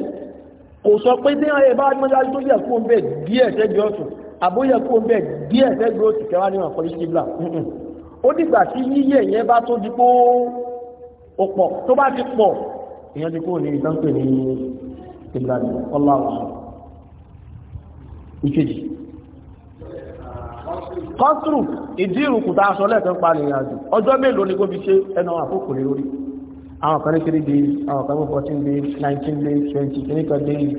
kò sọ pé bí ẹ bá mọ́jáde tó yẹ kó bẹ́ẹ̀ díẹ̀ sẹ́gbẹ̀ẹ́ ọ̀tún àbóyẹ kó bẹ́ẹ̀ díẹ̀ sẹ́gbẹ̀ẹ́ ọ̀tún kẹwàá ní wọn kọ́ kíbla ó dìgbà tí yíyẹ yẹn bá tó di pé ó pọ̀ tó bá ti pọ̀ ìyẹn ti kúrò ní ìtànpè ní ìgbàdì ọláwà ìkejì ìdí ìrùkùtà aṣọ lẹ́ẹ̀kan pa ọjọ́ mélòó ni kó fi ṣe ẹnu àkókò lè lórí àwọn kan ní three days àwọn kan ní fourteen days nineteen days twenty twenty kan days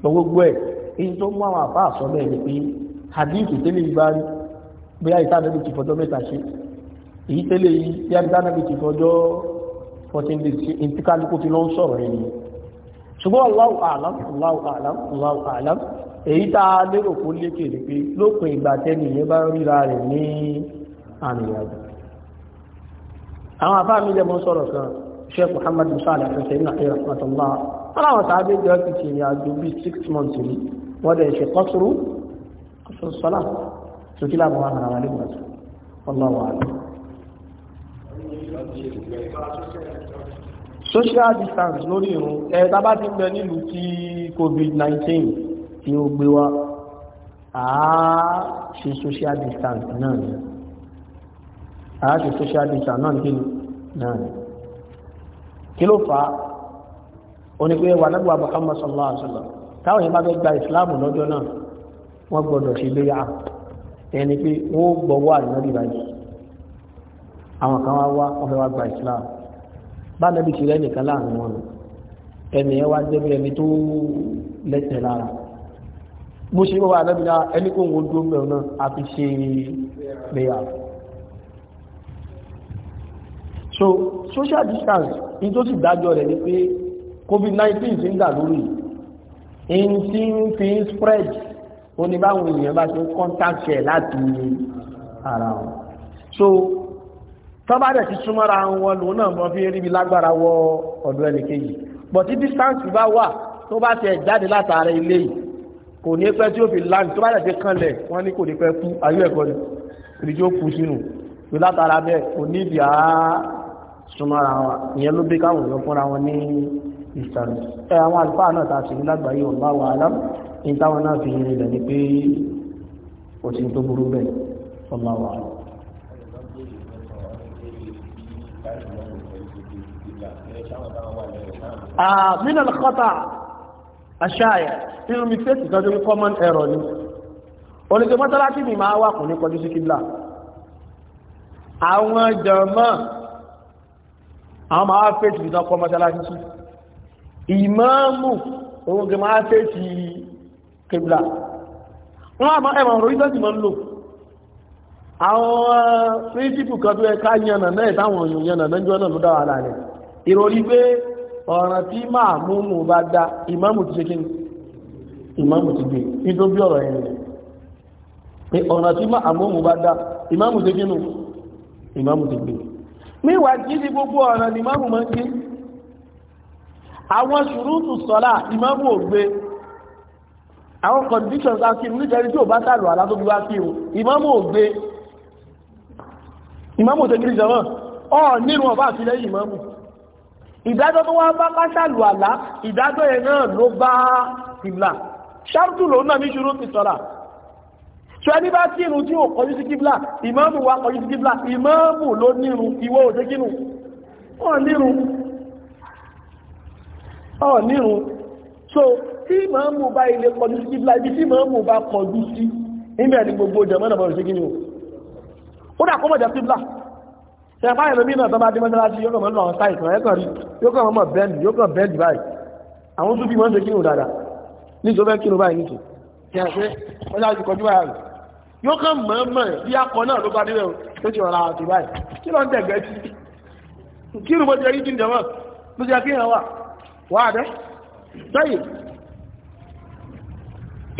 gbogbo ẹ̀ èyí tó mú àwọn àbá àṣọ bẹ́ẹ̀ ni pé tẹ́lẹ̀ fọjọ́ mẹ́ta ṣe èyí tẹ́lẹ̀ yìí bí fourteen days ṣe ìtìkálukú ti lọ ń sọ̀rọ̀ rẹ̀ nìyẹn ṣùgbọ́n Allahu a'lam Allahu a'lam Allahu a'lam èyí tá a lérò kó lékè ní pé lópin ìgbà tẹ́ni ìyẹn bá ríra rẹ̀ ní àmìyàjò àwọn afá mi lẹ́mọ́ sọ̀rọ̀ kan Sheikh Muhammad musa alafẹ́sẹ̀ ní àkẹ́rẹ́ rahmatullah wọn làwọn sáábẹ́ jọ ti ṣe ìrìnàjò bíi six months rí wọ́n dẹ̀ ṣe kọ́sùrú kọ́sùrú sọ́lá tó kí social distance lórí ìrun ẹ tá bá ti ń nílùú tí covid-19 tí ó gbé wá àá social distance náà ni àá social distance náà ni náà ni kí ló fà á onígbé wa nàgbà Muhammad sallallahu alaihi wasallam táwọn yẹn bá fẹ́ gba ìsìláàmù lọ́jọ́ náà wọ́n gbọ́dọ̀ ṣe léyà ẹni pé wọ́n gbọ́wọ́ àdínàbì báyìí àwọn kan wá wá wọ́n fẹ́ wá gba ìsìláàmù bá nàbí ṣe lẹ́nìkan láàrin wọn ẹni ẹ wá débi ẹni tó lẹ́sẹ̀ lára mo ṣe wọ́wọ́ àdábì náà ẹni kó wọ́n dúró mẹ́rin náà a fi ṣe léyà so social distance in tó sì dájọ́ rẹ̀ ni pé covid-19 ti ń dà lórí in ti ń fi spread oníbàwọn èèyàn bá ṣe ń contact ẹ̀ láti ara wọn so tọ́ba dẹ̀ ti súnmọ́ra wọn lòun náà mọ́ fi ríbi lágbára wọ ọ̀dọ̀ ẹnìkejì bọ̀ tí distance bá wà tó bá ti ẹ̀ jáde látara ilé yìí kò ní pẹ́ tí ó fi láàmì tó bá dẹ̀ ti kanlẹ̀ wọ́n ní kò ní pẹ́ kú ayé ẹ̀kọ́ ni ìdí tí ó kú sínú tó látara bẹ́ẹ̀ kò ní ìdí àá súnmọ́ra wọn ìyẹn ló bí káwọn èèyàn fúnra wọn ní ìsàlù ẹ àwọn àlùfáà náà ta sí lágbàáyé ọ̀gbá من الخطأ الشائع nínú mistake kan tó ní common error ni oníṣẹ́ mọ́sálásí mi máa wà kò ní kọjú sí kíbla àwọn jàmá àwọn máa fèsì ìdán kọ́ mọ́sálásí sí ìmáàmù òun gẹ máa fèsì kíbla wọ́n àmọ́ ẹ̀mọ̀ orí tó sì mọ́ ń lò àwọn príncipù kan tó ẹ̀ká yànnà náà ìtàwọn òyìn yànnà náà jọ náà ló dáwà láàrin ìròrí pé ọ̀ràn tí máa mú mú bá dá ìmáàmù ti ṣe kí ni ìmáàmù ti gbé nítorí bí ọ̀rọ̀ yẹn nìyẹn pé ọ̀ràn tí máa mú mú bá dá ìmáàmù ti kí ni ìmáàmù ti gbé níwàá kí ni gbogbo ọ̀ràn ni ìmáàmù máa ń gbé àwọn ṣùrùtù sọ́lá ìmáàmù ò gbé àwọn conditions akíru nítorí tí ò bá sàlù àlá tó gbígbá kí o ìmáàmù ò gbé ìmáàmù ò tẹ́gírí jẹ́wọ́n ọ̀ nínú ọ̀bá àfilẹ́yìn ìmáàmù ìdájọ́ tó wá bá ká ṣàlù àlá ìdájọ́ yẹn náà ló bá kìblà ṣáàtù lòun náà ní ṣúró ti sọ́ra ṣọ ẹni bá tí irun tí ò kọjú sí kìblà ìmáàmù wa kọjú sí kìblà ìmáàmù ló nírun ìwọ òṣè kínú ọ̀ nírun ọ̀ nírun so tí ìmáàmù bá ilé kọjú sí kìblà ibi tí ìmáàmù bá kọjú sí níbẹ̀ ni gbogbo jẹ̀mọ́nà bọ̀rọ̀ sí kínú ó dà kọ́mọ̀jà kìblà tẹ báyìí lómi náà tọ́ba dímọ́sálásí yóò kàn mọ́ lọ́wọ́ sáì kan ẹ̀kàn rí yóò kàn mọ́ bẹ́ẹ̀lì yóò kàn bẹ́ẹ̀lì báyìí àwọn tó bí wọ́n ń ṣe kírun dáadáa nítorí fẹ́ kírun báyìí nìkan kí a ṣe wọ́n ṣáà ti kọjú báyìí yóò kàn mọ́ mọ́ bí akọ náà ló bá délẹ̀ ó ti rọra àti báyìí kí ló ń tẹ̀gbẹ́ sí kírun bó ti rí jíjẹ mọ́ ló ti akíyàn wà wà á dẹ́ bẹ́yì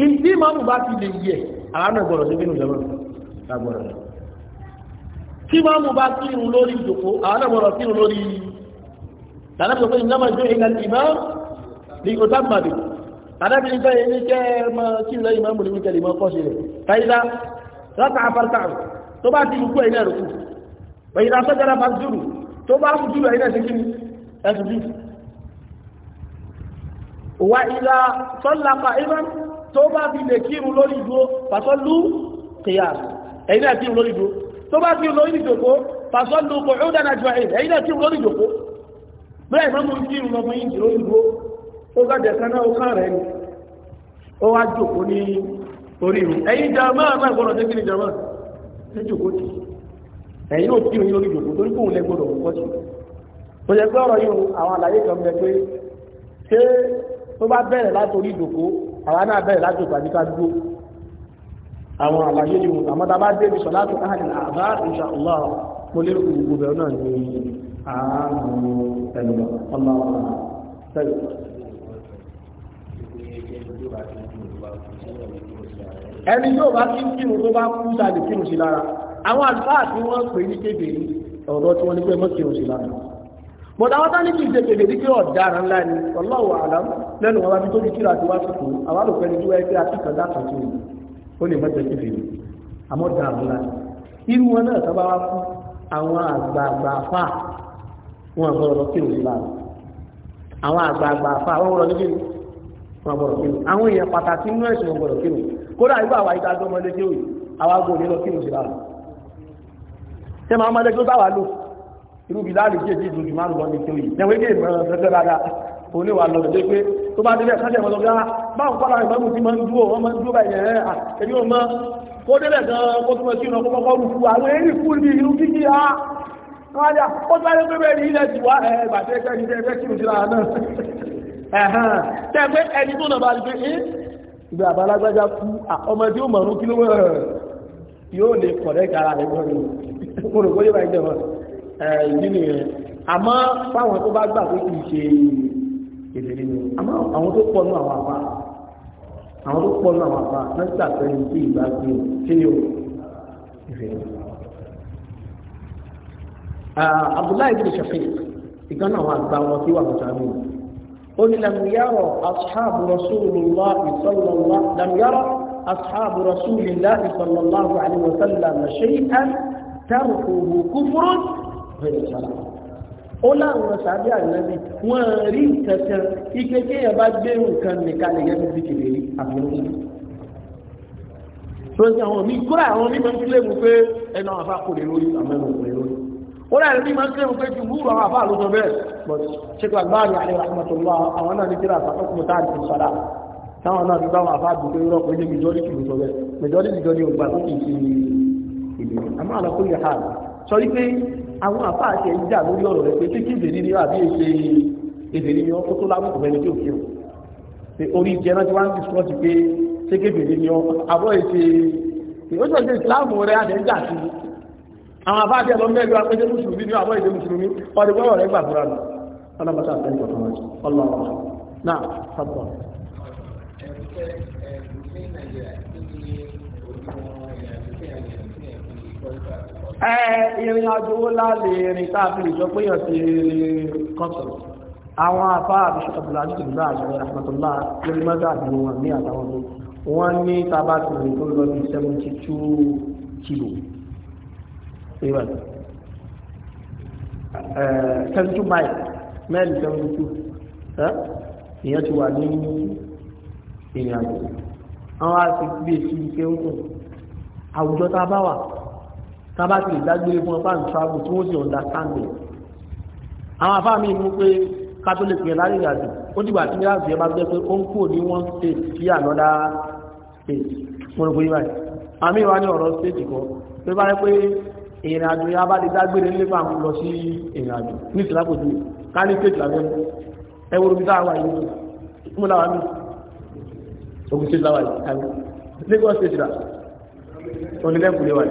ìdí mọ́mù bá ti lè yẹ àwọn náà gbọ́dọ̀ sí tí máa mú bá kírun lórí ìjòkó àwọn ọ̀rọ̀ kírun lórí tàbí pé ìnáwó ìjọ ìlà ìmọ̀ ní ọjọ́ àmàdì tàbí nígbà ẹni jẹ́ ọmọ kí ìlà ìmọ̀ mú ní wíkẹ́ ìmọ̀ kọ́ sílẹ̀ fàyílá látà afárítà tó bá ti ikú ẹ̀yìn ẹ̀rùkú fàyílá sọ́jára bá zúrù tó bá fún jùlọ ẹ̀yìn ẹ̀sìn kíni ẹ̀sùn jù fi lè kírun lórí ìdúró pàtọ́lú kìyà ẹ̀yìn ẹ̀kírun lórí ìdúró tó bá kí lórí ìjòkó pàṣọ́nù kò ó dára jù àìyí ẹ̀yìn náà kí lórí ìjòkó bẹ́ẹ̀ máa mú kí ìrùn ọmọ yìí dúró ó gbàjẹ̀ kaná ó rẹ̀ ni ó wá jòkó ní orí ìrùn ẹ̀yìn jàmá máa gbọ́dọ̀ tẹ́kí jàmá ní jòkó ẹ̀yìn lórí ìjòkó pé ọ̀rọ̀ yìí àwọn àlàyé kan bẹ pé ṣé tó bá bẹ̀rẹ̀ ìjòkó àwa náà bẹ̀rẹ̀ ká dúró àwọn àlàyé yìí àmọ́ tá a bá débi sọ láti ahàlì àbá insha Allah mo lérò pé gbogbo bẹ̀rù náà ní àánú ẹnu ọlá sẹ́yìn. ẹni yóò bá kí kírun tó bá kú sáà lè kírun sí lára àwọn àlùfáà tí wọ́n pè ní kébè ọ̀rọ̀ tí wọ́n ní pé mọ́ kírun sí lára bọ̀dá wọ́n tán ní kí ìdẹ́kẹ̀lẹ̀ ní kí ọ̀daràn ńlá ni Allahu a'lam lẹ́nu wọn bá fi tóbi kíra tí wá sí fún àwọn àlùfẹ́ ní tí wọ́n ẹgbẹ́ àti kàdá kan ó lè mọ́jọ sí fèrè àmọ́ da àwọn láti irú wọn náà sábà wá fún àwọn àgbààgbà afá wọn àgbọ̀rọ̀ lọ kírun nílá rẹ̀ àwọn àgbààgbà afá wọn wọ́n lọ níbi wọn àgbọ̀rọ̀ kírun àwọn èèyàn pàtàkì inú ẹ̀sìn wọn gbọ̀rọ̀ kírun kódà ibà àwa ìdájọ́ ọmọdé kéwì àwa gbòòrè lọ kírun sílá rẹ̀ ṣé máa ọmọdé tó bá wà lò irú bí láàrín jẹ́ jíjù jù máa ń lọ ní kí o yìí ẹwé gẹ́gẹ́ ìmọ̀ràn ṣẹ́ṣẹ́ dáadáa kò ní wà lọ́dọ̀ pé tó bá délẹ̀ sáṣẹ́ ìmọ̀lọ́ gbá ah, báwọn pàdà ìmọ̀mù tí máa ń dúró wọ́n máa ń dúró báyìí ẹ̀rẹ́ àtẹ̀bí ọmọ kó délẹ̀ gan kó túnmọ̀ sí ìrànkọ́ kọ́kọ́ rú fún àwọn eré fún ní irú kíkí ah, á káyà ah, ó sáré pé bẹ́ẹ̀ ní ilẹ̀ tì wá ẹ̀ eh, bàtẹ́ ẹgbẹ́ ní ẹgbẹ́ kí òjìlá náà ẹ̀hán tẹ́ pé ẹni tó nàbà rí pé é eh, ìgbà àbálágbájá kú ọmọ tí ó mọ̀rún kí ló wẹ̀ yóò lè Eh, ìdílé rẹ̀ àmọ́ fáwọn tó bá gbà pé kì í ṣe ìdílé rẹ̀ àmọ́ àwọn tó pọ̀ nù àwọn àpá àwọn tó pọ̀ nù àwọn àpá lọ́sítà pẹ̀lú tí ìgbà gbé e. kí ni o ìfẹ́ ah, Abdullahi bin Shafiq ìkànnà àwọn àgbà wọn tí wà mọ̀tà mi ó ní lamuyarọ̀ ashabu rasulillah ìsọlọ́lá lamuyarọ̀ ashabu rasulillah ìsọlọ́lá àlẹ́ wọ́sálàmù ṣe é tẹ́rù kò kúfúrú ọ̀rẹ́ ìṣàlá ó láwọn sàbí ànábì wọn rí nǹkan kan ike kéèyàn bá gbé nǹkan nìkan lè yẹ fífi kèlè rí àbí ọdún tó ń sọ àwọn míì kúrò àwọn míì máa ń kílè mú pé ẹnu àwọn afá kò lè lórí àmọ́ ẹnu kò lè lórí ó rà ní máa ń kílè mú pé jù wúrọ̀ àwọn afá ló sọ bẹ́ẹ̀ but ṣékò àgbáàrí àlẹ́ rahmatullah àwọn náà ní kíra àtàkùn kúmọ̀ táàdì tó sọ̀rọ̀ táwọn náà ti bá àwọn afá dùn pé rọ́pò ilé àwọn àfa àti ẹ̀yìn jà lórí ọ̀rọ̀ rẹ̀ pé tí kí ìbèrè ni àbí èṣe ìbèrè ni wọ́n tó lábùkù mẹ́ni tí ò kí o pé orí ìjẹ́ náà ti wá ń discuss pé ṣé kébèrè ni àbọ̀ èṣe ìwọ́sọ̀ ṣe ìsìláàmù rẹ̀ àtẹ̀jà sí àwọn àfa àti ẹ̀lọ́ mẹ́rin wa pé ṣé mùsùlùmí ni àbọ̀ èṣe mùsùlùmí ọdún gbọ́rọ̀ rẹ̀ gbàgbọ́ra nù ọlọ́mọta àtẹ̀jọ̀ fún wọn Thank you ìrìn àjò wo láàlè rìn káàkiri ìjọ pé yàn ti kọ́tọ̀ àwọn afá àbíṣẹ́ abdulhajj ti gbà àjọ rahmatullah lórí mọ́tò àdúgbò wọn ní àtàwọn tó wọ́n ní tábà tó rìn tó lọ bí seventy two kilo ìwọ̀n seventy two mile mẹ́rin seventy two ìyẹn ti wà ní ìrìn àjò àwọn àti bíi èsì ìkéwòn àwùjọ tá a bá wà tábà sì dágbére fún ọpá ìtravel tí wọ́n sì understand it àwọn afá mi mú pé catholic yẹn lárí ìrìnàjò ó dìgbà tí mìíràn yẹn bá jẹ́ pé ó ń kúrò ní one state sí ànọ́dá state mo rò pé yíwáyé àmì ìwà ní ọ̀rọ̀ state kan pé bá rẹ pé ìrìnàjò yẹn abá ti dágbére nílé fún àwọn lọ sí ìrìnàjò ní ìsìlápòjú ká ní state làbẹ́ ẹwọ́n omi táwa yìí mú làwọn mi ogun state làwọn yìí lagos state là onílẹ̀kùn lè wáyé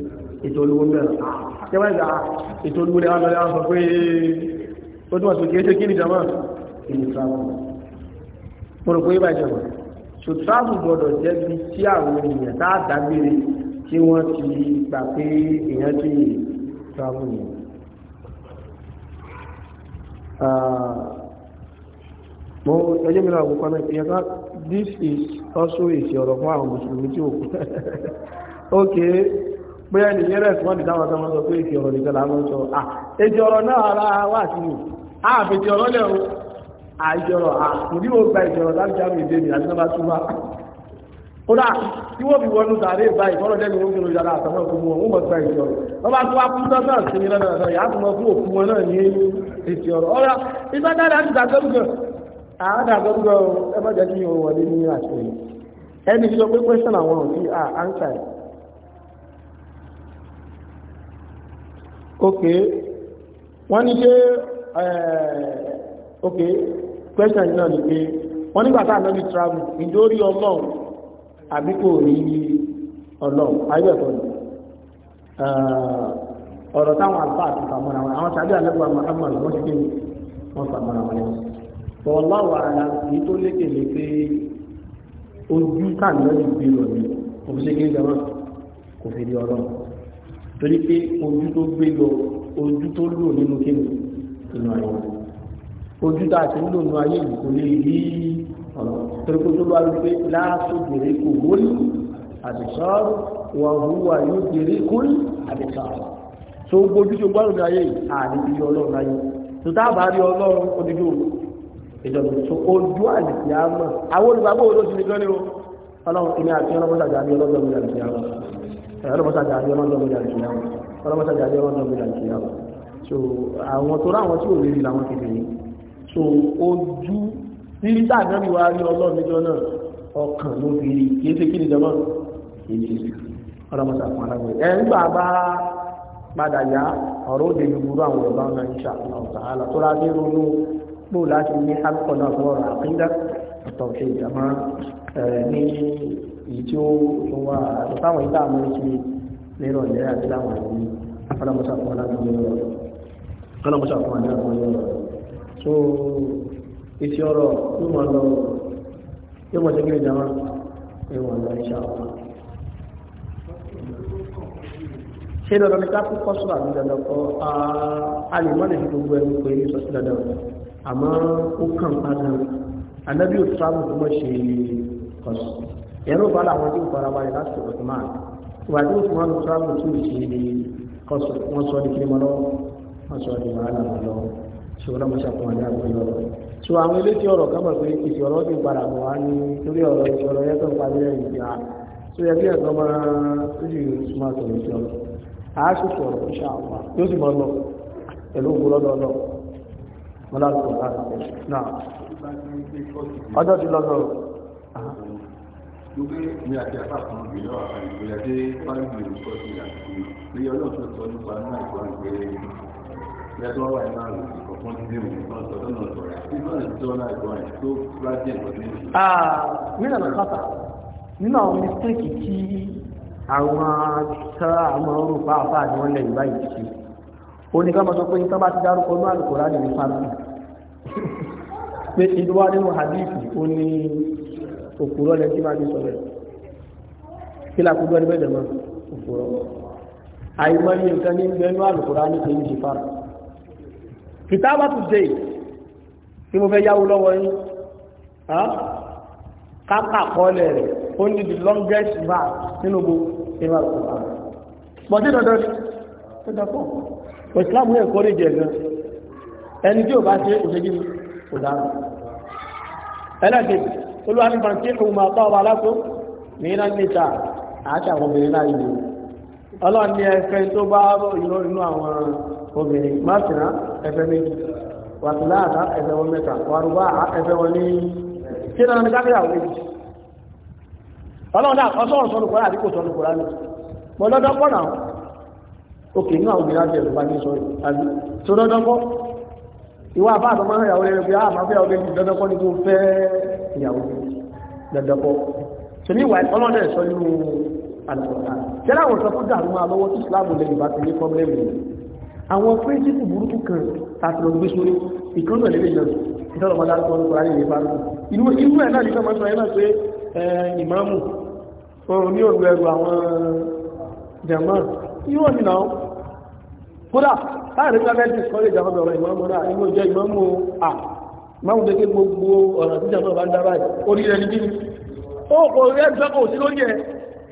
ètò olówó mẹ́rin tẹ́wà ìgbà ètò olówó lẹ́wà lọ́lẹ́ àwọn sọ pé ó túnmọ̀ sí kéèṣe kí ní jama ìlú travel mo rò pé ibà ìjọba so travel gbọdọ̀ jẹ́ bí tí àwọn wọ́n ti gbà pé èèyàn ti travel yẹn ah, mo ẹjẹ́ mìíràn àwọn kọ́nà ìyẹn ká this is also ìṣòro fún àwọn mùsùlùmí tí ó kú okay bóyá ní enye rẹ̀sìmọ́dì táwọn ọ̀tọ́ wọn sọ pé èsì ọ̀rọ̀ nìkan làwọn sọ à èsì ọ̀rọ̀ náà ara wà sí A àfèsì ọ̀rọ̀ lẹ̀ o àìjọrọ̀ àkùnrí ò gba ìjọrọ̀ láti jáwé ìdè àti túbà tí wọ́n fi wọnú sàárè àtàwọn wọn gba ìjọrọ̀ wọ́n tó wá fún sọ́sọ́ sí ní lọ́nà ọ̀sán yàtọ̀ wọn náà ní ti ok wọ́n ní pé eh, ok question náà ni pé wọ́n nígbà tá travel ǹjẹ́ rí ọlọ́run àbí kò rí ọlọ́run ayébẹ̀kọ́ ni eh, ọ̀rọ̀ táwọn àlùfáà àti fàmọ́ra wọn àwọn sàbí àlẹ́gbà Muhammad wọ́n ti kéwì wọ́n fàmọ́ra wọn lẹ́yìn bọ̀ọ̀láwà ara èyí tó lékè ní pé ojú tàbí lọ́dún gbé lọ́dún kò fi ṣe kí n jẹ́ wọn kò fi torí pé ojú tó gbé lọ ojú tó lò nínú kíni inú ayé ojú tá a ti ń lò nínú ayé yìí kò lè rí ọ̀nà torí pé tó bá rí pé láàṣọ̀gbìn rẹ kò wọlé àdìsọ́rọ̀ wà wúwa yóò gbèrè kún àdìsọ́rọ̀ tó gbójú tó gbọ́rùn ní ayé àdìbí ọlọ́run ayé tó dábàá rí ọlọ́run odídó ìjọba tó ojú àdìsí àmọ́ àwọn olùgbàgbọ́ olóṣèlú gan ni o ọlọ́run kìíní àti ọlọ́run dàgbà ní ọlọ́run dàgbà ní ọlọ́run ọlọ́mọsájà àjọ ọlọ́dọ̀gbẹ̀dà ìkìyà ọlọ́mọsájà àjọ ọlọ́dọ̀gbẹ̀dà ìkìyà so àwọn tó ráwọn tí ò lè rí làwọn kìdè so ojú rírí tàbí rí wa rí ọlọ́run níjọ náà ọkàn ló fi rí kìí ṣe kí ni jọmọ́ èyí ọlọ́mọsá fún aláwọ̀ ẹ̀ ń gbà bá padà yá ọ̀rọ̀ òde gbogbo àwọn ọ̀bá náà ń ṣàkóso àlà tó rá dé ronú gbò láti ní ní èyí tí ó wà àtàwọn ìta àmọ́ ìṣe lérò ìlera àti láwọn ìlú afọlámọ́sá fún aláàbíyẹ ọ̀rọ̀ afọlámọ́sá fún aláàbíyẹ ọ̀rọ̀ so èsì ọ̀rọ̀ yóò máa lọ yóò máa ṣẹ́gbẹ́ ìjàmá yóò máa lọ iṣẹ́ àwọn. ṣé dandan ni ká kú kọ́sùrọ̀ àbí dandan kọ́ alìmọ́lẹ̀ fi gbogbo ẹni pé ní sọ́sí dandan àmọ́ ó kàn padà ànábì ò tíráàmù tó mọ̀ ṣe kọ́sùrọ̀ ẹ̀rọ bá làwọn tí ó fara balẹ̀ láti sọ̀rọ̀ tó máa ìwà tí ó fún wọn tó àwọn tó ṣe ni wọ́n sọ ní kí wọn lọ́wọ́ wọ́n sọ ní wàhálà wọn lọ́wọ́ ṣùgbọ́n mo ṣàkóso àjá àwọn ìlú ọ̀rọ̀ so àwọn eléyìí ọ̀rọ̀ kan mọ̀ pé ìfì ọ̀rọ̀ ti padà bọ̀ wá ní torí ọ̀rọ̀ ìfì ọ̀rọ̀ ń parí lẹ́yìn ìgbà so yẹ kí ẹ̀kọ́ máa lójú ìsúnmọ́ àtọ̀rọ̀ ìfì ọ̀rọ̀ àásù sọ̀rọ̀ ìṣà àwọn yóò sì máa lọ pẹ̀lú ògbó lọ́dọọdọ wọn láti sọ̀rọ̀ náà ọjọ́ ti lọ́dọọdọ ló pé mi àti apá kan ìgbéyàwó àwọn ìgbéyà dé fáwọn ìlú kọ́ sí ìlà lórí ọlọ́ọ̀tún sọ nípa náà ìkọ́ ìgbé lẹ́tọ́ wà ní àrùn ìkọ̀kan tí mo sọ sọ́dọ̀ náà sọ̀rọ̀ àti náà ìjọ náà ìkọ́ ẹ̀ tó bá jẹ́ ìkọ́ tó ń ṣe. Ah, nínú àwọn kọ́tà nínú àwọn mistake tí àwọn tá àwọn orúkọ àfa àti wọn lẹ́yìn báyìí ṣe ó ní ká máa sọ pé ní ká bá ti dárúkọ ní àlùkò rádìí ní fáwọn pé ìlú wa nínú hadith ó ní òkúrọ́ lẹ́tí máa fi sọ̀rọ̀ kí lákú gbọ́ níbẹ̀ jẹ̀mọ́ òkúrọ́ àìmọ́ ní nǹkan ní gbẹ́nú àlùkùrá ní kìí jì fara kìtàbà tó dé tí mo fẹ́ yáwó lọ́wọ́ yín káàkà kọ́lẹ̀ rẹ̀ ó ní the longest bar nínú gbogbo nínú àlùkùrá pọ̀ sí dandan tó dapọ̀ ìsìláàmù yẹn kọ́lé jẹ̀ gan ẹni tí ò bá ṣe òṣèjì kò dára ẹlẹ́gbẹ̀ẹ́ olúwa ní bàǹkìlù máa tọ́ ọba alákùn mìíràn níta àti àwọn obìnrin náà yìí ọlọ́run efe ẹfẹ́ tó bá yọ inú àwọn obìnrin mọ́sìnà ẹfẹ́ méjì wàtúláàtà ẹfẹ́ wọn mẹ́ta wàrúbá ẹfẹ́ wọn ní kí náà ní káfíà méjì ọlọ́run náà ọsọ́rọ̀ sọ́nù kọ́lá ní ìdọ́dọ́kọ́ ní tó fẹ́ẹ́ ìyàwó dandakọ́ so ní ìwà ọlọ́dẹ̀ sọ nínú àlùkọ̀tà tẹ́lá àwọn ìsọfún dàrú máa lọ́wọ́ tí ìsìláàmù lẹ́yìn bá ti ní pọ́blẹ́mù yìí àwọn píríncípù burúkú kan tàbí lọ gbé sórí ìkọ́nà lẹ́lẹ́ náà ìtọ́lọ̀ máa dárúkọ ní kòrán ìlú ìbámu inú inú ẹ̀ náà nígbà máa sọ ẹ̀ náà pé ìmáàmù òun ní òru ẹrù àwọn jàmá yóò ní náà kódà láàrin gbàgbẹ́ máwọn gẹ́gẹ́ gbogbo ọ̀nà tí jàmọ́ bá ń dára orí rẹ̀ níbi ó kò rẹ̀ jọ́kọ̀ sí lórí ẹ̀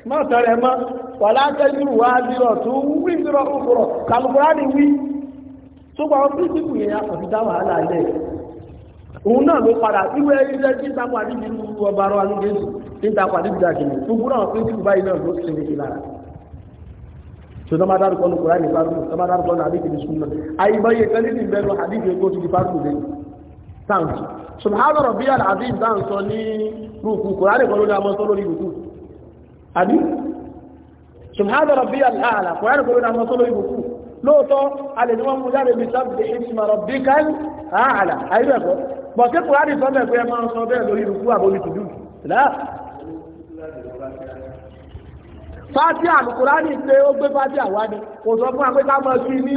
má sọ̀rẹ̀ mọ́ wà látẹ́jú wá zírọ̀ tó wí zírọ̀ òkúrọ̀ kàlùkùránì wí tó gba ọdún tí kù yẹn àpọ̀ dá wàhálà lẹ̀ òun náà ló padà tí wọ́n rí lẹ́jí tako àdíjì gbogbo ọba arọ alúgbèsù tí ń tako àdíjì àjìnà gbogbo náà pé tí kù báyìí náà ló ṣe méjì lára tó tọ́ bá dárúkọ ní kùránì fásitì tọ́ bá dárúkọ ní àdíjì ní súnmọ́ àyíbáyé kẹ́lí ti bẹ́ẹ̀ lọ àdíjì ẹgbẹ́ òtún ti fásitì lẹ́yìn sáǹtì subhana rabbiyal azim dáǹsọ ní rúkú kùránì kan ló ní amọ́sọ́ lórí rúkú àbí subhana rabbiyal a'la kùránì kan ló ní amọ́sọ́ lórí rúkú lóòótọ́ alẹ́ ni wọ́n mú jáde bí sábẹ̀ ìsìnmà rabbikal a'la àyíbẹ̀kọ́ bọ̀ sí kùránì sọ bẹ́ẹ̀ pé ẹ máa ń sọ bẹ́ẹ̀ lórí rúkú àbórí tùdú fátíà kùránì pé ó gbé fátíà wá ní kò sọ fún apẹ́ká mọ́ sí ní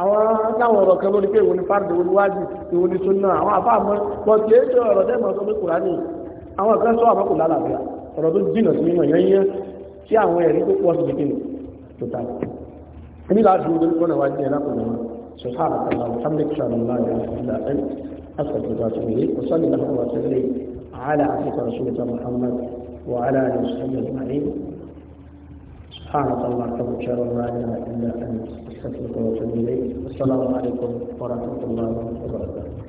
àwọn láwọn ọ̀rọ̀ kan lórí pé ìwò ni fáàdì ìwò ni wájì ìwò ni sunna àwọn àfáàmọ́ wọ́n ti é jọ ọ̀rọ̀ tẹ́mọ̀ tó pé kùránì àwọn kan sọ àmọ́ kò lálàáfíà ọ̀rọ̀ tó jìnà sí mímọ̀ yẹn yẹn tí àwọn ẹ̀rí tó pọ̀ sí ìdíkìnì tó ta ní láti wo kọ́nà wájú ẹ̀rá kò سبحانك اللهم رب ولا اله الا انت استغفرك واتوب اليك السلام عليكم ورحمه الله وبركاته